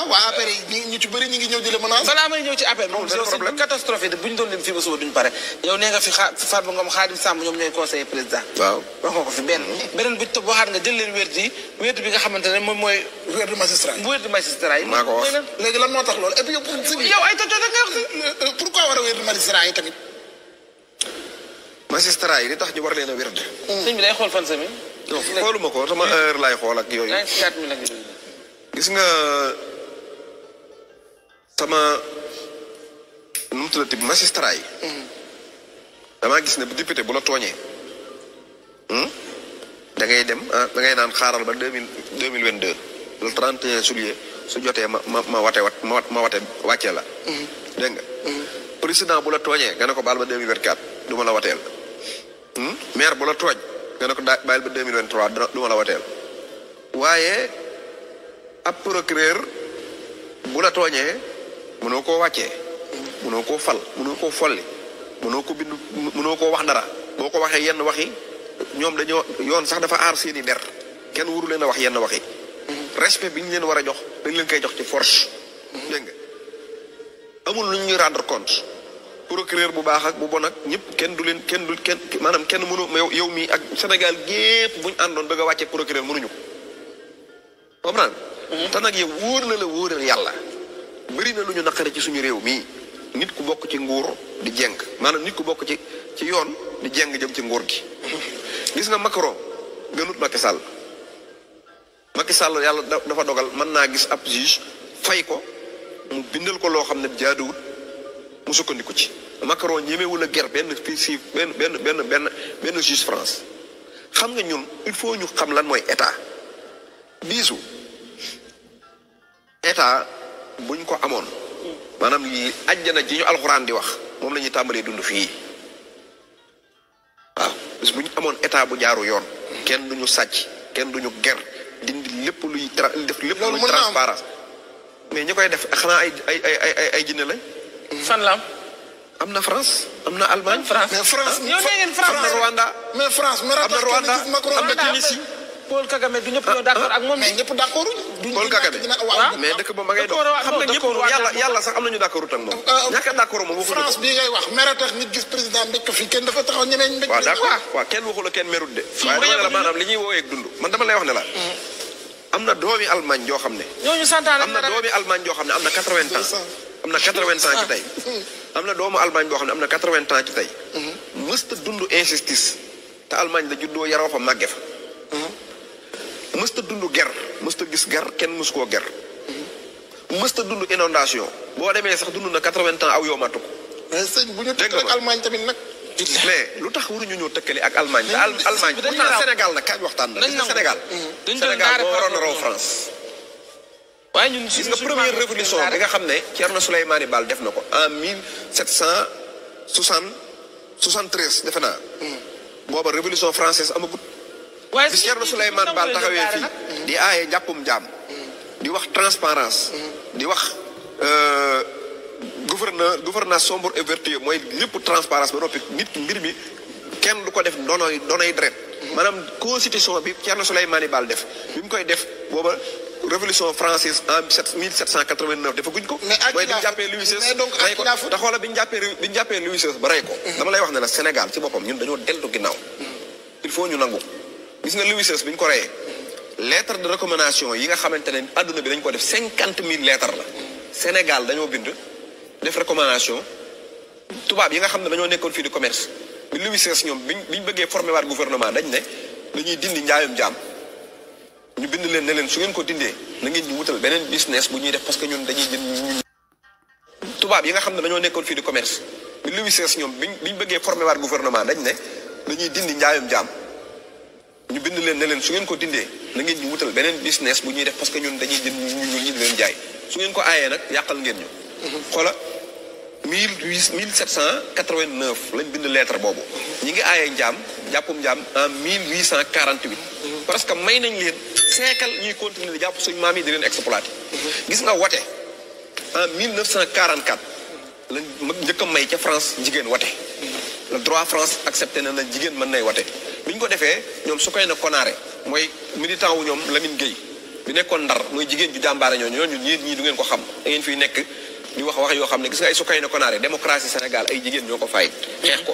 waa APR yi ñu ñu ngi ñëw di la menace. balaa may ñëw ci APR moom si catastrophe yi bu ñu doon lim fii ba suba duñ pare. yow nee nga fi xa Fatma Ngom Khadim Samb ñoom ñooy conseiller président. waaw wax nga ko fi benn. Mm-hmm. beneen bi topp waxaat nga jël leen wér di bi nga xamante moom mooy. wér di magistrat yi wér di magistrat yi. maa ko wax léegi lan moo Masih yi li tax ñu war leen a wér. bi day xool fan semaine. non xooluma ko sama heure laay xool ak gis nga sama nu mu tuddati magistrat yi. damaa gis ne bu député bu la da ngay dem da ngay naan xaaral ba deux le trente juillet su jotee ma ma ma wat ma ma wate wàccee la. président bu la ko ba la Hmm? maire bu la toj nga ne bayil ba 2023 duma la watel waye ap procureur bu la tooñee mënoo koo wàccee mënoo koo fal mënoo koo folli mënoo ko bind mënoo koo wax dara boko ko yenn waxi ñom dañu yoon sax dafa ar seeni der kenn wuru leen wax yenn waxi respect biñu leen wara jox dañ leen kay jox ci force deng nga amul luñu ñu rendre compte procureur bu baax ak bu bon ak ñep kenn du len kenn du kenn manam kenn mënu yow mi ak Sénégal gépp buñ andon bëgg a procureur mënuñu comprend tan te yow woor na la wóoral yalla bari na luñu ñu ci suñu réew mi nit ku bok ci nguur di jeng manam nit ku bok ci ci yoon di jeng jëm ci nguur gi gis nga Macron gënut Macky Sall Macky Sall yalla dafa dogal man na gis ab juge fay ko mu bindal ko lo xamne jaadu mu sukkandiku ci Macron ñemewul a ger benn fii si benn benn benn benn benn France xam nga ñun il faut ñu xam lan mooy état biisu état buñ ko amoon maanaam lii àjjana ji ñu alxuraan di wax moom la ñuy tàmbalee dund fii waaw parce que amoon état bu jaaru yoon kenn duñu sàcc kenn duñu ger dindi lépp luy tra def lépp luy transparence mais ñu koy def xanaa ay ay ay ay ay jinne lañ fan la am. na France am na Allemagne. France mais France ñoo nee France na Rwanda. mais France mais am na Rwanda am na Tunisie. Paul Kagame du ñëpp ah, ñoo d'accord ak mom mais ñëpp d'accord Paul Kagame mais dëkk ba ma ngay do xam nga ñëpp yalla yalla sax am na ñu d'accord ak mom euh, ñaka a d'accord moom France bi ngay wax mer tax nit gis président dëkk fi kenn dafa taxaw ñeneen mbékk. wa d'accord wa kenn waxu la kenn merut de. waaye wala manam li ñi woowee ak dundu man dama lay wax ne la. Mm. amna doomi Allemagne jo xamne ñoo ñu santaane amna doomi Allemagne jo xamne amna 80 ans am na quatre-vingts ans ci tey ah, hmm. am na doomu Allemagne boo xam ne am na quatre-vingts ans ci tey hmm. mësta dund injustice te Allemagne la juddoo yaroo fa màgge fa hmm. mësta dund ger mësta gis ger kenn mësu koo ger mësta dund inondation boo demee sax dund na quatre-vingts ans aw yoo ko mais sëñ bu ñu tëkkale Allemagne tamit nag mais lu tax waruñu ñu tëkkale ak Allemagne. Allemagne pourtant Sénégal nag kañ waxtaan na. Sénégal Sénégal moo waroon a raw France. waaye ñun gis nga première révolution bi nga xam ne Thierno Souleymane Baal def na ko en mille sept cent soixante soixante defe naa. Hmm. booba révolution française amagut. waaye si Thierno Souleymane Baal taxawee fii di aaye njàppum jaam. Hmm. di wax transparence hmm. di wax euh, gouverneur gouvernance sombre et vertueux mooy lépp transparence ba noppi nit ki mbir mi kenn du ko def ndonoy ndonoy dret maanaam constitution bi Thierno Souleymane Baal def bi mu koy def booba révolution française euh, en 1789 guñ ko. mais mooy jappé Louis XVI. mais donc ak la fu jappé xoolal bi Louis XVI ba ray ko. Mhm. dama lay wax ne la Sénégal ci bopam ñun dañoo dellu ginnaw il faut ñu nangu. gis nga Louis XVI biñ ko rayé lettre de recommandation yi nga xamantene aduna bi dañ ko def 50000 lettres la. Sénégal dañoo bind. def recommandation. tubaab yi nga xam dañoo nekkoon fii commerce. Louis XVI ñom biñ bëggé former war gouvernement dañ né dañuy dindi njaayum jaam. ñu bind leen ne leen su ngeen ko dindee na ngeen ñu wutal beneen business bu ñuy def parce que ñun dañuy jënd tubaab yi nga xam ne dañoo nekkoon fii di commerce bi Louis XVI ñoom biñ biñ bëggee formé waat gouvernement dañ ne ñuy dindi njaayum jaam ñu bind leen ne leen su ngeen ko dindee na ngeen ñu wutal beneen business bu ñuy def parce que ñun dañuy jënd ñu leen jaay su ngeen ko aayee nag yàqal ngeen ñu. xoola mille huit mille sept cent quatre lañ bind lettre boobu. ñi ngi aayee njaam jàppum njaam en mille huit cent quarante parce que may nañ leen siècle ñuy continuer di jàpp suñ maam yi di leen exploité. gis nga wate en 1944 la njëkk a may ca France jigéen wate. le droit France accepté na na jigéen mën nay wate bi ñu ko defee ñoom su koy na konaare mooy militant wu ñoom Lamine géey bi nekkoon ndar mooy jigéen ju jàmbaare ñooñu ñooñu ñii ñii du ngeen ko xam da ngeen fiy nekk di wax wax yoo xam ne gis nga ay su koy na konaare démocratie Sénégal ay jigéen ñoo ko fay xeex ko.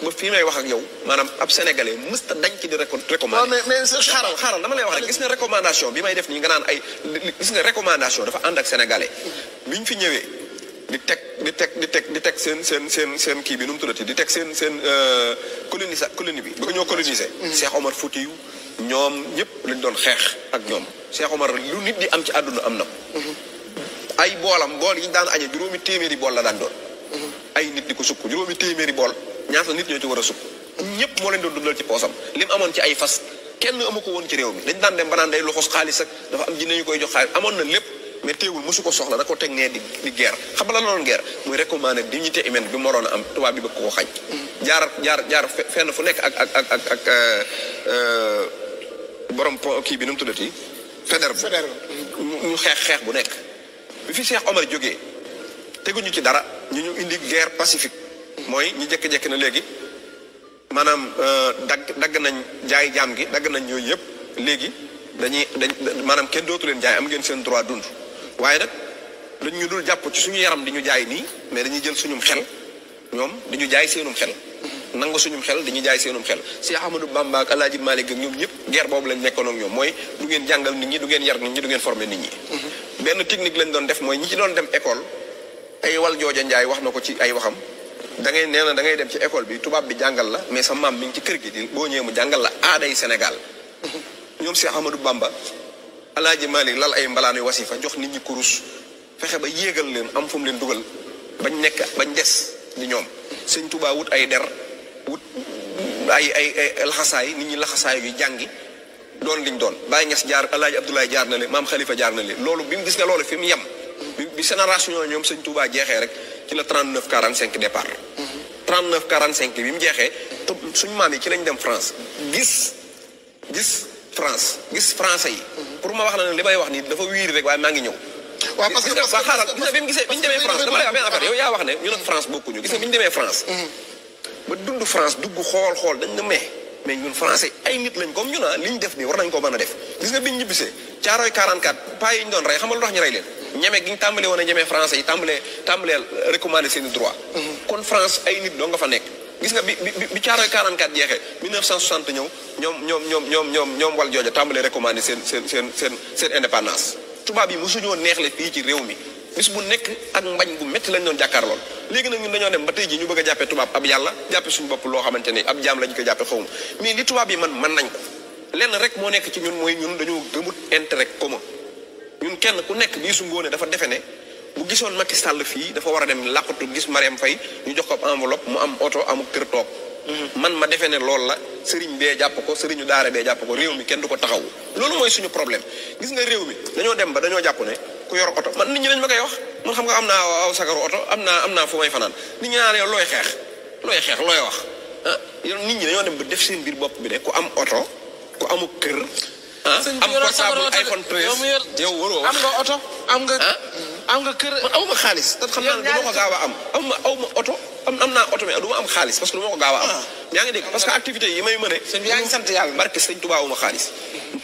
ba fii may wax ak yow maanaam ab sénégalais mësta dañ ci di recommandé xaaral xaaral dama lay wax rek gis nga recommandation bi may def nii nga naan ay gis nga recommandation dafa ànd ak sénégalais biñ fi ñëwee di teg di teg di teg di teg seen seen seen seen kii bi nu mu tuddati di teg seen seen euh, colonisa colonie bi bëgg ñoo coloniser mhm. Cheikh Omar Foutiyou ñoom ñëpp lañ doon xeex ak ñoom Cheikh Omar lu nit di am ci àdduna am na mhm. ay boolam bool yi daan añe juróomi téeméeri bool la daan doon mhm. ay nit di ko sukk juróomi téeméeri bool ñaata nit ñoo ci wara a ñepp mo leen do dundal ci posam lim amon ci ay fas kenn amuko won ci rew mi dañ dan dem banan day loxos xaliss ak dafa am jinne ñu koy jox xaar amon na lepp mais teewul musu ko soxla da ko teg di di guerre xam la non guerre muy recommandé dignité humaine bi morona am tuba bi bëgg ko xaj mm. jaar jaar jaar fenn fu nek ak ak ak ak euh, euh borom ki bi num tudati feder feder ñu xex xex bu nek bi fi Cheikh Omar jógee teguñu ci dara ñu ñu indi guerre pacifique moy ñu jékki-jékki na léegi manam euh, dag dag nañ jaay jam gi dag nañ yooyu yëpp léegi dañuy manam kenn dootu leen jaay am ngeen seen droit dund waye nak luñ ñu dul japp ci suñu yaram di ñu jaay ni mais dañuy jël suñu xel ñom di ñu jaay seenum xel nangu suñu xel dañuy jaay seenum xel si Ahmadou Bamba ak Alaaji Malik ñom ñoom ñëpp guerre bobu lañ nekkoon ak ñom moy du ngeen jangal nit ñi du ngeen yar nit ñi du ngeen former nit ñi mm-hmm. ben technique lañ doon def moy ñi ci doon dem école ay wal jojo ndjay wax na ci ay waxam da ngay nee da ngay dem ci école bi tubab bi jangal la mais sa mam mi ngi ci kër gi di boo ñëwee mu jangal la aaday Sénégal ñom cheikh Amadou Bamba alaaji Malik lal ay mbalan yu wasifa jox nit ñi kurus fexé ba yégal leen am fu mu leen duggal bañ nek bañ dess ni ñom seigne touba wut ay der wut ay ay al laxasaay nit ñi la laxasaay yu jangi doon liñ doon bay ñess jaar alaaji abdoulay jaar na le mam Khalifa jaar na le lolu bimu gis nga lolu fimu yam bi génération ñom seigne touba jeexee rek ci la 39 45 départ. 39 45 bi mu jeexee te suñu maam yi ci lañ dem France gis gis France gis français yi. pour ma wax la ne li may wax nii dafa wiiri rek waaye maa ngi ñëw. waaw parce que parce que xaaral gis nga bi mu gisee bi ñu demee France dama lay ne ñu nag France bokkuñu bi ñu demee France. Mm-hmm. ba dund France dugg xool xool dañ ne mais mais ñun français ay nit lañ comme ñu naa ah, li ñu def nii war nañ koo mën a def. gis nga bi ñu ñibbisee caaroy 44 paa yi ñu doon rey xam nga lu ñu rey leen. ñame gi tambalé wona ñame français yi tambalé tambalé recommander seen droit. Mhm. kon France ay nit do nga fa nek gis nga bi bi bi 44 jexé 1960 ñëw ñom ñom ñom ñom ñom ñom wal jojo tambalé recommander seen seen seen seen seen indépendance. musu ñoo neex le fi ci réew mi bis bu nek ak mbañ bu metti lañ doon jakar jàkkaarlool léegi nak ñun dañoo dem ba tay ji ñu bëgg jappé tuba ab yalla jappé suñu bop lo xamanteni ab jaam lañ ko jappé xawma mais li tuba bi man man nañ ko lenn rek mo nek ci ñun moy ñun dañoo gëmut intérêt commun ñun kenn ku nekk bi su Ngoné dafa defe ne bu gisoon Macky Sall fii dafa war a dem làqatu gis Mariam fay ñu jox ko enveloppe mu am oto amu kër toog mhm. man ma defee ne lool la sëriñ bee jàpp ko sëriñu daara bee jàpp ko réew mi kenn du ko taxaw loolu mooy suñu problème gis nga réew mi dañoo dem ba dañoo jàpp ne ku yor oto man nit ñi lañ ma koy wax man xam nga am naa aw sagaru oto am naa am naa foo may fanaan nit ñi naan looy xeex looy xeex looy wax ah nit ñi dañoo dem ba def seen biir bopp bi de ku am oto ku amu kër Ah, am portable iPhone 13 yow waroo am nga oto am nga. Ah? am nga kër man ma xaalis. yow xam naa ne du ma ko a am. aw ma aw ma oto am am naa oto mais du ma am xaalis parce que ah. yaa ngi dégg parce que activité yi may mëne. sëñ bi yaa ngi sant yàlla barke sëñ Tuubaa ma xaalis.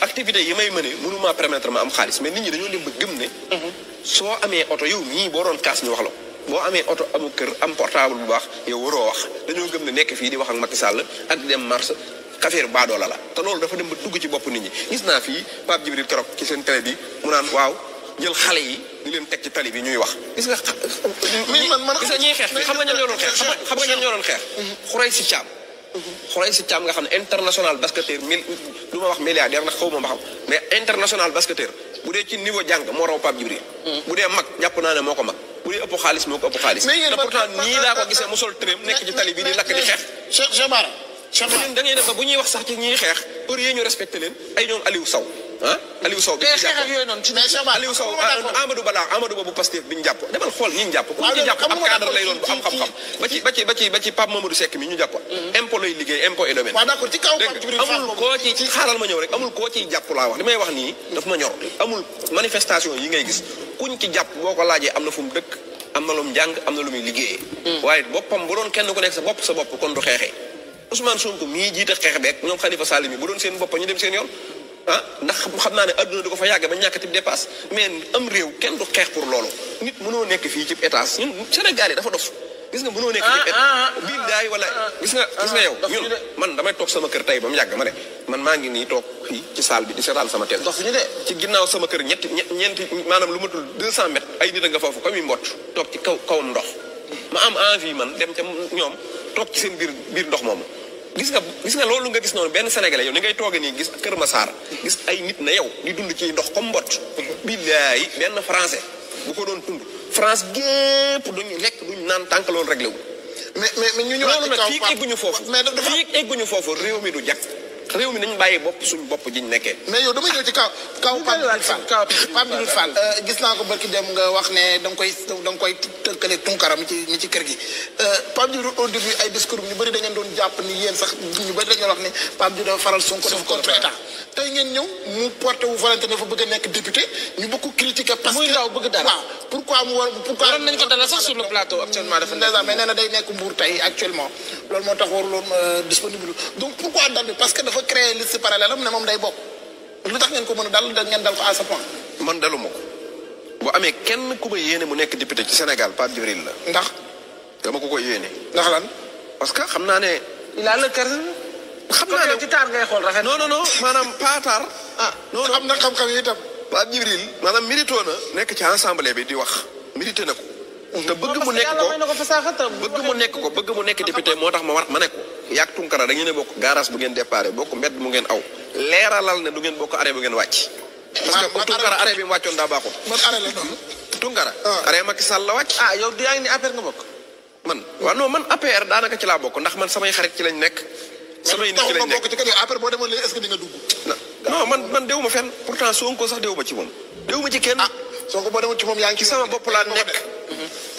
activité yi may mëne mënu maa permettre ma am xaalis mais nit ñi dañoo dem ba gëm mhm. soo amee oto yow mii boo doon kaas ñu wax la ko boo amee oto amu kër am portable bu baax yow waroo wax dañoo gëm ne nekk fii di wax ak Macky Sall ak dem marche kafir ba dola la te lolou dafa dem ba dugg ci bop nit ñi gis na fi pap jibril torop ci sen télé bi mu naan waw jël xalé yi di leen tek ci tali bi ñuy wax gis nga mais man man gis nga ñuy xam nga ñu ñoo xex xam nga ñu ñoo xex xeex xuray si cham xuray si caam nga xam international basketteur mil duma wax milliardaire nak xawma ma xam mais international basketteur bu dee ci niveau jang mo raw pap jibril bu dee mag jàpp naa ne moo ko bu dee ëpp xaalis moko ko ëpp xaalis pourtant ni la ko gisé mu sol trem nek ci tali bi di lak di xex Cheikh Jamara cheikh da ngay bu ñuy wax sax ci ñiy xeex pour yee ñu respecté leen ay ñoom Aliou Sow ah Aliou Sow bi ñu jàpp yooyu noonu Aliou Sow ah, Amadou Ba laa Amadou Ba bu Pastef bi ñu jàpp demal xool ñu ku ñu jàpp ab cadre mhm. liggéey impôt et amul koo ci xaaral ma ñëw rek amul koo ciy jàpp laa wax li may wax nii daf ma ñor amul manifestation yi ngay gis kuñ ci jàpp boo ko laajee am na fu mu dëkk am na lu mu jàng am na lu muy liggéeyee mhm. waaye boppam bu doon kenn ku nekk sa bopp sa bopp kon du Ousmane Sonko mii jiite xeex beeg ñoom Khalifa Sall mi bu doon seen bopp ñu dem seen yoon ah ndax xam naa ne adduna du ko fa yàgg ba ñàkk tib dépasse mais am réew kenn du xeex pour loolu nit mënoo nekk fii ci état ñun Sénégal yi dafa dof gis nga mënoo nekk ci ah, ah, ah. biir wala gis nga gis nga yow ñun man damay toog sama kër tey ba mu yàgg ma ne maa ngi nii toog fii ci bi di seetaan sama teel dof ñu de ci ginnaaw sama kër ñetti ñeenti maanaam lu matul deux cent mètres ay nit a nga foofu comme i mbott toog ci kaw kawam ndox ma am envie man dem ca ñoom toog ci seen biir biir ndox moomu gis nga gis nga loolu nga gis noonu benn sénégalais yow ni ngay toogee nii gis Kër Massar gis ay nit na yow di dund ci ndox comme mbott billaay benn français bu ko doon tund France gépp duñu lekk duñu naan tànk loolu réglé wu mais mais ñu ñëwaat ci kaw loolu nag fii egguñu foofu fii egguñu réew mi du jag réew mi nañu bàyyi bopp suñu bopp jiñ nekkee. mais yow dama ñëw ci kaw kaw Pape Djibril Fall kaw Pape Djibril Fall. Euh, gis naa ko barki dem nga wax ne da nga ngeen ñëw mu porté wu volonté dafa bëgg nekk député ñu bëgg ko critiquer parce dafa dèjà mais day nekk mbuur tey actuellement loolu moo tax waruloon euh, disponible donc pourquoi dal bi parce dafa créer liste parallèle am ne moom day bokk lu tax ngeen ko mën a dal da ngeen dal ko à ce point. man daluma ko. bu amee kenn ku ma yéene mu nekk député ci Sénégal Pape Djibril la. ndax. dama ko koy yéene. ndax lan. parce que xam naa ne. il la le carré. xam naa ne ci taar ngay xool rafet. non non non maanaam pas taar. ah non am na xam-xam yi itam. Pape Djibril maanaam mérité na. nekk ci assemblée bi di wax. mérité na ko. te bëgg mu nekk ko bëgg mu nekk ko bëgg mu nekk député moo tax ma war ma ne ko yaag Tunkara da ngeen ne bokk garage bu ngeen déparé bokk mbedd mu ngeen aw léralal ne du ngeen bokk arrêt bu ngeen wacc parce que Tunkara arrêt bi mu wàccoon daa baaxoon ma arrêt la noonu Tunkara ah. arrêt Macky Sall la wacc ah yow di ngi ni affaire nga bokk man wa non man APR da naka ci la bokk ndax man samay xarit ci lañ nek samay nit ci lañ nek ci nekk APR bo demone est-ce que di nga dugg non man man déwuma fenn pourtant Sonko sax déwuma ci moom déwuma ci kenn ah, soo ko boo demoon ci moom yaa ngi ci sama bopp laa nekk.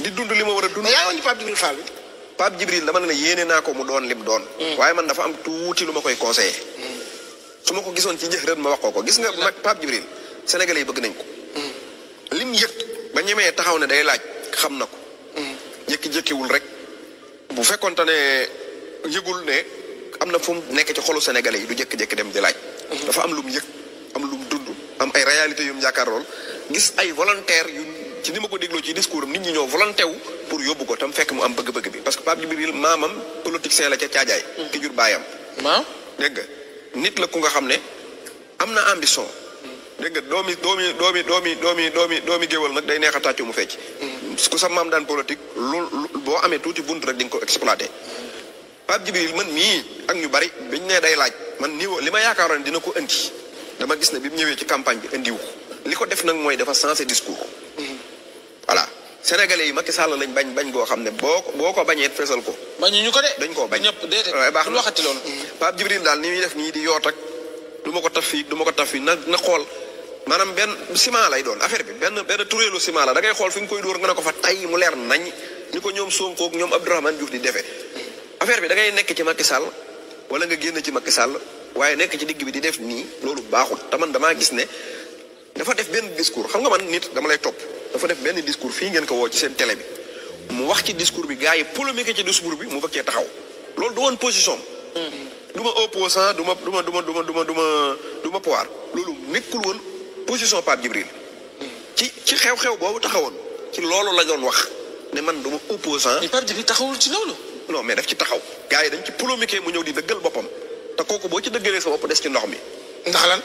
di dund li ma war a dund. mais yaa ngi woon Pape Djibril bi. Pape Djibril dama ne yéene naa ko mu doon lim doon. Mm. waaye man dafa am tuuti lu ma koy conseillé. Mm. su ma ko gisoon ci njëx ren ma wax ko ko gis nga nag Pape Djibril Sénégalais yi bëgg nañ ko. Mm. lim yëg ba ñemee taxaw ne day laaj xam na ko. jékki-jékkiwul rek bu fekkonte ne yëgul ne am na fu nekk ci xolu Sénégalais yi du jékki-jékki dem di laaj. Mm-hmm. dafa am lu mu yëg am lu mu dund am ay réalité yu mu gis ay volontaire yu ci ni ma ko dégloo ci discours am nit ñi ñoo volonté wu pour yóbbu ko tam fekk mu am bëgg-bëgg bi parce que Pape Djibril maamam la ca caajaay mm. ki jur baayam waaw dégg nga nit la ku nga xam ne am na ambition dégg nga doomi doomi doomi doomi doomi doomi doomi géwal nag day neex a tàccu mu fecc mm. ku sa maam daan politique loolu boo amee tuuti bunt rek di nga ko exploité Pape Djibril man mii ak ñu bari biñ ne day laaj man nii li ma yaakaaroon dina ko indi dama gis ne bi mu ñëwee ci campagne bi indiwu Liko ko def nag mooy dafa sensé discours. voilà sénégalais yi Macky Sall lañ bañ bañ goo xam ne boo ko boo ko bañee fesal ko. bañu ñu ko de. dañ koo bañ ñëpp déedéet baax na waxati loolu. Pape Djibril daal ni def nii di yoot ak du ma ko taf fii du ma ko taf fii na na xool. maanaam benn ciment lay doon affaire bi benn benn tureelu ciment la da ngay xool fi nga koy dóor nga ne ko fa tay mu leer nañ ni ko ñoom Sonko ak ñoom Abdourahmane Diouf di defee. affaire bi da ngay nekk ci Macky Sall wala nga génn ci Macky Sall waaye nekk ci digg bi di def nii loolu baaxul te man damaa gis ne dafa def ben discours xam nga man nit dama lay top dafa def ben discours fi ngeen ko wo ci sen télé bi mu wax ci discours bi gaay polémique ci discours bi mu bëggee taxaw loolu du won position duma opposant duma duma duma duma duma duma duma ma du ma du pouvoir loolu nekkul woon position Pape jibril ci ci xew-xew bobu taxawon ci loolu la doon wax ne man duma opposant mais Pape jibril taxawul ci loolu non mais daf ci taxaw gaay dañ ci polémique mu ñew di dëggal bopam ta koku bo ci dëggalee sa bop des ci ndox mi ndax lan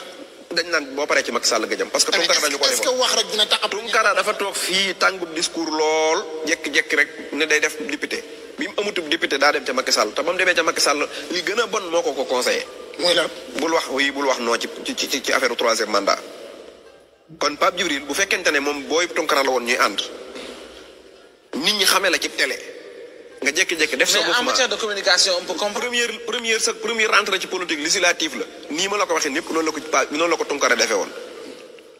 dañ nan bo paré ci Macky Sall nga parce que Tunkara dañu ko defoon wax rek dina tax Tunkara dafa tok fi tàngub discours lol jek jek rek ne day def député bi mu amutub député da dem ci Macky Sall ta bam démé ci Macky Sall li gëna bon moko ko conseiller moy la bul wax wi bul wax no ci ci ci ci 3e mandat kon pap jibril bu fekkentene mom boy booy Tunkara la won ñuy and nit ñi xamé la ci télé nga jékki-jékki def. sa mouvement première première sa ci politique législative la. nii ma la ko waxee ñëpp noonu la ko Tunkara defee woon.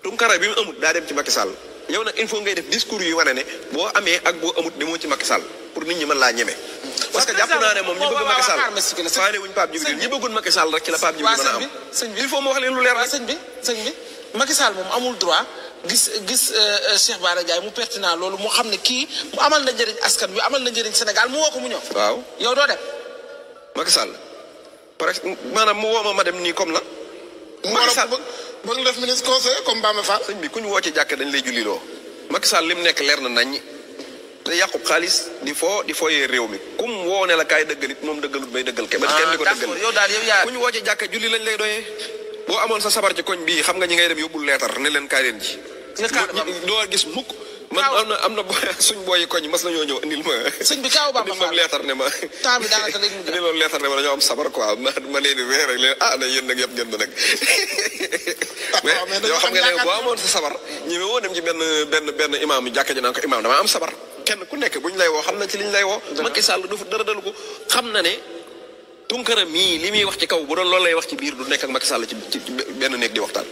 Tunkara bi mu amul daa dem ci Macky Sall yow nag il faut ngay def discours yu wane ne boo amee ak boo amut demoo ci Macky Sall pour nit ñi mën laa ñeme. parce jàpp naa ne moom ñi bëgg Macky Sall rek ci la Pape Djibril mën a am. il faut mu wax leen lu leer rek sëñ bi sëñ bi Macky Sall moom amul droit gis gis euh, euh, Cheikh baara jaay mu pertinent loolu mu xam ne kii mu amal na njëriñ askan wi amal na njëriñ Sénégal mu woo ko mu ñëw. waaw yow doo dem. Macky Sall par maanaam mu woo a ma dem nii comme la. Macky Sall bëgg def ministre conseiller comme Bamba Fall. woo ci jàkk dañ lay julliloo. Macky Sall li mu nekk leer na nañ te yàqub xaalis di foo di fooyee réew mi kum woo ne la kaay dëggal it moom dëggalut bay dëggal. kenn di ko ah, dëggal ku ñu woo ci jàkka julli lañ lay doyee. boo amoon sa sabar ci koñ bii xam nga ñi ngay dem yóbbul leetar ne leen kaay leen ji. nga kaar mukk. man am na am na suñ booyi koñ mas nañoo ñëw indil ma. sëñ bi kaaw ba ma leetar ne ma. temps bi daanaka léegi mu jàpp dañoo am sabar quoi ma ma leen di weer rek leen ah xam nga ne boo amoon sa sabar. ñi ma woo dem ci benn benn benn imaam jàkka ji naan ko imaam damaa am sabar. kenn ku nekk buñ lay woo xam na ci liñ lay woo. Macky Sall du dara dalu ko xam na ne Tunkara mii li muy wax ci kaw bu doon loolu lay wax ci biir du nekk ak Macky ci benn néeg di waxtaan.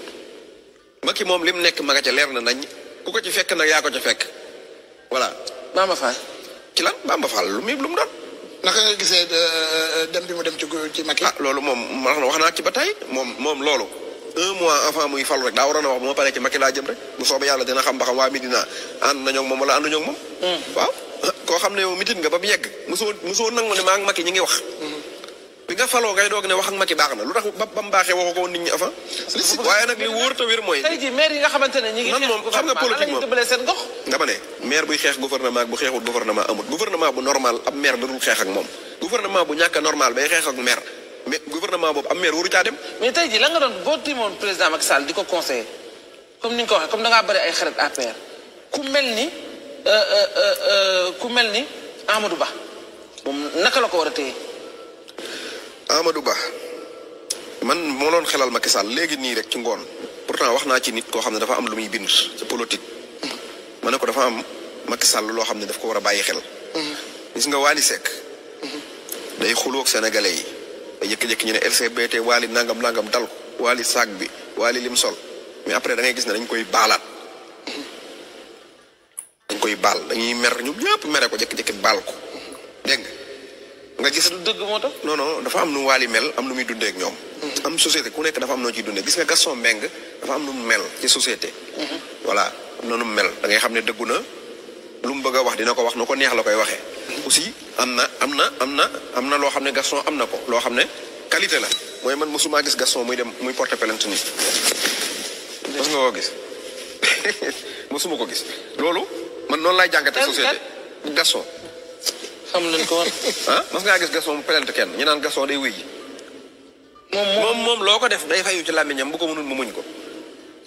Macky moom lim nekk ma nga ca leer na nañ ku ko ci fekk nag yaa ko ca fekk voilà. Bamba Fall. ci lan Bamba Fall lu muy lu mu doon. naka nga gisee euh, euh, dem bi mu dem ci ci Macky. ah loolu moom wax naa ci ba tey moom moom loolu. un mois avant muy falu rek daa a wax ma paree ci Macky laa jëm rek bu soobee yàlla dina xam ba xam waa Medina ànd nañoo ak moom wala ànduñoo ak moom. Hmm. waaw koo xam ne yow mitin nga ba mu yegg mosoo mosoo nangu ne maa ngi ñi ngi wax. Hmm. bi nga faloo ngay doog ne wax ak Macky baax na lu tax ba mu baaxee waxu ko nit ñi avant. waaye nag li wóor te wér mooy. tey jii maire yi nga xamante ne ñi ngi xeex gouvernement xam nga politique moom seen gox. nga ma ne maire buy xeex gouvernement ak bu tey jii la nga doon boo timoon président Macky Sall di ko conseiller comme ni nga ay xarit APR ku mel ni euh, euh, euh, ku mel ni Amadou Ba moom naka la ko war a téye Amadou Ba man mo lon xelal Macky Sall legui ni rek ci ngone pourtant waxna ci nit ko xamne dafa am lu muy bind ci politique ma ko dafa am Macky Sall lo xamne ne daf ko wara a xel. gis nga wali sek day xulóog sénégalais yi. day ñu ne LCBT wali nangam nangam dal Wali Waly bi wali lim sol mais après da ngay gis ne dañ koy balat dañ koy bal dañuy mer ñu ñep meré ko jek jek bal ko deng nga gis du dëgg moo tax. non non am nu waali mel am nu muy dundeek ñoom. Mm-hmm. am société ku nekk dafa am noo ciy dundee gis nga Gaston Mbengue dafa am nu mel ci société. Mm-hmm. voilà am mu mel da ngay xam ne dëggu na lu mu bëgg a wax dina ko wax nu ko neex la koy waxee. Mm-hmm. aussi am na am na am na am na loo xam ne Gaston am na ko loo xam ne qualité la mooy man mosuma gis Gaston muy dem muy porter plainte nii. nga koo gis ko gis. loolu man noonu laay jàngatee société Gaston. xam leen ko war. ah mas ngaa gis Gaston mu pelente kenn ñu naan Gaston day wuy ji. moom moom loo ko def day fayu ci làmmiñam bu ko mënul mu muñ ko.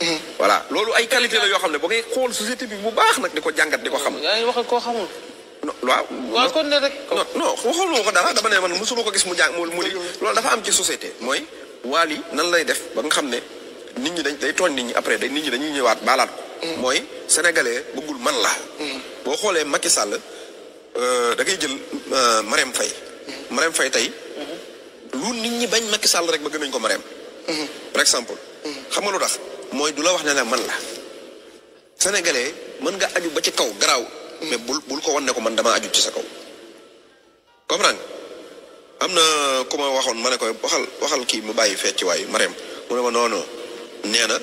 Hmm. voilà loolu ay qualité la yoo xam ne ba ngay xool société bi bu baax nag di ko jàngat di ko xam. yaa ngi wax ak koo xamul. non waaw. waaw kon ne rek. non non waxooluma ko dara dama ne man mosuma ko gis mu jàng mu mu li loolu dafa am ci société mooy. waali nan lay def ba nga xam ne nit ñi dañ day tooñ nit ñi après day nit ñi dañuy ñëwaat baalaat ko. Hmm. mooy sénégalais bëggul man la. Hmm. boo xoolee Macky Sall. Euh, da ngay jël euh, Marème fay Marème fay tey lu nit ñi bañ Macky Sall rek ba gëmeñ ko Marème par exemple xam nga lu tax mooy du la wax ne man la sénégalais mën nga aju ba ci kaw garaaw mais bul bul ko wan ne ko man damaa aju ci sa kaw comprendre nga am na ku ma waxoon ma ne ko waxal waxal kii mu bàyyi fecc waayu Marème mu ne ma non non nee na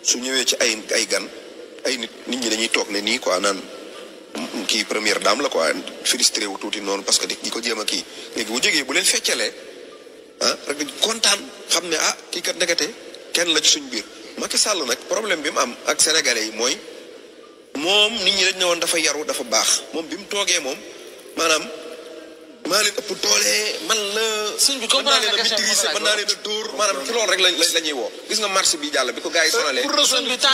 su ñëwee ci ay ay gan ay nit nit ñi dañuy toog ne nii ko naan ki première dame la quoi frustré wu touti non parce que di ko jéem a bu bu len feccalee ah rek di contane xam ah ki kat ndekete kenn la ci suñ biir. Macky Sall nak problème bi mu am ak sénégalais yi mooy moom nit ñi dañ ne woon dafa yaru dafa bax mom bimu togué mom manam maanaam ëpp doole man la. suñ bi comprendre la question mën naa leen a dóor ci loolu rek lañuy gis nga marché bi bi ko pour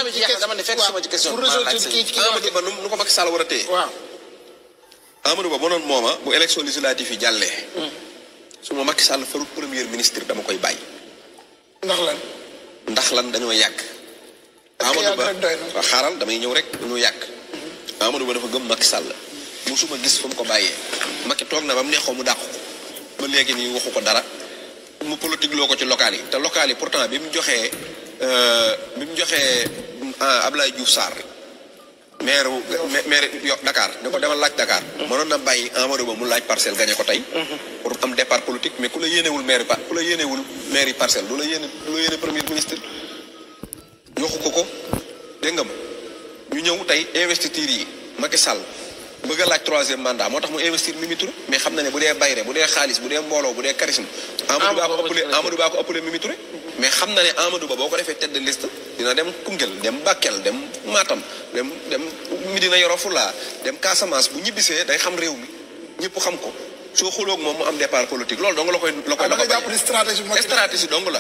bi ci dama ne fekk sama ci question. pour réseau bi kii kii Amadou ko Macky Sall waaw. Amadou Ba moo noonu mooma bu élection législative yi jàllee. Hmm. su ma Macky Sall farul premier ministre dama koy bàyyi. ndax lan. ndax lan dañoo yàgg. Amadou Ba xaaral damay ñëw rek dañoo yàgg. Hmm. Amadou Ba dafa gëm sàll Macky su ma gis fu mu ko bàyyee. makki toog na ba mu neexoo mu dàqu ko. ba léegi nii waxu ko dara. mu politique loo ko ci local yi te local yi pourtant bi mu joxee euh, bi mu joxee euh, Ablaye Diouf Sarr. Mereu, maire Dakar ne ko demal laaj Dakar. Mm-hmm. mënoon na bàyyi Amadou Ba mu laaj parcelle gagné ko tey. Mm-hmm. pour am départ politique mais ku la yéenewul maire ba ku la maire parcelle du la yéene du premier ministre. yoxu ko dengam, dégg nga ma ñu ñëw tey investiture yi Macky Sall. bëgg a laaj troisième mandat moo tax mu investir Mimi Touré mais xam na ne bu dee bayre bu dee xaalis bu dee mbooloo bu dee charisme Amadou Ba ko ah, ëppale Amadou Ba ko ëppale Mimi Touré mais xam na ne Amadou Ba boo ko defee tête de liste dina dem Koungheul dem Bakel dem Matam dem dem Medina Yoro Fula dem Casamance bu ñibbisee day xam réew mi ñëpp xam ko soo xuloo moom mu am départ politique loolu dong la koy la koy la ah, ko stratégie dong la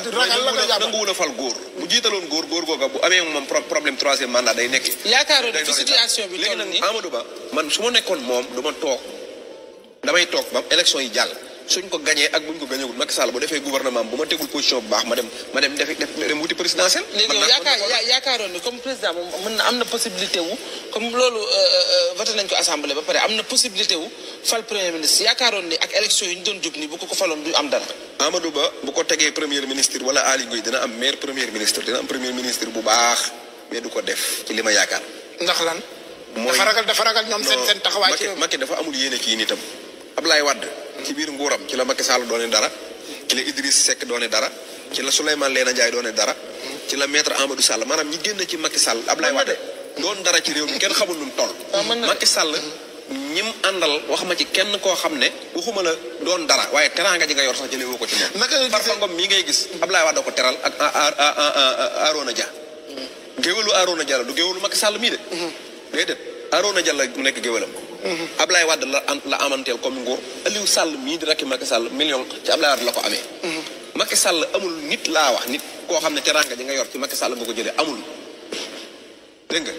nangu wul a fal góor bu jiitaloon góor góor googa bu amee moom problème troisième mandat day nekk yaakaaroon fi situation bi léegi nag Amadou Ba man su ma nekkoon moom du ma toog damay toog ba élection yi jàll suñ ko gañee ak buñ ko gañewul Macky Sall bu defee gouvernement bu ma tegul position bu baax ma dem ma dem def dem wuti présidentiel. léegi yow yaakaar yaakaaroon ni comme président moom euh, euh, ba pare am na possibilité wu fal premier ministre yaakaaroon ni ak élection yi ñu doon jub nii bu ko ko faloon du am dara. Amadou Ba bu ko tegee premier ministre wala Aly Ngouille dina am maire premier ministre dina am premier ministre bu baax mais du ko def ci li yaakaar. ndax lan. mooy dafa ragal dafa ragal ñoom seen seen taxawaay. Macky dafa amul yéene Ablaye Wade ci bir nguram ci la Macky Sall doone dara ci la Idriss Seck doone dara ci la Souleymane Leena Ndiaye doone dara ci la maître Amadou Sall manam ñi genn ci Macky Sall Ablaye Wade doon dara ci rew mi kenn xamul lu toll Macky Sall ñim andal waxuma ci kenn ko xamne waxuma la doon dara waye teraanga ji nga yor sax jëlé woko ci moom naka Farba Ngom mi ngay gis Wade ko teral ak ah, ah, ah, Arona Dia mm. géwélu Arona Dia la du géwélu Macky Sall mi de mm-hmm. dedet Arona Dia la nek nekk ko Ablaye Wade la la amantel comme nguur Aliou Sall mi di rakki Macky Sall million ci Ablaye Wade la ko Macky Sall amul nit lawa, wax nit ko xamné ne teranga di nga yor ci Macky Sall nga ko amul. dégg nga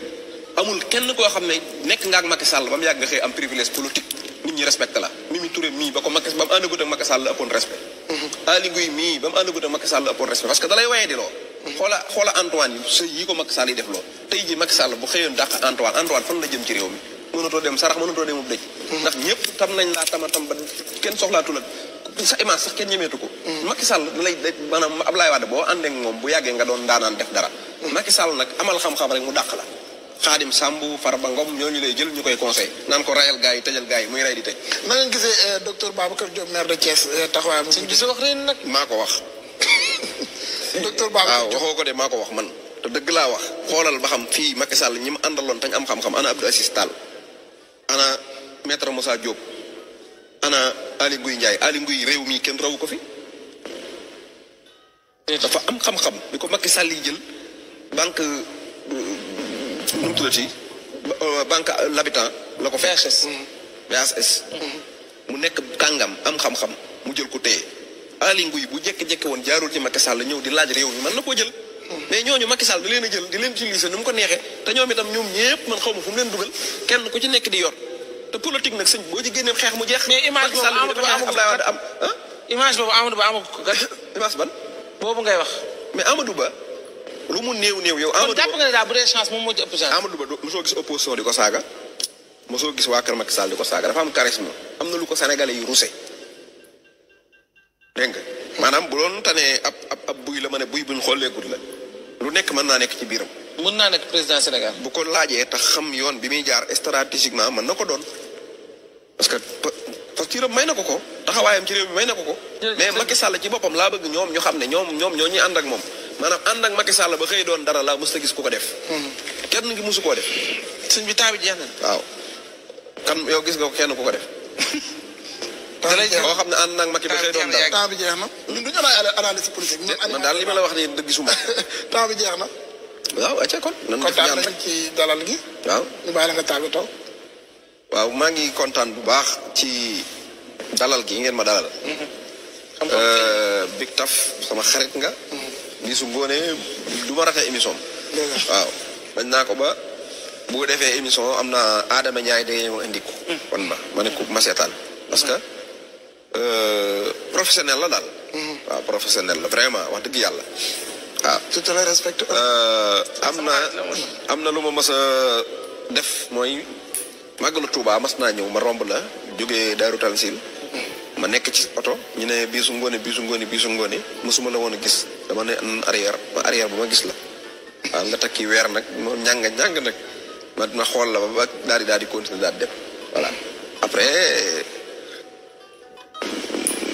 amul kenn ko xamné nek nga ak Macky Sall bam mu xé am privilège politique nit ñi respect la. Mimi Touré mi bako Macky bam mu àndagut ak Macky Sall respect. Ali guy mi bam anu àndagut ak Macky Sall respect parce que dalay wayé di lo xola xola Antoine yi ko Macky Sall lo. def lo tay ji Macky Sall bu xëyoon dak Antoine Antoine fan la jëm ci réew mënatoo dem sarax mënatoo demub dëj ndax ñëpp tam nañ laa tama tam ba kenn soxlaatu la sa image sax kenn ñemeetu ko mm. Macky Sall da lay da maanaam Ablaye Wade boo àndee moom bu yàggee nga doon daanaan def dara mm. Macky Sall nag amal xam-xam rek mu dàq la xaadim Samb Farba Ngom ñooñu lay jël ñu koy conseil naan rayal gars yi tëjal gars yi muy ray di tëj na ngeen gisee euh, docteur Babacar Diop maire de Thiès euh, taxawaayam wax ren nag maa ko wax docteur Babacar waxoo ko de maa ko wax man te dëgg laa wax xoolal ba xam fii Macky Sall ñi mu àndaloon tañ am xam-xam ana Abdou Aziz Tall ana maître Moussa Diop ana Ali Nguy Ndiaye Ali Nguy réew mi kenn rawu ko fi. dafa am xam-xam bi ko Macky Sall yi jël banque nu banque l'habitant la ko VHS. VHS. Mm-hmm. Mm-hmm. mu nekk kàngam am xam-xam mu jël ko téye Ali Nguy bu jékki-jékki woon jaarul ci Macky Sall ñëw di laaj réew mi mën na koo jël. mais ñooñu Macky Sall da leen jël di leen utiliser ni mu ko neexee te ñoom itam ñoom ñëpp man xaw ma fu mu leen dugal kenn ku ci nekk di yor te politique nag sëñ boo ci génnee xeex mu jeex. mais image boobu Amadou Ba amagul Abdoulaye am ah. image boobu Amadou Ba amagul ko image ban. boobu ngay wax. mais Amadou Ba lu mu néew néew yow. Amadou Ba nga ne bu dee chance moom moo ci ëpp chance. Amadou Ba mosoo gis opposition di ko saaga mosoo gis waa kër Macky Sall di ko saaga dafa am charisme am na lu ko sénégalais yi rusé dégg nga bu doon tane ab ab buy la ma ne buy buñ xolleegul la lu nekk mën naa nekk ci biiram. mën naa nekk président Sénégal. bu ko laajee tax xam yoon bi muy jaar stratégiquement mën na ko doon parce que facture am may na ko ko taxawaayam ci réew mi may na ko ko. mais Macky Sall ci boppam laa bëgg ñoom ñu xam ne ñoom ñoom ñoo ñuy ànd ak moom maanaam ànd ak Macky Sall ba xëy doon dara laa mës a gis ku ko def. Hmm. kenn ngi musu koo def. sëñ bi taa bi jeex na. waaw kan yow gis nga ko kenn ku ko def. danañ koo xam ne ànd naag dalal bu baax ci dalal gi ngeen ma dalal mm-hmm. eh, big taf sama xarit nga gisu mm-hmm. ngoone du ma émission iya, iya. waaw bañ ko ba bu defee émission amna na aadama ñaay day indi ko wan ma ma ko ma parce que professionnel la dal wa professionnel la vraiment wax deug yalla waaw ah. tout le respect. euh amna amna luma massa def moy magal Touba masna ñew ma romb la jógee daru Tansil mm-hmm. ma nek ci auto ñu ne bisu ngone bisu ngone bisu ngone musuma la wona gis dama ne en arrière ba arrière ba ma gis la ah, nga takki wer nak mo ñàng ñàng nak ma xol la ba ba daal di daal continuer daal dem voilà après.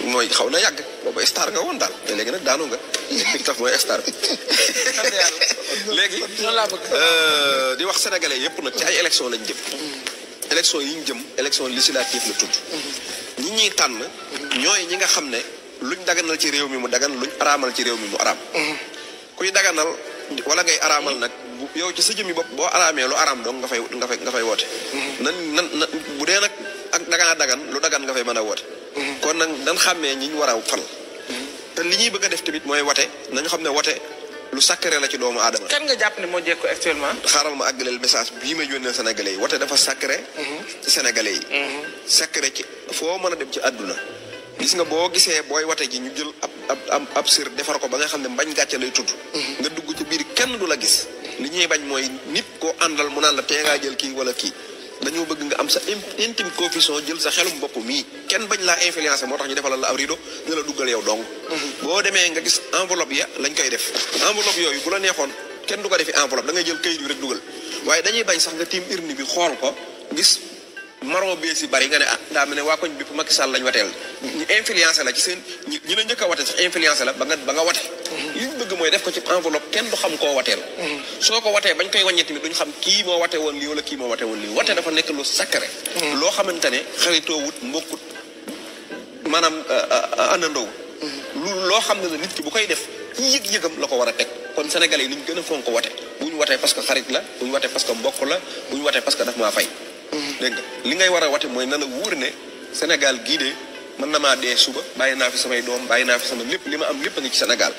mooy xaw na yàgg boobu star nga woon daal te léegi nag daanu nga li tax mooy star bi léegi euh, di wax sénégalais yëpp nag ci ay élection lañ jëm mm-hmm. élection yi ñu jëm élection législative la tudd mm-hmm. ñi ñuy tànn ñooy ñi nga xam ne luñ daganal ci réew mi mu dagan luñ araamal ci réew mi mu araam mm-hmm. kuy daganal wala ngay araamal nag yow ci sa jëmmi bopp boo araamee lu araam donc nga fay nga fay nga fay woote nan nan bu dee nag ak daganaa dagan lu dagan nga fay mën a woote kon nag dañ xàmmee ñi ñu war a fal. te li ñuy bëgg a def tamit mooy wate nañu xam ne wate lu sacré la ci doomu aadama. kan nga jàpp ne moo jekku actuellement. xaaral ma àggaleel message bii ma yónnee Sénégalais yi wate dafa sacré. ci Sénégalais yi. sacré ci foo mën a dem ci àdduna. gis nga boo gisee booy wate ji ñu jël ab ab ab sër defar ko ba nga xam ne mbañ gàcce lay tudd. nga dugg ci biir kenn du la gis. li ñuy bañ mooy nit koo àndal mu naan la tee ngaa jël kii wala kii. dañu bëgg nga am sa intime confession jël sa xelum bopp mi kenn bañ la influence moo tax ñu defal la abrido rido la duggal yow dong mhm. bo démé nga gis enveloppe ya lañ koy def enveloppe yoyu bu la neexon kenn du ko defi enveloppe da ngay jël kayit yu rek duggal waye dañuy bañ sax nga tim irni bi xol ko gis maroo bee si bari nga ne ah daa mel ne waa koñ bépp Macky Sall lañ wateel ñu influencé la ci seen ñi la njëkk a wate sax influencé la ba nga ba nga wate li ñu bëgg mooy def ko ci enveloppe kenn du xam koo wateel soo ko watee bañ koy wàññi tamit xam kii moo wate woon lii wala kii moo wate woon lu loo xamante ne xaritoowut mbokkut maanaam euh, euh, àndandoo lu loo xam ne nit ki bu koy def ci yëg-yëgam la ko war a teg kon sénégalais yi ni ñu gën a fonk wate bu ñu watee parce que xarit la bu ñu watee parce que mbokk la bu ñu watee parce que daf maa fay dégg li ngay wara waté Senegal nana wour né Sénégal gi dé man na ma dé suba bayé na fi samay dom bayé na fi sama lépp lima am lépp nga ci Sénégal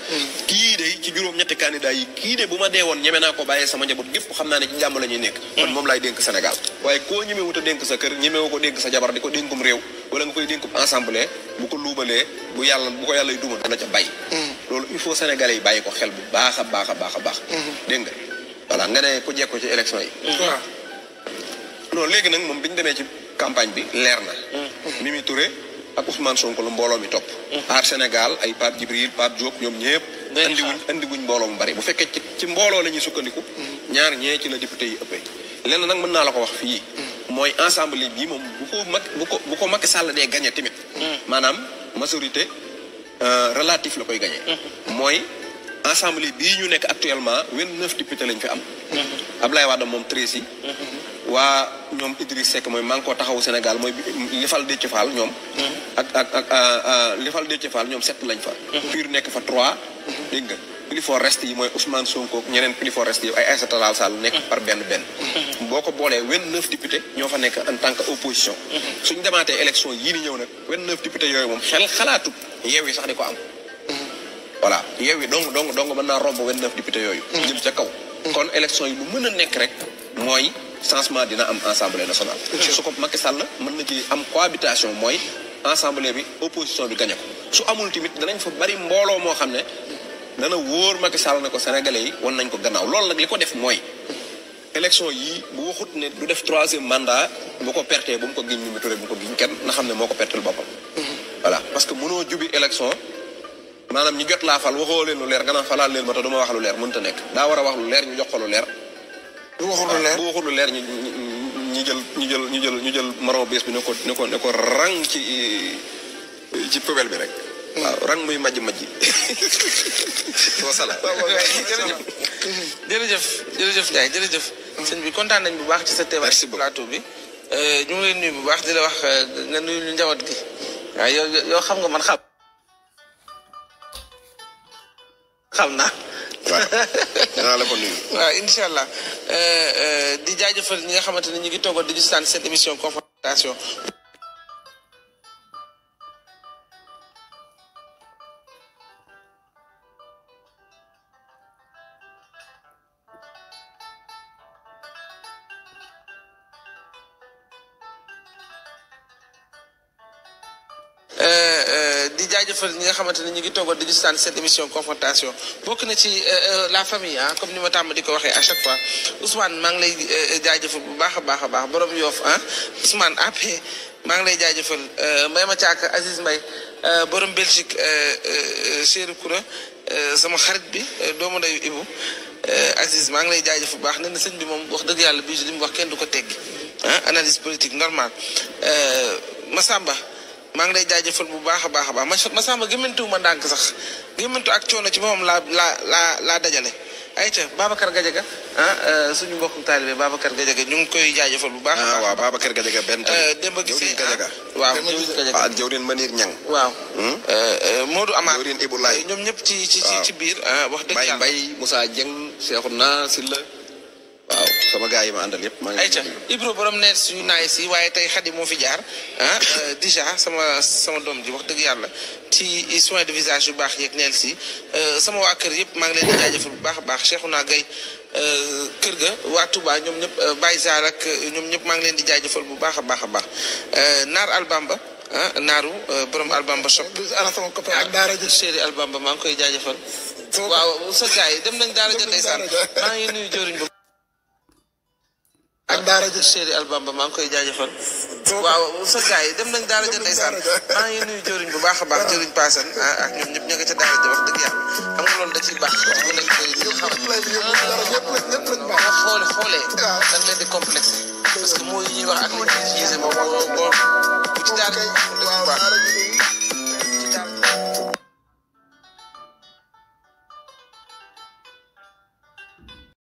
ki dé ci juroom ñetti candidat yi ki dé buma dé won ñëmé na ko bayé sama njaboot gépp xamna né ci jamm lañu nekk kon mom lay dénk Sénégal waye ko ñëmé wuta dénk sa kër ñëmé ko dénk sa jabar diko ko dénkum réew wala nga koy dénkum ensemble bu ko loubalé bu yalla bu ko yalla duma dana ca bay hmm. lolu il faut Sénégalais yi bàyyi ko xel bu baaxa baaxa baaxa baax hmm. nga wala nga né ko jéko ci élection yi hmm non léegi nag moom bi ñu ci campagne bi leer na. Mm. Mimi Touré ak Ousmane Sonko la mbooloo mi topp. Mm. aar Sénégal ay Pape Djibril Pape Diop ñoom ñëpp. andi wuñ andi wuñ mbooloo mu bari bu fekkee ci ci mbooloo la ñuy sukkandiku. Mm. ñaar ñee ci la député yi ëppee. lenn nag mën naa la ko wax fii. mooy ensemble bii moom bu ko mag bu ko bu ko Macky Sall dee gagné tamit. maanaam majorité euh, relative la koy gagné. mooy ensemble bii ñu nekk actuellement vingt neuf lañ fi am. Ablaye Wade moom treize wa ñom Idriss Seck moy man ko taxawu Sénégal mooy lifal de ci Fall ñoom. Hmm. ak ak ak lifal de ci Fall ñoom sept lañ fa. Hmm. pur nek fa 3 hmm. deug nga plus fort reste yi moy Ousmane Sonko ñeneen plus fort reste yi ay aissata lal Sall nek par benn benn. boko bolé boolee vingt député fa en tant que opposition. suñu demaatee élection yi di ñew nak vingt neuf député yooyu moom xel xalaatut yewi sax di ko am. voilà yewi dong dong dong mën naa romb vingt député yooyu. jëm kaw. kon élection yi lu mëna nek rek moy changement dina am assemblée nationale. su ko Macky Sall mën na ci am cohabitation mooy assemblée bi opposition bi gañe ko su amul tamit danañ fa bari mbooloo moo xam ne dana wóor Macky Sall ne ko sénégalais yi wan nañ ko gannaaw loolu nag li ko def mooy. élection yi bu waxut ne du def troisième mandat bu ko pertee bu mu ko giñ Mimi Touré bu mu ko giñ kenn na xam ne moo ko pertel boppam. Mhm. voilà parce que mënoo jubi élection maanaam ñi jot laa fal waxoo leen lu leer gannaaw falaal leen ma te du ma wax lu leer mënut a nekk a wax lu leer ñu jox ko lu leer. bu waxul lu leer bu lu leer ñu ñu jël ñu jël ñu jël ñu jël maraw bees bi ne ko ne ko ne ko rang ci ci poubelle bi rek. Hmm. waaw rang muy majj majj. wasalaam. jërëjëf hmm. jërëjëf jërëjëf Ndiaye jërëjëf. Hmm. sëñ bi kontaan nañ bu baax ci sa teewaay. ci plateau bi. Euh, ñu ngi leen nuyu bu baax di la wax euh, nga nuyu lu njaboot gi. waaw yow yow xam nga man xam. xam naa. ko nuyu. waaw incha eh, eh, di ñi nga ngi di cette émission confrontation. Eh, di jaajëfal ñi nga xamante ne ñu ngi toogoon di ñu sant cette émission confrontation bokk na ci euh, euh, la famille ah comme ni ma tàmm di ko waxee à chaque fois Ousmane maa ngi lay euh, jaajëfal bu baax a baax a baax borom yoof ah Ousmane maa ngi lay jaajëfal Mayma Thiaka Aziz Mbaye borom Belgique Chérif Koura sama xarit bi doomu ndeyu Ibu Aziz maa ngi lay jaajëf bu baax nee na sëñ bi moom wax dëgg yàlla bi li mu wax kenn du ko teggi ah analyse politique normale Massamba. maa ngi lay jaajëfal bu baax a baax a baax ma Massamba gëmmantuwu ma ndànk sax gëmmantu ak coono ci moom laa laa laa laa dajale. ayca Babacar Gadiaga ah euh, suñu mbokku taalibe Babacar Gadiaga ñu ngi koy jaajëfal bu baax. ah waaw Babacar Gadiaga benn tamit. Euh, démb gisee ah, waaw jëwriñ Gadiaga ak ah, jëwriñ Manick Niang. waaw. Hmm? Euh, Modou Amar ñoom ñëpp ci ci ci biir. Ah, wax dëgg yàlla Mbaye Moussa Dieng Cheikhouna Sylla waaw sama gars yi ma àndal yëpp. maa ngi ayca Ibro borom neet suñu si waaye tey xadi moo fi jaar ah euh, sama sama doom ji wax dëgg yàlla ci soin de visage yu baax yeeg neel si euh, sama waa kër yëpp maa ngi leen di jaajëfal bu baax a baax Cheikhouna Gaye euh, kër ga waa ñoom ñëpp Baye Zar ak ñoom ñëpp maa ngi leen di jaajëfal bu baax a a baax Naar Albamba. ah naaru borom albamba shop ak daara jël chéri albamba maa ngi koy jaajëfal waaw sa gars yi dem nañ daara jël ndeysaan maa ngi nuyu jëriñ bu ak daara jëf Seydi Albamba maa ngi koy jaajëfal. waaw sa gars yi dem nañ daara jëf ndeysaan maa ngi nuyu jëriñ bu baax a baax jëriñ paasan ah, ak ñoom ñëpp ña nga ca daara wax dëgg yàlla xam nga loolu da ciy baax wax jëriñ xam nga xoole dañ leen di complexe parce que mooy ñuy wax ak ñuy utiliser moom bu ci daara dëgg baax